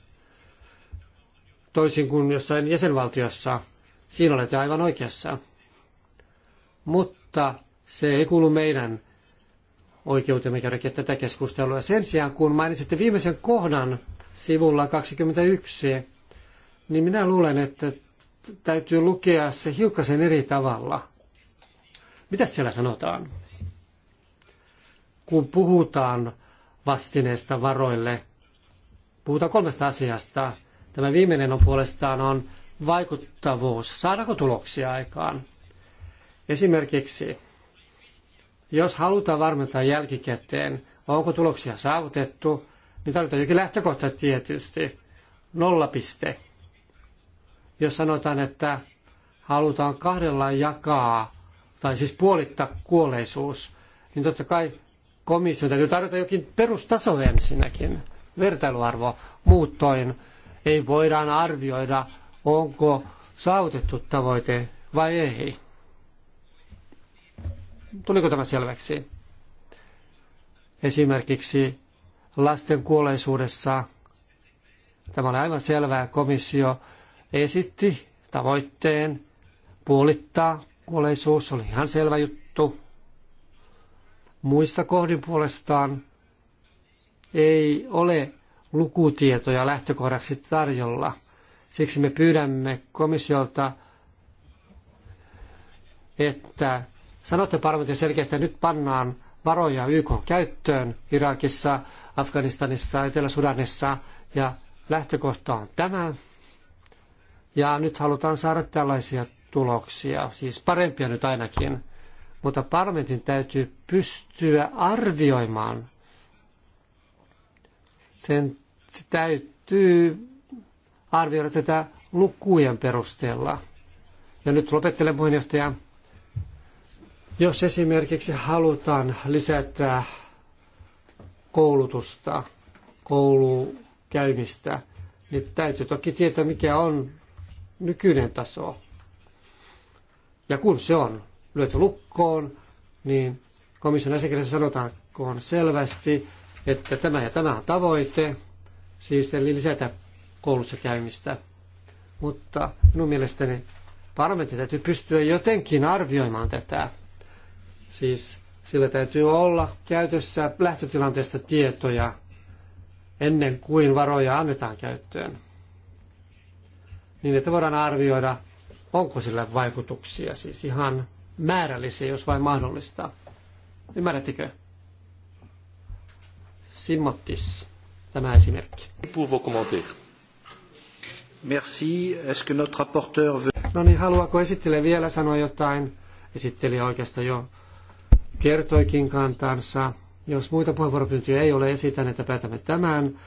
Toisin kuin jossain jäsenvaltiossa, Siinä olette aivan oikeassa. Mutta se ei kuulu meidän oikeutemme käydä tätä keskustelua. Sen sijaan, kun mainitsitte viimeisen kohdan sivulla 21, niin minä luulen, että täytyy lukea se hiukkasen eri tavalla. Mitä siellä sanotaan? Kun puhutaan vastineesta varoille, puhutaan kolmesta asiasta. Tämä viimeinen on puolestaan on vaikuttavuus, saadaanko tuloksia aikaan. Esimerkiksi, jos halutaan varmentaa jälkikäteen, onko tuloksia saavutettu, niin tarvitaan jokin lähtökohta tietysti, piste. Jos sanotaan, että halutaan kahdella jakaa, tai siis puolittaa kuolleisuus, niin totta kai komissio täytyy tarjota jokin perustaso ensinnäkin, vertailuarvo. Muutoin ei voidaan arvioida onko saavutettu tavoite vai ei. Tuliko tämä selväksi? Esimerkiksi lasten kuolleisuudessa tämä oli aivan selvää. Komissio esitti tavoitteen puolittaa kuolleisuus. Se oli ihan selvä juttu. Muissa kohdin puolestaan ei ole lukutietoja lähtökohdaksi tarjolla. Siksi me pyydämme komissiolta, että sanotte parlamentin selkeästi, että nyt pannaan varoja YK käyttöön Irakissa, Afganistanissa, Etelä-Sudanissa ja lähtökohta on tämä. Ja nyt halutaan saada tällaisia tuloksia, siis parempia nyt ainakin. Mutta parlamentin täytyy pystyä arvioimaan. Sen se täytyy arvioida tätä lukujen perusteella. Ja nyt lopettelen puheenjohtaja. Jos esimerkiksi halutaan lisätä koulutusta, koulukäymistä, niin täytyy toki tietää, mikä on nykyinen taso. Ja kun se on lyöty lukkoon, niin komission asiakirjassa sanotaan kun on selvästi, että tämä ja tämä on tavoite, siis eli lisätä koulussa käymistä. Mutta minun mielestäni parlamentti täytyy pystyä jotenkin arvioimaan tätä. Siis sillä täytyy olla käytössä lähtötilanteesta tietoja ennen kuin varoja annetaan käyttöön. Niin, että voidaan arvioida, onko sillä vaikutuksia, siis ihan määrällisiä, jos vain mahdollista. Ymmärrättekö? Simmottis, tämä esimerkki. Puhuvo kommentit. Merci. Est-ce que notre rapporteur veut... No niin, haluaako esittelijä vielä sanoa jotain? Esittelijä oikeastaan jo kertoikin kantansa. Jos muita puheenvuoropyyntöjä ei ole, esitän, että päätämme tämän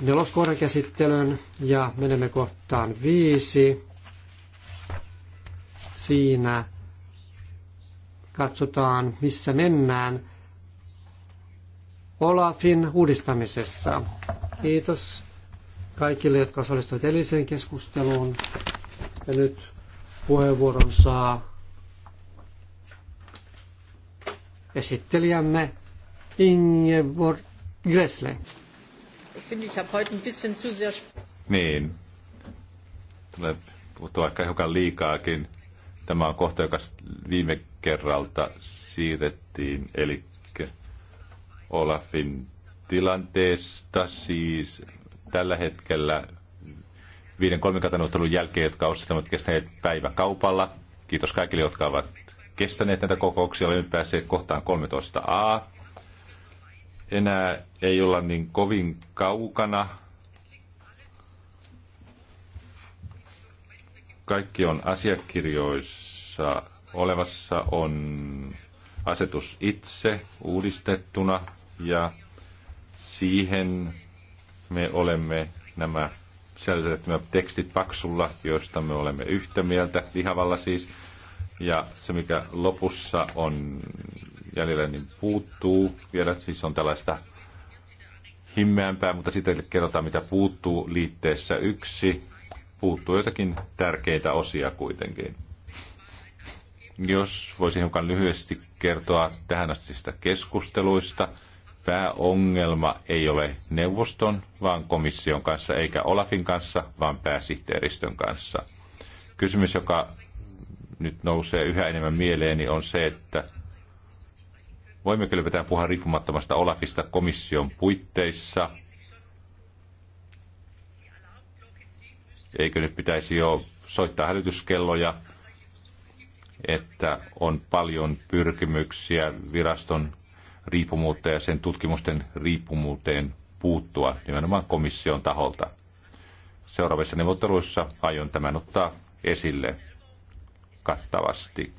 neloskohdan käsittelyn ja menemme kohtaan viisi. Siinä katsotaan, missä mennään Olafin uudistamisessa. Kiitos kaikille, jotka osallistuivat edelliseen keskusteluun. Ja nyt puheenvuoron saa esittelijämme Ingeborg Gressle. Niin. Tulee puhuttua ehkä hiukan liikaakin. Tämä on kohta, joka viime kerralta siirrettiin, eli Olafin tilanteesta, siis tällä hetkellä viiden kolmikantaneuvottelun jälkeen, jotka ovat kestäneet kaupalla. Kiitos kaikille, jotka ovat kestäneet näitä kokouksia. Olemme päässeet kohtaan 13a. Enää ei olla niin kovin kaukana. Kaikki on asiakirjoissa olevassa on asetus itse uudistettuna ja siihen me olemme nämä sisälliset nämä tekstit paksulla, joista me olemme yhtä mieltä, lihavalla siis. Ja se, mikä lopussa on jäljellä, niin puuttuu vielä, siis on tällaista himmeämpää, mutta sitten kerrotaan, mitä puuttuu liitteessä yksi. Puuttuu jotakin tärkeitä osia kuitenkin. Jos voisin hiukan lyhyesti kertoa tähän asti sitä keskusteluista, pääongelma ei ole neuvoston, vaan komission kanssa, eikä Olafin kanssa, vaan pääsihteeristön kanssa. Kysymys, joka nyt nousee yhä enemmän mieleeni, on se, että voimme kyllä puhua riippumattomasta Olafista komission puitteissa. Eikö nyt pitäisi jo soittaa hälytyskelloja, että on paljon pyrkimyksiä viraston riippumuutta ja sen tutkimusten riippumuuteen puuttua nimenomaan komission taholta. Seuraavissa neuvotteluissa aion tämän ottaa esille kattavasti.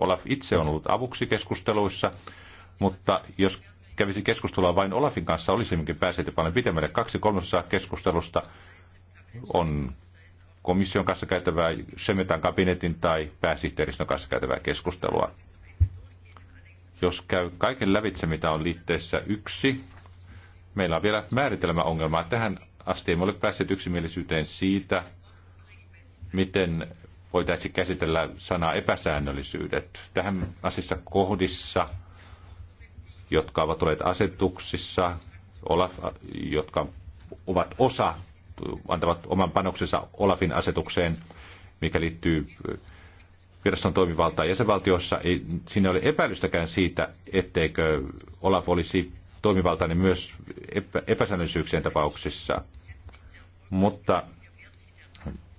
Olaf itse on ollut avuksi keskusteluissa, mutta jos kävisi keskustelua vain Olafin kanssa, olisimmekin päässeet paljon pitemmälle. Kaksi kolmasosaa keskustelusta on komission kanssa käytävää Semetan kabinetin tai pääsihteeristön kanssa käytävää keskustelua. Jos käy kaiken lävitse, mitä on liitteessä yksi, meillä on vielä määritelmäongelmaa. Tähän asti emme ole päässeet yksimielisyyteen siitä, miten voitaisiin käsitellä sanaa epäsäännöllisyydet. Tähän asissa kohdissa, jotka ovat olleet asetuksissa, Olaf, jotka ovat osa, antavat oman panoksensa Olafin asetukseen, mikä liittyy viraston toimivaltaa jäsenvaltiossa. Ei, siinä ole epäilystäkään siitä, etteikö Olaf olisi toimivaltainen myös epä, epäsäännöllisyyksien tapauksissa. Mutta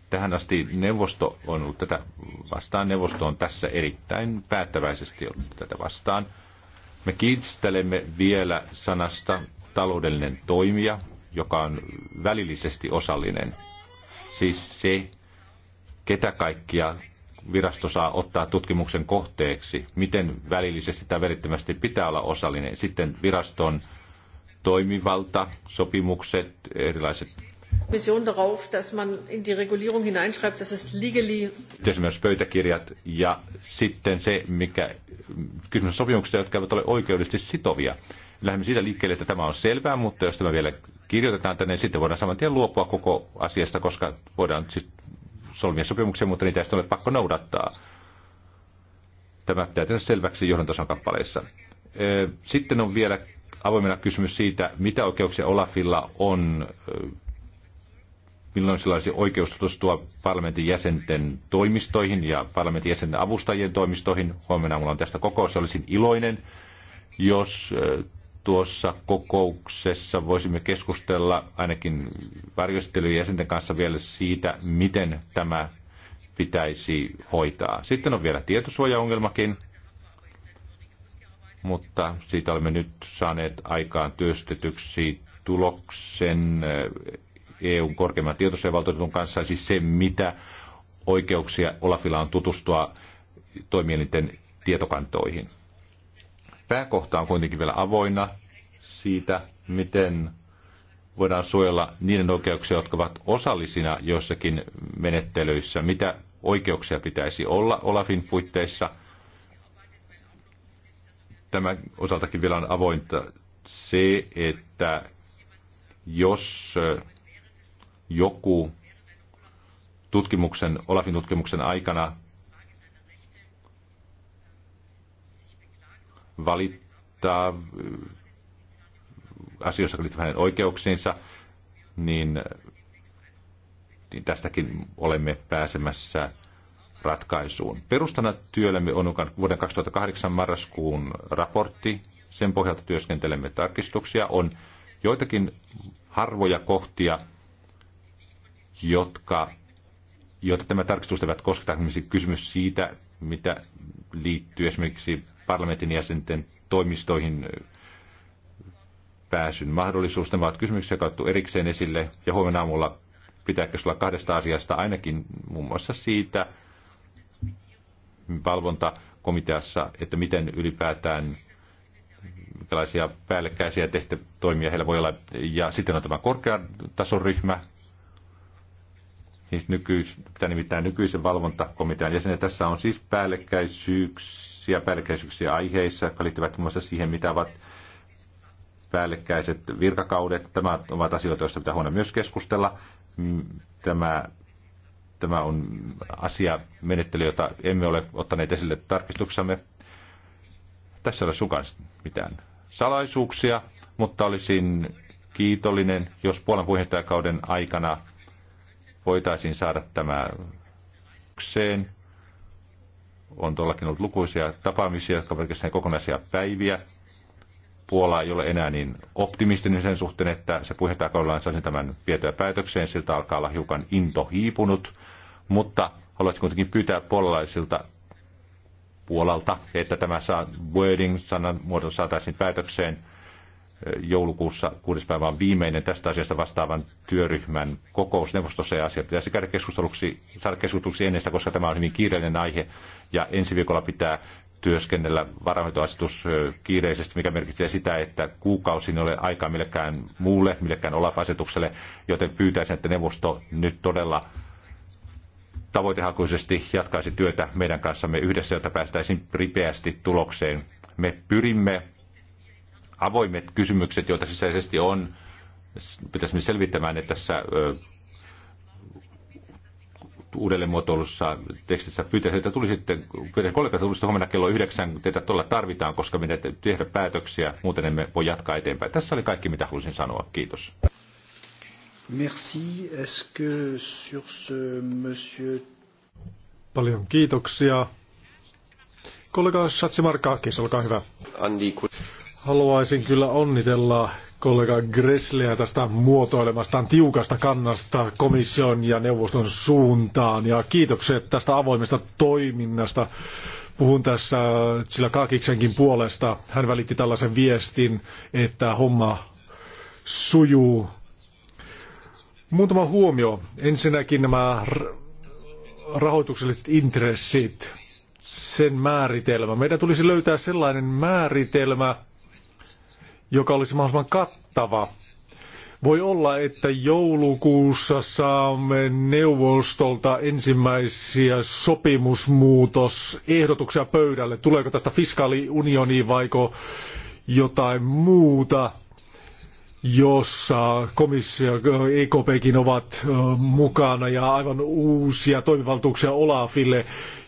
tähän asti neuvosto on ollut tätä vastaan. Neuvosto on tässä erittäin päättäväisesti ollut tätä vastaan. Me kiistelemme vielä sanasta taloudellinen toimija, joka on välillisesti osallinen. Siis se, ketä kaikkia virasto saa ottaa tutkimuksen kohteeksi, miten välillisesti tai välittömästi pitää olla osallinen. Sitten viraston toimivalta, sopimukset, erilaiset Mission darauf, dass man in die Regulierung hineinschreibt, dass es legally... Esimerkiksi pöytäkirjat ja sitten se, mikä kysymys sopimuksista, jotka eivät ole oikeudellisesti sitovia. Lähdemme siitä liikkeelle, että tämä on selvää, mutta jos tämä vielä kirjoitetaan tänne, niin sitten voidaan saman tien luopua koko asiasta, koska voidaan sitten siis solmia sopimuksia, mutta niitä ei ole pakko noudattaa. Tämä pitää tehdä selväksi johdantosan kappaleissa. Sitten on vielä avoimena kysymys siitä, mitä oikeuksia Olafilla on, milloin sillä olisi oikeus tutustua parlamentin jäsenten toimistoihin ja parlamentin jäsenten avustajien toimistoihin. Huomenna mulla on tästä kokous, olisin iloinen, jos tuossa kokouksessa voisimme keskustella ainakin jäsenten kanssa vielä siitä, miten tämä pitäisi hoitaa. Sitten on vielä tietosuojaongelmakin, mutta siitä olemme nyt saaneet aikaan työstetyksi tuloksen eh, EUn korkeimman tietosuojavaltuutetun kanssa, siis se, mitä oikeuksia Olafilla on tutustua toimielinten tietokantoihin. Pääkohta on kuitenkin vielä avoinna siitä, miten voidaan suojella niiden oikeuksia, jotka ovat osallisina joissakin menettelyissä, mitä oikeuksia pitäisi olla Olafin puitteissa. Tämä osaltakin vielä on avointa se, että jos eh, joku tutkimuksen, Olafin tutkimuksen aikana valittaa äh, asioissa, jotka liittyvät hänen oikeuksiinsa, niin, niin tästäkin olemme pääsemässä ratkaisuun. Perustana työllemme on vuoden 2008 marraskuun raportti. Sen pohjalta työskentelemme tarkistuksia. On joitakin harvoja kohtia, jotka, joita tämä tarkistus eivät kosketa. kysymys siitä, mitä liittyy esimerkiksi parlamentin jäsenten toimistoihin pääsyn mahdollisuus. Nämä ovat kysymyksiä, jotka erikseen esille ja huomenna aamulla pitää keskustella kahdesta asiasta, ainakin muun mm. muassa siitä valvontakomiteassa, että miten ylipäätään tällaisia päällekkäisiä tehtä toimia heillä voi olla. Ja sitten on tämä korkean ryhmä, siis nykyis, mitä nimittäin nykyisen valvontakomitean jäsenet. Tässä on siis päällekkäisyyksiä, päällekkäisyyksiä aiheissa, jotka liittyvät muun muassa siihen, mitä ovat päällekkäiset virkakaudet. Tämä ovat asioita, joista pitää huomenna myös keskustella. Mm, tämä, tämä on asia menettely, jota emme ole ottaneet esille tarkistuksamme. Tässä ei ole sukan mitään salaisuuksia, mutta olisin kiitollinen, jos puolen puheenjohtajakauden aikana voitaisiin saada tämä kseen. On tuollakin ollut lukuisia tapaamisia, jotka ovat kokonaisia päiviä. Puola ei ole enää niin optimistinen sen suhteen, että se puheenjohtajakaudellaan saisi tämän vietyä päätökseen. Siltä alkaa olla hiukan into hiipunut, mutta haluaisin kuitenkin pyytää puolalaisilta puolalta, että tämä wording sanan muodon saataisiin päätökseen – joulukuussa kuudes päivä on viimeinen tästä asiasta vastaavan työryhmän kokous neuvostossa ja asia pitäisi käydä keskusteluksi, saada keskusteluksi ennen sitä, koska tämä on hyvin kiireellinen aihe ja ensi viikolla pitää työskennellä varainhoitoasetus kiireisesti, mikä merkitsee sitä, että kuukausi ei ole aikaa millekään muulle, millekään Olaf-asetukselle, joten pyytäisin, että neuvosto nyt todella tavoitehakuisesti jatkaisi työtä meidän kanssamme yhdessä, jotta päästäisiin ripeästi tulokseen. Me pyrimme avoimet kysymykset, joita sisäisesti on, pitäisi selvittämään, että tässä uudelleenmuotoilussa tekstissä pyytäisin, että tuli sitten, kollega tuli tulisi huomenna kello yhdeksän, teitä tuolla tarvitaan, koska me tehdä päätöksiä, muuten emme voi jatkaa eteenpäin. Tässä oli kaikki, mitä halusin sanoa. Kiitos. Merci. Est-ce que sur ce, monsieur... Paljon kiitoksia. Kollega Shatsimarkakis, olkaa hyvä. Andi. Haluaisin kyllä onnitella kollega Gressleä tästä muotoilemastaan tiukasta kannasta komission ja neuvoston suuntaan ja kiitokset tästä avoimesta toiminnasta. Puhun tässä sillä Kakiksenkin puolesta. Hän välitti tällaisen viestin, että homma sujuu. Muutama huomio. Ensinnäkin nämä rahoitukselliset intressit, sen määritelmä. Meidän tulisi löytää sellainen määritelmä, joka olisi mahdollisimman kattava. Voi olla, että joulukuussa saamme neuvostolta ensimmäisiä sopimusmuutosehdotuksia pöydälle. Tuleeko tästä fiskaaliunioni vaiko jotain muuta, jossa komissio EKPkin ovat mukana ja aivan uusia toimivaltuuksia Olafille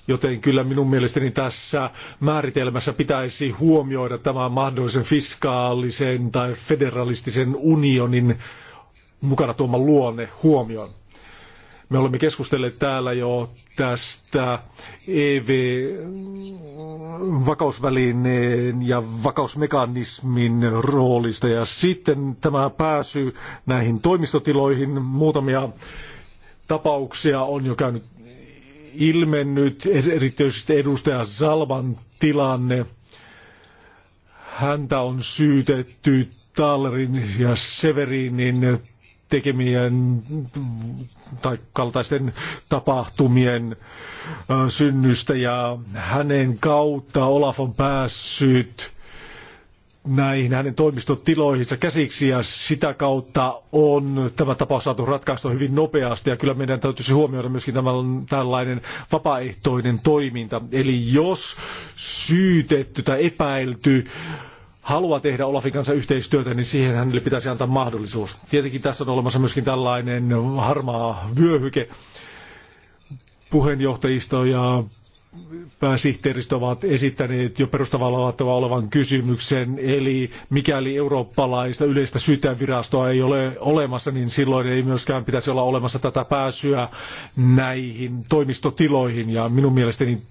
Joten kyllä minun mielestäni tässä määritelmässä pitäisi huomioida tämä mahdollisen fiskaalisen tai federalistisen unionin mukana tuoma luonne huomioon. Me olemme keskustelleet täällä jo tästä EV-vakausvälineen ja vakausmekanismin roolista ja sitten tämä pääsy näihin toimistotiloihin. Muutamia tapauksia on jo käynyt ilmennyt erityisesti edustaja Salvan tilanne. Häntä on syytetty Taalerin ja Severinin tekemien tai kaltaisten tapahtumien äh, synnystä ja hänen kautta Olaf on päässyt näihin hänen toimistotiloihinsa käsiksi ja sitä kautta on tämä tapaus saatu ratkaistua hyvin nopeasti ja kyllä meidän täytyisi huomioida myöskin tämä tällainen vapaaehtoinen toiminta. Eli jos syytetty tai epäilty haluaa tehdä Olafin kanssa yhteistyötä, niin siihen hänelle pitäisi antaa mahdollisuus. Tietenkin tässä on olemassa myöskin tällainen harmaa vyöhyke, puheenjohtajisto ja pääsihteeristö ovat esittäneet jo perustavanlaatavaa olevan kysymyksen, eli mikäli eurooppalaista yleistä syyttäjävirastoa ei ole olemassa, niin silloin ei myöskään pitäisi olla olemassa tätä pääsyä näihin toimistotiloihin, ja minun mielestäni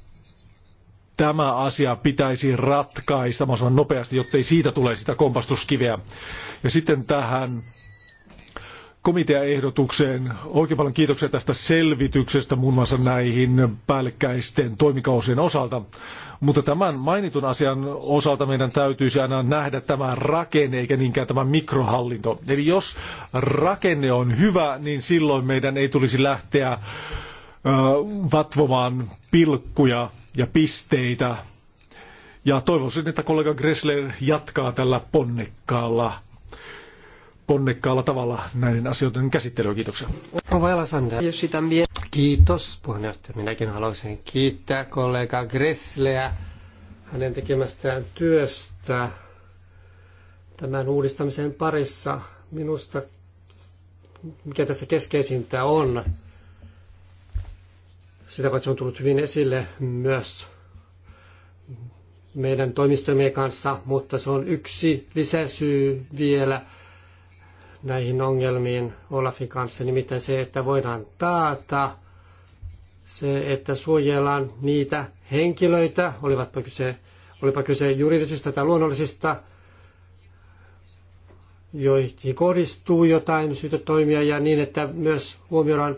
tämä asia pitäisi ratkaista mahdollisimman nopeasti, jottei siitä tule sitä kompastuskiveä. Ja sitten tähän komiteaehdotukseen. Oikein paljon kiitoksia tästä selvityksestä muun muassa näihin päällekkäisten toimikausien osalta. Mutta tämän mainitun asian osalta meidän täytyisi aina nähdä tämä rakenne eikä niinkään tämä mikrohallinto. Eli jos rakenne on hyvä, niin silloin meidän ei tulisi lähteä ö, vatvomaan pilkkuja ja pisteitä. Ja toivoisin, että kollega Gressler jatkaa tällä ponnekkaalla ponnekkaalla tavalla näiden asioiden käsittelyä. Kiitoksia. Kiitos puheenjohtaja. Minäkin haluaisin kiittää kollega Gressleä hänen tekemästään työstä tämän uudistamisen parissa. Minusta, mikä tässä keskeisintä on, sitä paitsi on tullut hyvin esille myös meidän toimistojemme kanssa, mutta se on yksi lisäsyy vielä – näihin ongelmiin Olafin kanssa, nimittäin se, että voidaan taata se, että suojellaan niitä henkilöitä, olivatpa kyse, olipa kyse juridisista tai luonnollisista, joihin kohdistuu jotain syytä toimia ja niin, että myös huomioidaan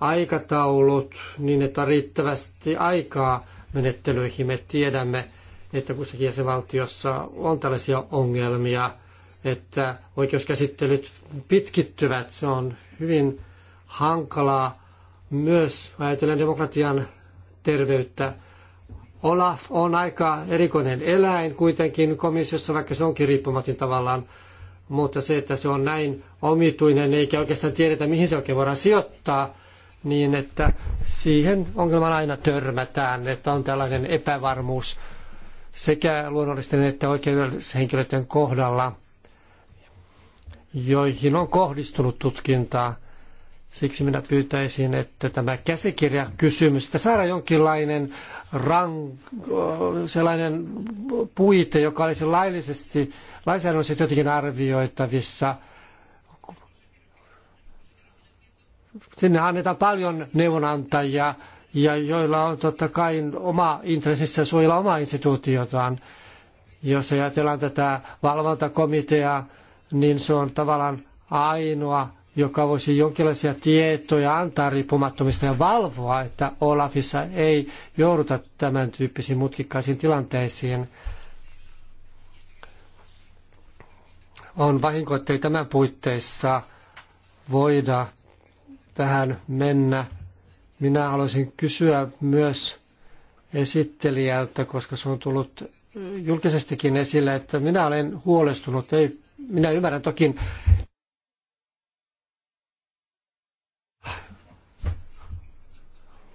aikataulut niin, että on riittävästi aikaa menettelyihin. Me tiedämme, että kussakin jäsenvaltiossa on tällaisia ongelmia – että oikeuskäsittelyt pitkittyvät. Se on hyvin hankalaa myös ajatellen demokratian terveyttä. Olaf on aika erikoinen eläin kuitenkin komissiossa, vaikka se onkin riippumatin tavallaan. Mutta se, että se on näin omituinen, eikä oikeastaan tiedetä, mihin se oikein voidaan sijoittaa, niin että siihen ongelman aina törmätään, että on tällainen epävarmuus sekä luonnollisten että oikeudellisten henkilöiden kohdalla joihin on kohdistunut tutkintaa. Siksi minä pyytäisin, että tämä käsikirjakysymys, että saada jonkinlainen rank, sellainen puite, joka olisi laillisesti, lainsäädännöllisesti jotenkin arvioitavissa. Sinne annetaan paljon neuvonantajia, ja joilla on totta kai oma intressissä suojella omaa instituutiotaan. Jos ajatellaan tätä valvontakomiteaa, niin se on tavallaan ainoa, joka voisi jonkinlaisia tietoja antaa riippumattomista ja valvoa, että Olafissa ei jouduta tämän tyyppisiin mutkikkaisiin tilanteisiin. On vahinko, ettei tämän puitteissa voida tähän mennä. Minä haluaisin kysyä myös esittelijältä, koska se on tullut julkisestikin esille, että minä olen huolestunut ei minä ymmärrän toki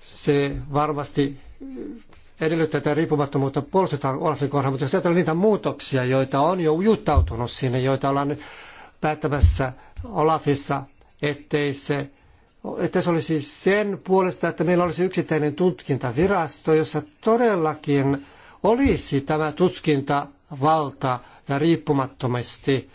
se varmasti edellyttää tätä riippumattomuutta puolustetaan Olafin kohdalla, mutta jos ajatellaan niitä muutoksia, joita on jo ujuttautunut sinne, joita ollaan nyt päättämässä Olafissa, ettei se, että se olisi sen puolesta, että meillä olisi yksittäinen tutkintavirasto, jossa todellakin olisi tämä tutkintavalta ja riippumattomasti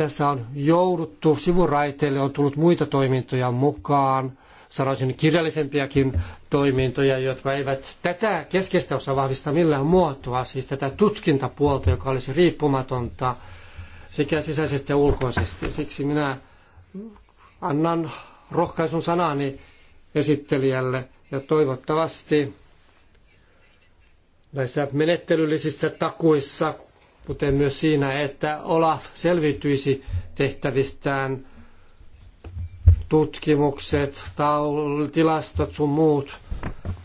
tässä on jouduttu sivuraiteille, on tullut muita toimintoja mukaan, sanoisin kirjallisempiakin toimintoja, jotka eivät tätä keskeistä osaa vahvista millään muotoa, siis tätä tutkintapuolta, joka olisi riippumatonta sekä sisäisesti että ulkoisesti. Siksi minä annan rohkaisun sanani esittelijälle ja toivottavasti näissä menettelyllisissä takuissa kuten myös siinä, että Olaf selviytyisi tehtävistään tutkimukset, taul, tilastot sun muut,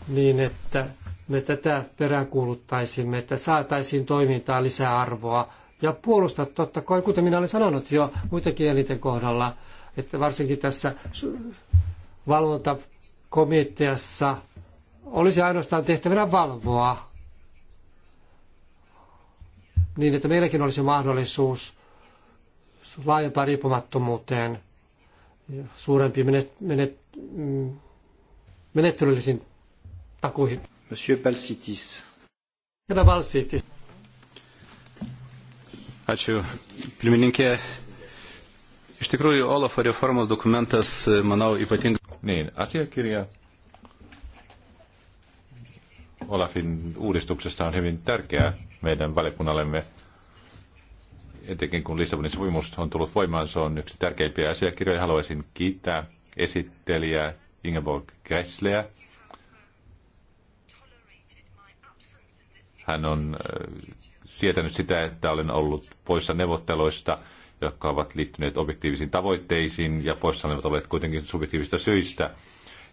niin että me tätä peräänkuuluttaisimme, että saataisiin toimintaa lisää arvoa ja puolustaa totta kai, kuten minä olen sanonut jo muitakin elinten kohdalla, että varsinkin tässä valvontakomiteassa olisi ainoastaan tehtävänä valvoa niin, että meilläkin olisi mahdollisuus laajempaan riippumattomuuteen, suurempiin menet, menet, mm, menettelyllisiin takuihin. Monsieur Balsitis. Herra Balsitis. Ačiū. Pirmininkė, iš tikrųjų Olafo reformos dokumentas, manau, ypatingai. Niin, asiakirja Olafin uudistuksesta on hyvin tärkeää meidän valiokunnallemme, etenkin kun Lissabonin sopimus on tullut voimaan. Se on yksi tärkeimpiä asiakirjoja. Haluaisin kiittää esittelijää Ingeborg Gressleä. Hän on äh, sietänyt sitä, että olen ollut poissa neuvotteluista, jotka ovat liittyneet objektiivisiin tavoitteisiin ja poissa olevat olleet kuitenkin subjektiivista syistä.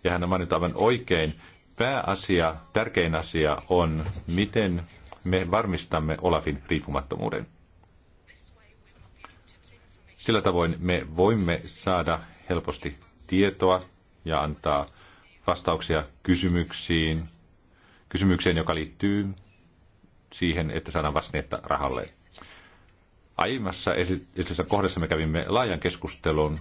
Ja hän on mainittu aivan oikein, pääasia, tärkein asia on, miten me varmistamme Olafin riippumattomuuden. Sillä tavoin me voimme saada helposti tietoa ja antaa vastauksia kysymyksiin, kysymykseen, joka liittyy siihen, että saadaan vastineetta rahalle. Aiemmassa esityksessä kohdassa me kävimme laajan keskustelun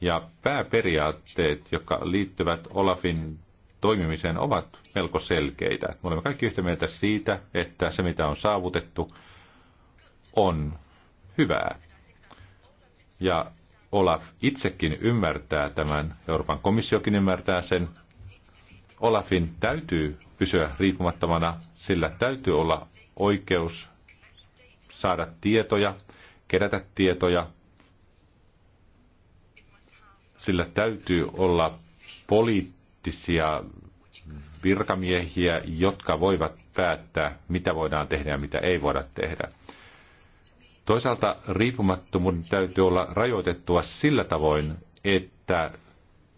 ja pääperiaatteet, jotka liittyvät Olafin toimimiseen ovat melko selkeitä. Me olemme kaikki yhtä mieltä siitä, että se mitä on saavutettu on hyvää. Ja Olaf itsekin ymmärtää tämän, Euroopan komissiokin ymmärtää sen. Olafin täytyy pysyä riippumattomana, sillä täytyy olla oikeus saada tietoja, kerätä tietoja. Sillä täytyy olla poliittinen poliittisia virkamiehiä, jotka voivat päättää, mitä voidaan tehdä ja mitä ei voida tehdä. Toisaalta riippumattomuuden täytyy olla rajoitettua sillä tavoin, että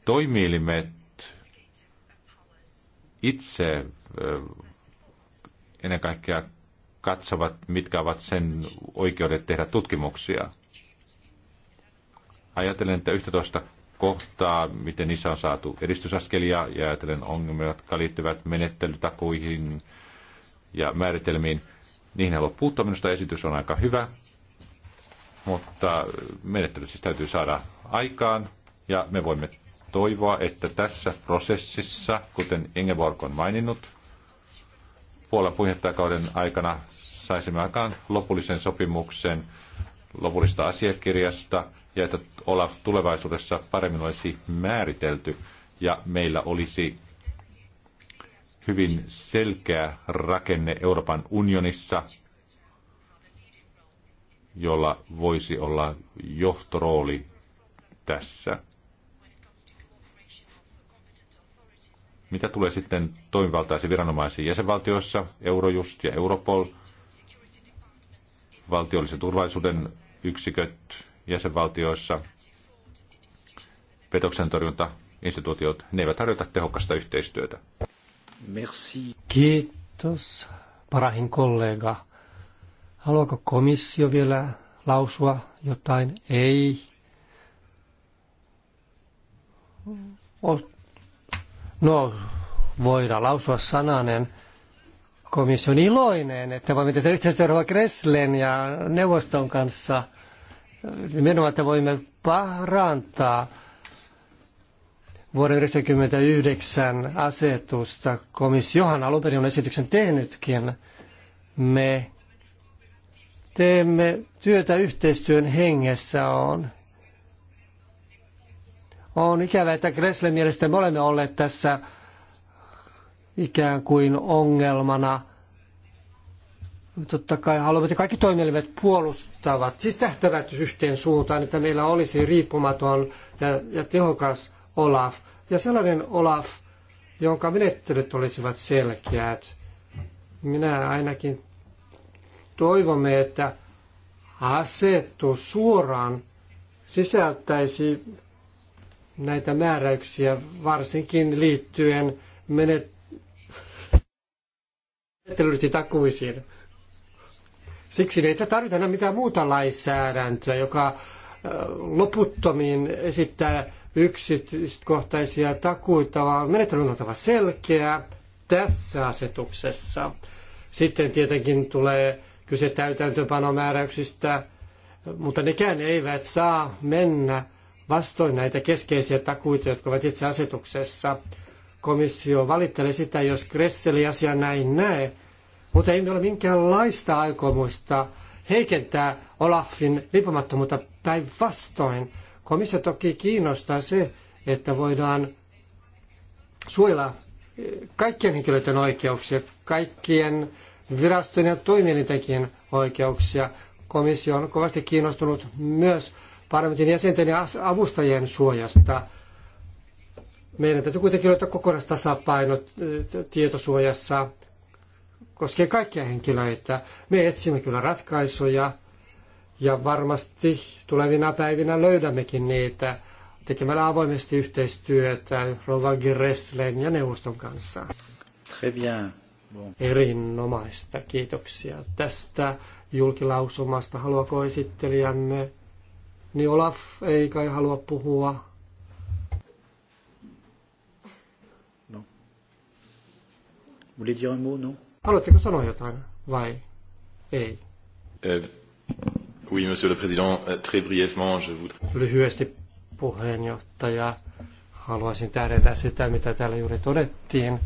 toimielimet itse ennen kaikkea katsovat, mitkä ovat sen oikeudet tehdä tutkimuksia. Ajattelen, että 11 kohtaa, miten niissä on saatu edistysaskelia ja ajatellen ongelmia, jotka liittyvät menettelytakuihin ja määritelmiin. Niihin haluan puuttua. Minusta esitys on aika hyvä, mutta menettely siis täytyy saada aikaan ja me voimme toivoa, että tässä prosessissa, kuten Ingeborg on maininnut, Puolan puheenjohtajakauden aikana saisimme aikaan lopullisen sopimuksen lopullista asiakirjasta, ja että Olaf tulevaisuudessa paremmin olisi määritelty ja meillä olisi hyvin selkeä rakenne Euroopan unionissa, jolla voisi olla johtorooli tässä. Mitä tulee sitten toimivaltaisiin viranomaisiin jäsenvaltioissa, Eurojust ja Europol, valtiollisen turvallisuuden yksiköt jäsenvaltioissa petoksen torjunta instituutiot, ne eivät harjoita tehokasta yhteistyötä. Merci. Kiitos, parahin kollega. Haluaako komissio vielä lausua jotain? Ei. No, voidaan lausua sananen. Komission iloinen, että voimme tehdä yhteistyötä Gresslen ja neuvoston kanssa – nimenomaan, että voimme parantaa vuoden 1999 asetusta. Komissiohan alun perin on esityksen tehnytkin. Me teemme työtä yhteistyön hengessä. On, on ikävä, että Gresslen mielestä me olemme olleet tässä ikään kuin ongelmana – totta kai haluamme, että kaikki toimielimet puolustavat, siis tähtävät yhteen suuntaan, että meillä olisi riippumaton ja, ja tehokas Olaf. Ja sellainen Olaf, jonka menettelyt olisivat selkeät. Minä ainakin toivomme, että asetus suoraan sisältäisi näitä määräyksiä, varsinkin liittyen menettelyllisiin takuisiin. Siksi ne ei tarvita enää mitään muuta lainsäädäntöä, joka loputtomiin esittää yksityiskohtaisia takuita, vaan menettely on oltava selkeä tässä asetuksessa. Sitten tietenkin tulee kyse täytäntöpanomääräyksistä, mutta nekään eivät saa mennä vastoin näitä keskeisiä takuita, jotka ovat itse asetuksessa. Komissio valittelee sitä, jos Gresseli asia näin näe, mutta ei ole minkäänlaista aikomusta heikentää Olafin riippumattomuutta päinvastoin. Komissio toki kiinnostaa se, että voidaan suojella eh, kaikkien henkilöiden oikeuksia, kaikkien virastojen ja toimielintenkin oikeuksia. Komissio on kovasti kiinnostunut myös parlamentin jäsenten ja avustajien suojasta. Meidän täytyy kuitenkin löytää kokonaistasapaino eh, tietosuojassa koskee kaikkia henkilöitä. Me etsimme kyllä ratkaisuja ja varmasti tulevina päivinä löydämmekin niitä tekemällä avoimesti yhteistyötä Rova Gresslen ja neuvoston kanssa. Très bien. Bon. Erinomaista, kiitoksia tästä julkilausumasta. Haluaako esittelijämme? Niin Olaf ei kai halua puhua. No. Vous voulez dire un mot, non Haluatteko sanoa jotain vai ei? Eh, oui, monsieur le président, euh, très brièvement, je voudrais... Lyhyesti puheenjohtaja, haluaisin tähdentää sitä, mitä täällä juuri todettiin.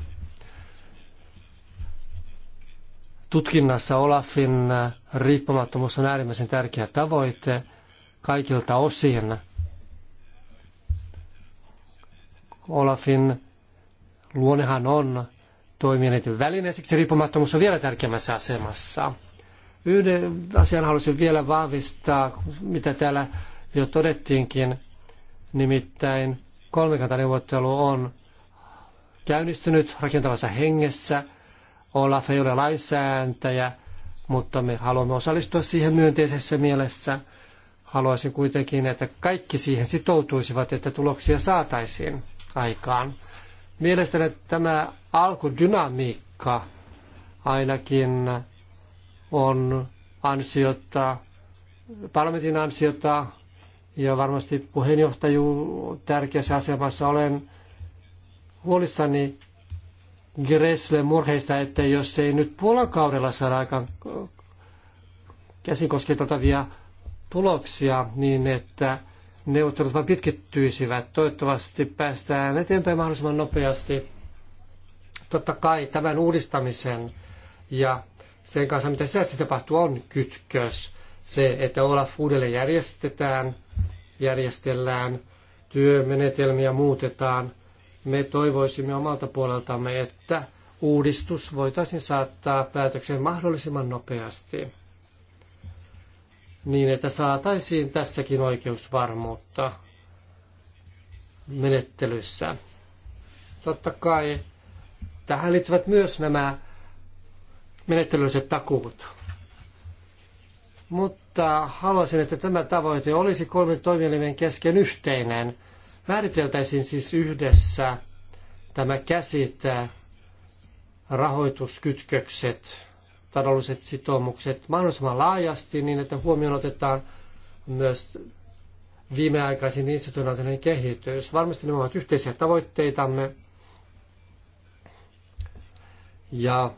Tutkinnassa Olafin äh, riippumattomuus on äärimmäisen tärkeä tavoite kaikilta osin. Olafin luonnehan on toimijoiden välinen, siksi riippumattomuus on vielä tärkeämmässä asemassa. Yhden asian haluaisin vielä vahvistaa, mitä täällä jo todettiinkin, nimittäin kolmikantaneuvottelu on käynnistynyt rakentavassa hengessä. Olaf ei ole lainsäätäjä, mutta me haluamme osallistua siihen myönteisessä mielessä. Haluaisin kuitenkin, että kaikki siihen sitoutuisivat, että tuloksia saataisiin aikaan. Mielestäni tämä alkudynamiikka ainakin on ansiota, parlamentin ansiota ja varmasti puheenjohtaju tärkeässä asemassa olen huolissani Gressle murheista, että jos ei nyt Puolan kaudella saada aikaan käsin tuloksia, niin että neuvottelut vain pitkittyisivät. Toivottavasti päästään eteenpäin mahdollisimman nopeasti. Totta kai tämän uudistamisen ja sen kanssa, mitä sisäisesti tapahtuu, on kytkös. Se, että Olaf uudelleen järjestetään, järjestellään, työmenetelmiä muutetaan. Me toivoisimme omalta puoleltamme, että uudistus voitaisiin saattaa päätökseen mahdollisimman nopeasti niin, että saataisiin tässäkin oikeusvarmuutta menettelyssä. Totta kai tähän liittyvät myös nämä menettelyiset takuut. Mutta haluaisin, että tämä tavoite olisi kolmen toimielimen kesken yhteinen. Määriteltäisiin siis yhdessä tämä käsite, rahoituskytkökset, taloudelliset sitoumukset mahdollisimman laajasti niin, että huomioon otetaan myös viimeaikaisin institutionaalinen kehitys. Varmasti ne ovat yhteisiä tavoitteitamme ja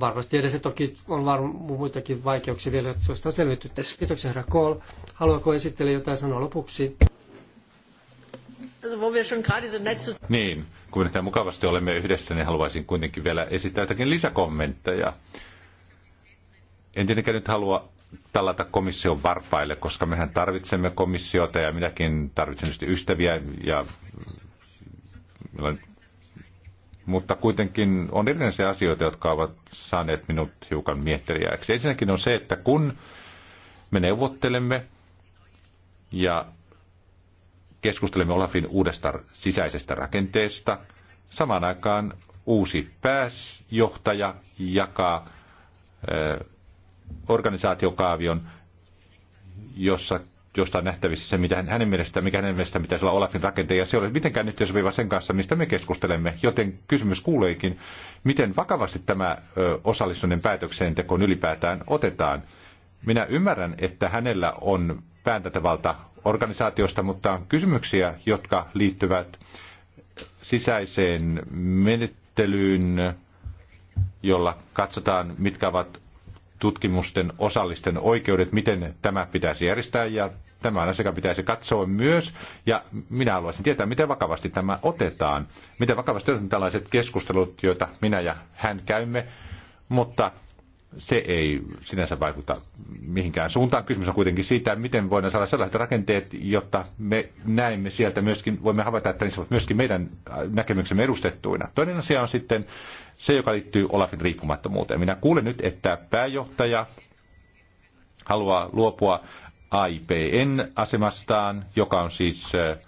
varmasti edes toki on varmaan muitakin vaikeuksia vielä, joista on selvitty. Kiitoksia herra Kohl. Haluatko esitellä jotain sanoa lopuksi? Niin, kun mukavasti olemme yhdessä, niin haluaisin kuitenkin vielä esittää jotakin lisäkommentteja. En tietenkään nyt halua tallata komission varpaille, koska mehän tarvitsemme komissiota ja minäkin tarvitsen ystäviä. Ja, mutta kuitenkin on erilaisia asioita, jotka ovat saaneet minut hiukan miettelijäksi. Ensinnäkin on se, että kun me neuvottelemme ja keskustelemme Olafin uudesta sisäisestä rakenteesta, samaan aikaan uusi pääsjohtaja jakaa organisaatiokaavion, jossa, josta on nähtävissä se, mitä hänen mielestä, mikä hänen mielestä pitäisi olla Olafin rakenteen, ja se ei ole mitenkään sopiva sen kanssa, mistä me keskustelemme. Joten kysymys kuuleekin, miten vakavasti tämä osallistuminen päätöksentekoon ylipäätään otetaan. Minä ymmärrän, että hänellä on pääntätävalta organisaatiosta, mutta on kysymyksiä, jotka liittyvät sisäiseen menettelyyn, jolla katsotaan, mitkä ovat tutkimusten osallisten oikeudet, miten tämä pitäisi järjestää ja tämä on asia, pitäisi katsoa myös. Ja minä haluaisin tietää, miten vakavasti tämä otetaan. Miten vakavasti on tällaiset keskustelut, joita minä ja hän käymme. Mutta se ei sinänsä vaikuta mihinkään suuntaan. Kysymys on kuitenkin siitä, miten voidaan saada sellaiset rakenteet, jotta me näemme sieltä myöskin, voimme havaita, että niissä ovat myöskin meidän äh, näkemyksemme edustettuina. Toinen asia on sitten se, joka liittyy Olafin riippumattomuuteen. Minä kuulen nyt, että pääjohtaja haluaa luopua AIPN-asemastaan, joka on siis äh,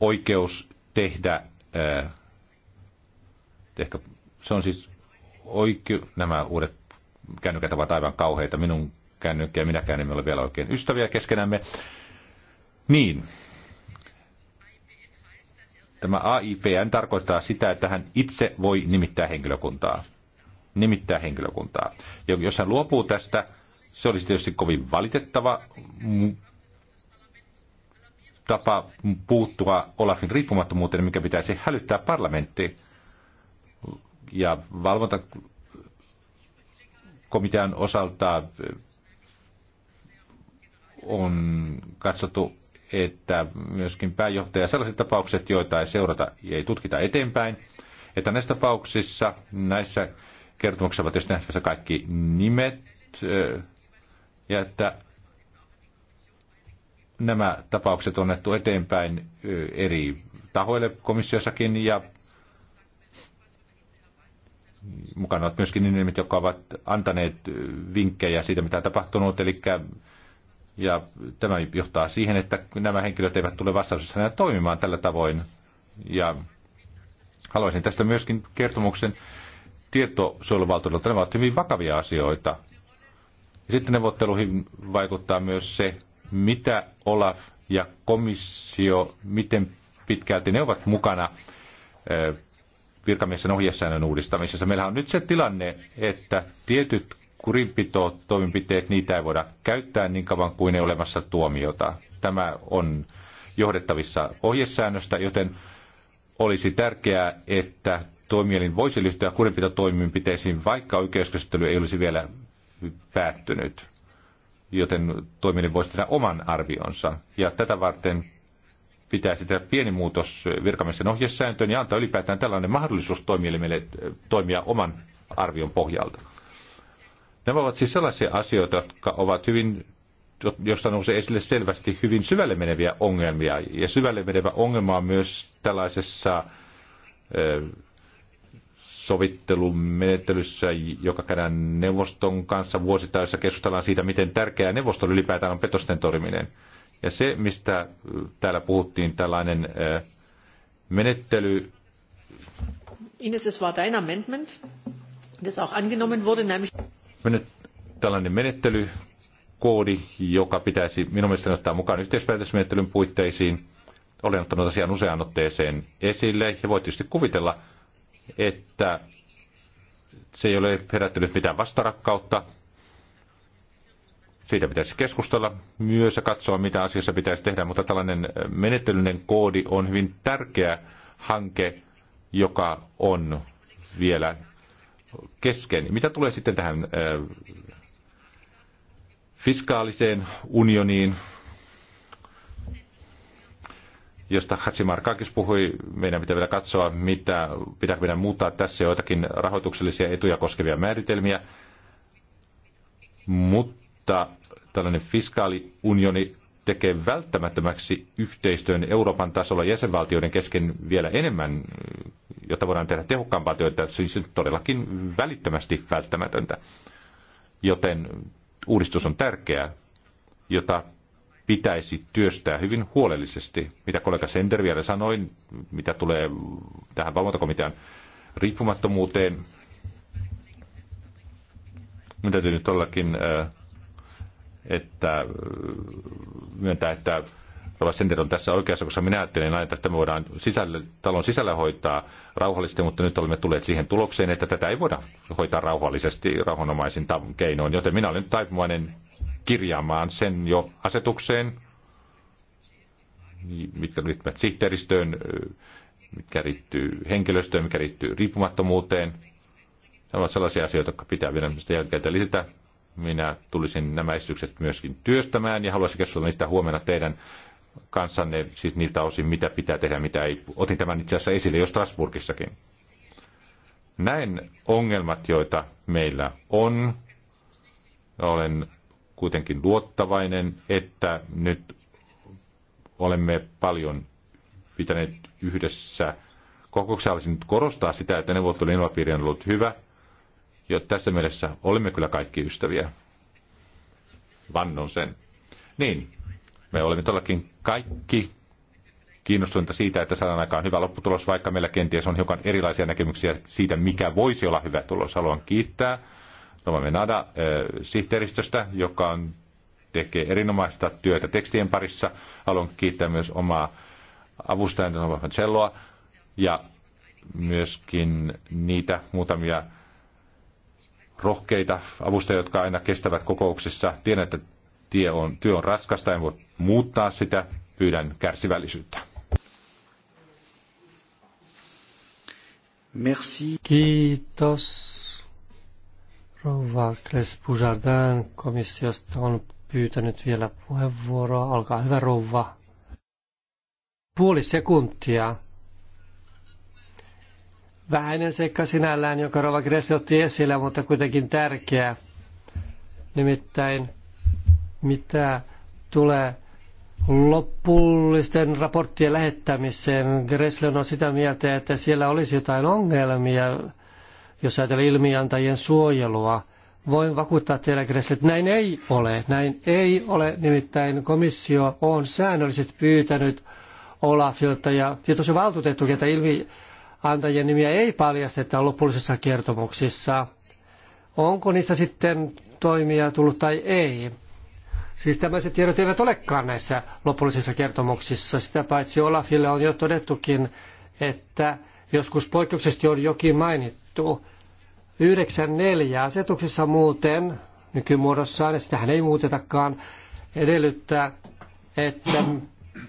oikeus tehdä, äh, ehkä se on siis oikeus nämä uudet kännykät ovat aivan kauheita. Minun kännykkä ja minäkään emme ole vielä oikein ystäviä keskenämme. Niin. Tämä AIPN tarkoittaa sitä, että hän itse voi nimittää henkilökuntaa. Nimittää henkilökuntaa. Ja jos hän luopuu tästä, se olisi tietysti kovin valitettava tapa puuttua Olafin riippumattomuuteen, mikä pitäisi hälyttää parlamentti. Ja valvonta komitean osalta on katsottu, että myöskin pääjohtaja sellaiset tapaukset, joita ei seurata ja ei tutkita eteenpäin, että näissä tapauksissa, näissä kertomuksissa ovat nähtävissä kaikki nimet, ja että nämä tapaukset on annettu eteenpäin eri tahoille komissiossakin ja mukana ovat myöskin ne nimet, jotka ovat antaneet vinkkejä siitä, mitä on tapahtunut. Eli, ja tämä johtaa siihen, että nämä henkilöt eivät tule vastaisuudessa enää toimimaan tällä tavoin. Ja haluaisin tästä myöskin kertomuksen tietosuojeluvaltuudelta. Nämä ovat hyvin vakavia asioita. Ja sitten neuvotteluihin vaikuttaa myös se, mitä Olaf ja komissio, miten pitkälti ne ovat mukana virkamiesten ohjesäännön uudistamisessa. Meillä on nyt se tilanne, että tietyt kurinpito-toimenpiteet, niitä ei voida käyttää niin kauan kuin ei ole olemassa tuomiota. Tämä on johdettavissa ohjesäännöstä, joten olisi tärkeää, että toimielin voisi lyhtyä toimenpiteisiin vaikka oikeuskäsittely ei olisi vielä päättynyt. Joten toimielin voisi tehdä oman arvionsa. Ja tätä varten pitäisi tehdä pieni muutos virkamiesten ohjesääntöön ja antaa ylipäätään tällainen mahdollisuus toimielimelle eh, toimia oman arvion pohjalta. Nämä ovat siis sellaisia asioita, jotka ovat hyvin, josta nousee esille selvästi hyvin syvälle meneviä ongelmia. Ja syvälle menevä ongelma on myös tällaisessa eh, sovittelumenettelyssä, joka käydään neuvoston kanssa vuosittaisessa keskustellaan siitä, miten tärkeää neuvostolle ylipäätään on petosten toriminen. Ja se, mistä äh, täällä puhuttiin, tällainen äh, menettely... Ines, es war dein Amendment, das auch angenommen wurde, nämlich... tällainen menettelykoodi, joka pitäisi minun mielestäni ottaa mukaan yhteispäätösmenettelyn puitteisiin. Olen ottanut asian useaan otteeseen esille ja voi tietysti kuvitella, että se ei ole herättänyt mitään vastarakkautta siitä pitäisi keskustella myös ja katsoa, mitä asiassa pitäisi tehdä, mutta tällainen menettelyinen koodi on hyvin tärkeä hanke, joka on vielä kesken. Mitä tulee sitten tähän fiskaaliseen unioniin, josta Kakis puhui, meidän pitää vielä katsoa, mitä, pitää meidän muuttaa tässä joitakin rahoituksellisia etuja koskevia määritelmiä, mutta mutta tällainen fiskaaliunioni tekee välttämättömäksi yhteistyön Euroopan tasolla jäsenvaltioiden kesken vielä enemmän, jotta voidaan tehdä tehokkaampaa työtä, siis todellakin välittömästi välttämätöntä. Joten uudistus on tärkeää, jota pitäisi työstää hyvin huolellisesti. Mitä kollega Sender vielä sanoi, mitä tulee tähän valvontakomitean riippumattomuuteen, mitä täytyy nyt todellakin äh, että äh, myöntää, että Rova Sender on tässä oikeassa, koska minä ajattelen aina, että tämä voidaan sisällä, talon sisällä hoitaa rauhallisesti, mutta nyt olemme tulleet siihen tulokseen, että tätä ei voida hoitaa rauhallisesti rauhanomaisin keinoin, joten minä olen nyt taipuvainen kirjaamaan sen jo asetukseen, mitkä liittyvät sihteeristöön, äh, mitkä liittyy henkilöstöön, mikä liittyy riippumattomuuteen. Nämä ovat sellaisia asioita, jotka pitää vielä jälkeen lisätä. Minä tulisin nämä esitykset myöskin työstämään ja haluaisin keskustella niistä huomenna teidän kanssanne, siis niiltä osin, mitä pitää tehdä, mitä ei. Otin tämän itse asiassa esille jo Strasburgissakin. näin ongelmat, joita meillä on. Olen kuitenkin luottavainen, että nyt olemme paljon pitäneet yhdessä kokouksia. Haluaisin nyt korostaa sitä, että neuvottelun ilmapiiri on ollut hyvä. Ja tässä mielessä olemme kyllä kaikki ystäviä. Vannon sen. Niin, me olemme todellakin kaikki kiinnostuneita siitä, että saadaan aikaan hyvä lopputulos, vaikka meillä kenties on hiukan erilaisia näkemyksiä siitä, mikä voisi olla hyvä tulos. Haluan kiittää Nova Menada eh, sihteeristöstä, joka on, tekee erinomaista työtä tekstien parissa. Haluan kiittää myös omaa avustajani Nova Fancelloa ja myöskin niitä muutamia rohkeita avustajia, jotka aina kestävät kokouksissa. Tiedän, että tie on, työ on raskasta, en voi muuttaa sitä. Pyydän kärsivällisyyttä. Merci. Kiitos. Rouva Clespujardin komissiosta on pyytänyt vielä puheenvuoroa. Olkaa hyvä, rouva. Puoli sekuntia vähäinen seikka sinällään, jonka Rova Gresse otti esille, mutta kuitenkin tärkeä. Nimittäin mitä tulee lopullisten raporttien lähettämiseen. Gresslen on sitä mieltä, että siellä olisi jotain ongelmia, jos ajatellaan ilmiantajien suojelua. Voin vakuuttaa teille, Gressle, että näin ei ole. Näin ei ole. Nimittäin komissio on säännöllisesti pyytänyt Olafilta ja tietoisen valtuutettu, että ilmi antajien nimiä ei paljasteta lopullisissa kertomuksissa. Onko niistä sitten toimia tullut tai ei? Siis tämmöiset tiedot eivät olekaan näissä lopullisissa kertomuksissa. Sitä paitsi Olafille on jo todettukin, että joskus poikkeuksesti on jokin mainittu. 9.4. asetuksessa muuten, nykymuodossaan, ja sitähän ei muutetakaan, edellyttää, että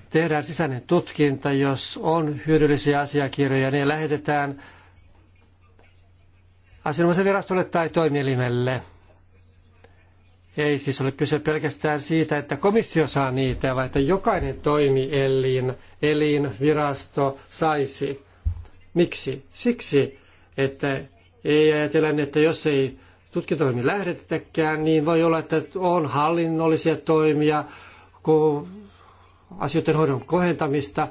tehdään sisäinen tutkinta, jos on hyödyllisiä asiakirjoja, ne lähetetään asianomaisen virastolle tai toimielimelle. Ei siis ole kyse pelkästään siitä, että komissio saa niitä, vaan että jokainen toimielin, elin, virasto saisi. Miksi? Siksi, että ei ajatella, että jos ei tutkintoimi lähdetäkään, niin voi olla, että on hallinnollisia toimia, kun asioiden hoidon kohentamista.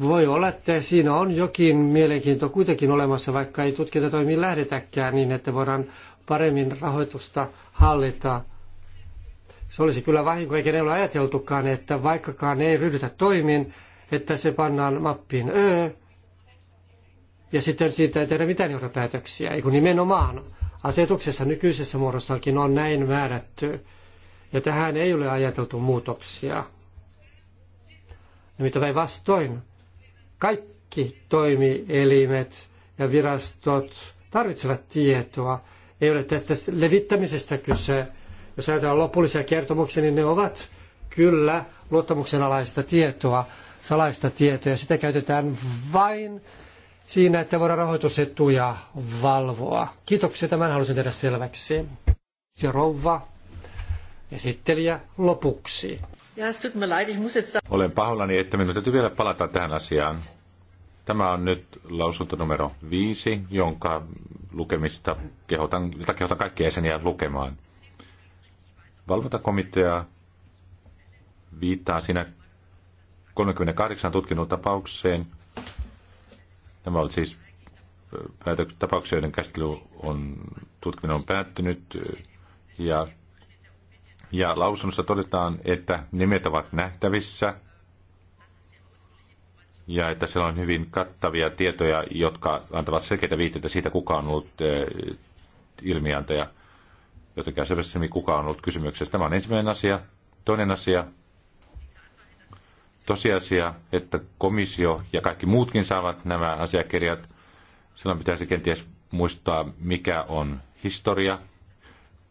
Voi olla, että siinä on jokin mielenkiinto kuitenkin olemassa, vaikka ei tutkintatoimiin lähdetäkään niin, että voidaan paremmin rahoitusta hallita. Se olisi kyllä vahinko, eikä ne ole ajateltukaan, että vaikkakaan ei ryhdytä toimiin, että se pannaan mappiin ö, ja sitten siitä ei tehdä mitään johdopäätöksiä, ei kun nimenomaan asetuksessa nykyisessä muodossakin on näin määrätty, ja tähän ei ole ajateltu muutoksia. Nimittäin vastoin kaikki toimielimet ja virastot tarvitsevat tietoa. Ei ole tästä levittämisestä kyse. Jos ajatellaan lopullisia kertomuksia, niin ne ovat kyllä luottamuksenalaista tietoa, salaista tietoa, ja sitä käytetään vain siinä, että voidaan rahoitusetuja valvoa. Kiitoksia, tämän halusin tehdä selväksi. Ja rouva, esittelijä lopuksi. Olen pahoillani, että minun täytyy vielä palata tähän asiaan. Tämä on nyt lausunto numero viisi, jonka lukemista kehotan, jota kehotan kaikkia jäseniä lukemaan. Valvontakomitea viittaa siinä 38 tutkinnon tapaukseen. Nämä ovat siis äh, tapauksia, joiden käsittely on tutkinnon on päättynyt äh, ja ja lausunnossa todetaan, että nimet ovat nähtävissä ja että siellä on hyvin kattavia tietoja, jotka antavat selkeitä viitteitä siitä, kuka on ollut eh, ilmiantaja. Jotenkin selvästi kuka on ollut kysymyksessä. Tämä on ensimmäinen asia. Toinen asia, tosiasia, että komissio ja kaikki muutkin saavat nämä asiakirjat. Silloin pitäisi kenties muistaa, mikä on historia.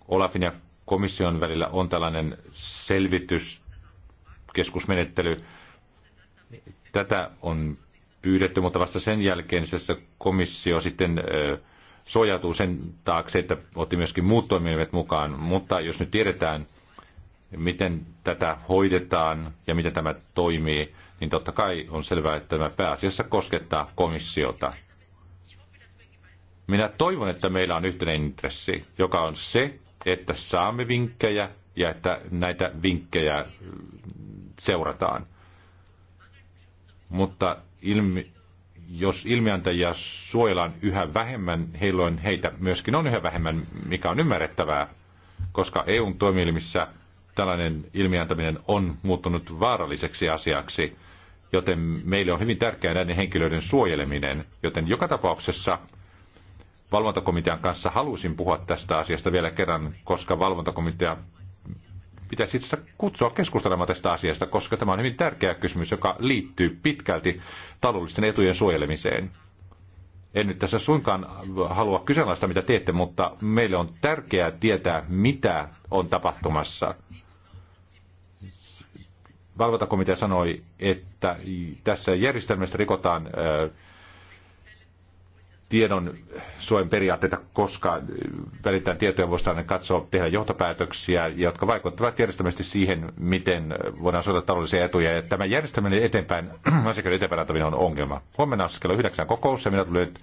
Olafin ja komission välillä on tällainen selvityskeskusmenettely. Tätä on pyydetty, mutta vasta sen jälkeen se siis komissio sitten suojautuu sen taakse, että otti myöskin muut toimijat mukaan. Mutta jos nyt tiedetään, miten tätä hoidetaan ja miten tämä toimii, niin totta kai on selvää, että tämä pääasiassa koskettaa komissiota. Minä toivon, että meillä on yhteinen intressi, joka on se, että saamme vinkkejä ja että näitä vinkkejä äh, seurataan. Mutta ilmi, jos ilmiantajia suojellaan yhä vähemmän, heilloin heitä myöskin on yhä vähemmän, mikä on ymmärrettävää, koska EUn toimielimissä tällainen ilmiantaminen on muuttunut vaaralliseksi asiaksi, joten meille on hyvin tärkeää näiden henkilöiden suojeleminen. Joten joka tapauksessa valvontakomitean kanssa halusin puhua tästä asiasta vielä kerran, koska valvontakomitea pitäisi itse kutsua keskustelemaan tästä asiasta, koska tämä on hyvin tärkeä kysymys, joka liittyy pitkälti taloudellisten etujen suojelemiseen. En nyt tässä suinkaan halua kyseenalaista, mitä teette, mutta meille on tärkeää tietää, mitä on tapahtumassa. Valvontakomitea sanoi, että tässä järjestelmästä rikotaan äh, tiedon suojan periaatteita, koska välittää tietoja voidaan katsoa, tehdä johtopäätöksiä, jotka vaikuttavat järjestelmästi siihen, miten voidaan suojata taloudellisia etuja. Ja tämä järjestelmän eteenpäin, [clears throat] asiakkaiden eteenpäin antaminen on ongelma. Huomenna on kello yhdeksän kokous, ja minä tulen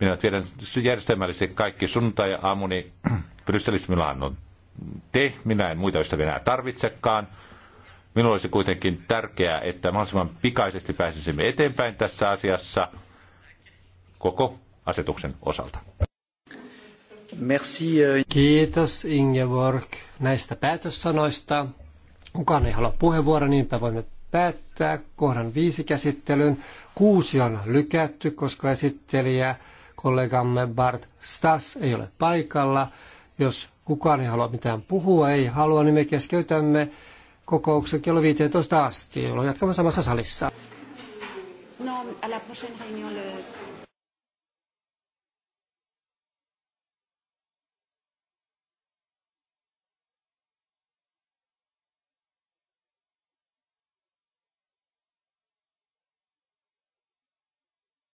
minä tiedän järjestelmällisesti kaikki sunnuntai aamuni [clears throat] Brysselissä Milaan on te. Minä en muita ystäviä enää tarvitsekaan. Minulla olisi kuitenkin tärkeää, että mahdollisimman pikaisesti pääsisimme eteenpäin tässä asiassa koko asetuksen osalta. Merci. Äh, Kiitos Ingeborg näistä päätössanoista. Kukaan ei halua puheenvuoroa, niinpä voimme päättää kohdan viisi käsittelyn. Kuusi on lykätty, koska esittelijä kollegamme Bart Stas ei ole paikalla. Jos kukaan ei halua mitään puhua, ei halua, niin me keskeytämme kokouksen kello 15 asti, jolloin jatkamme samassa salissa. No, à la prochaine réunion, le...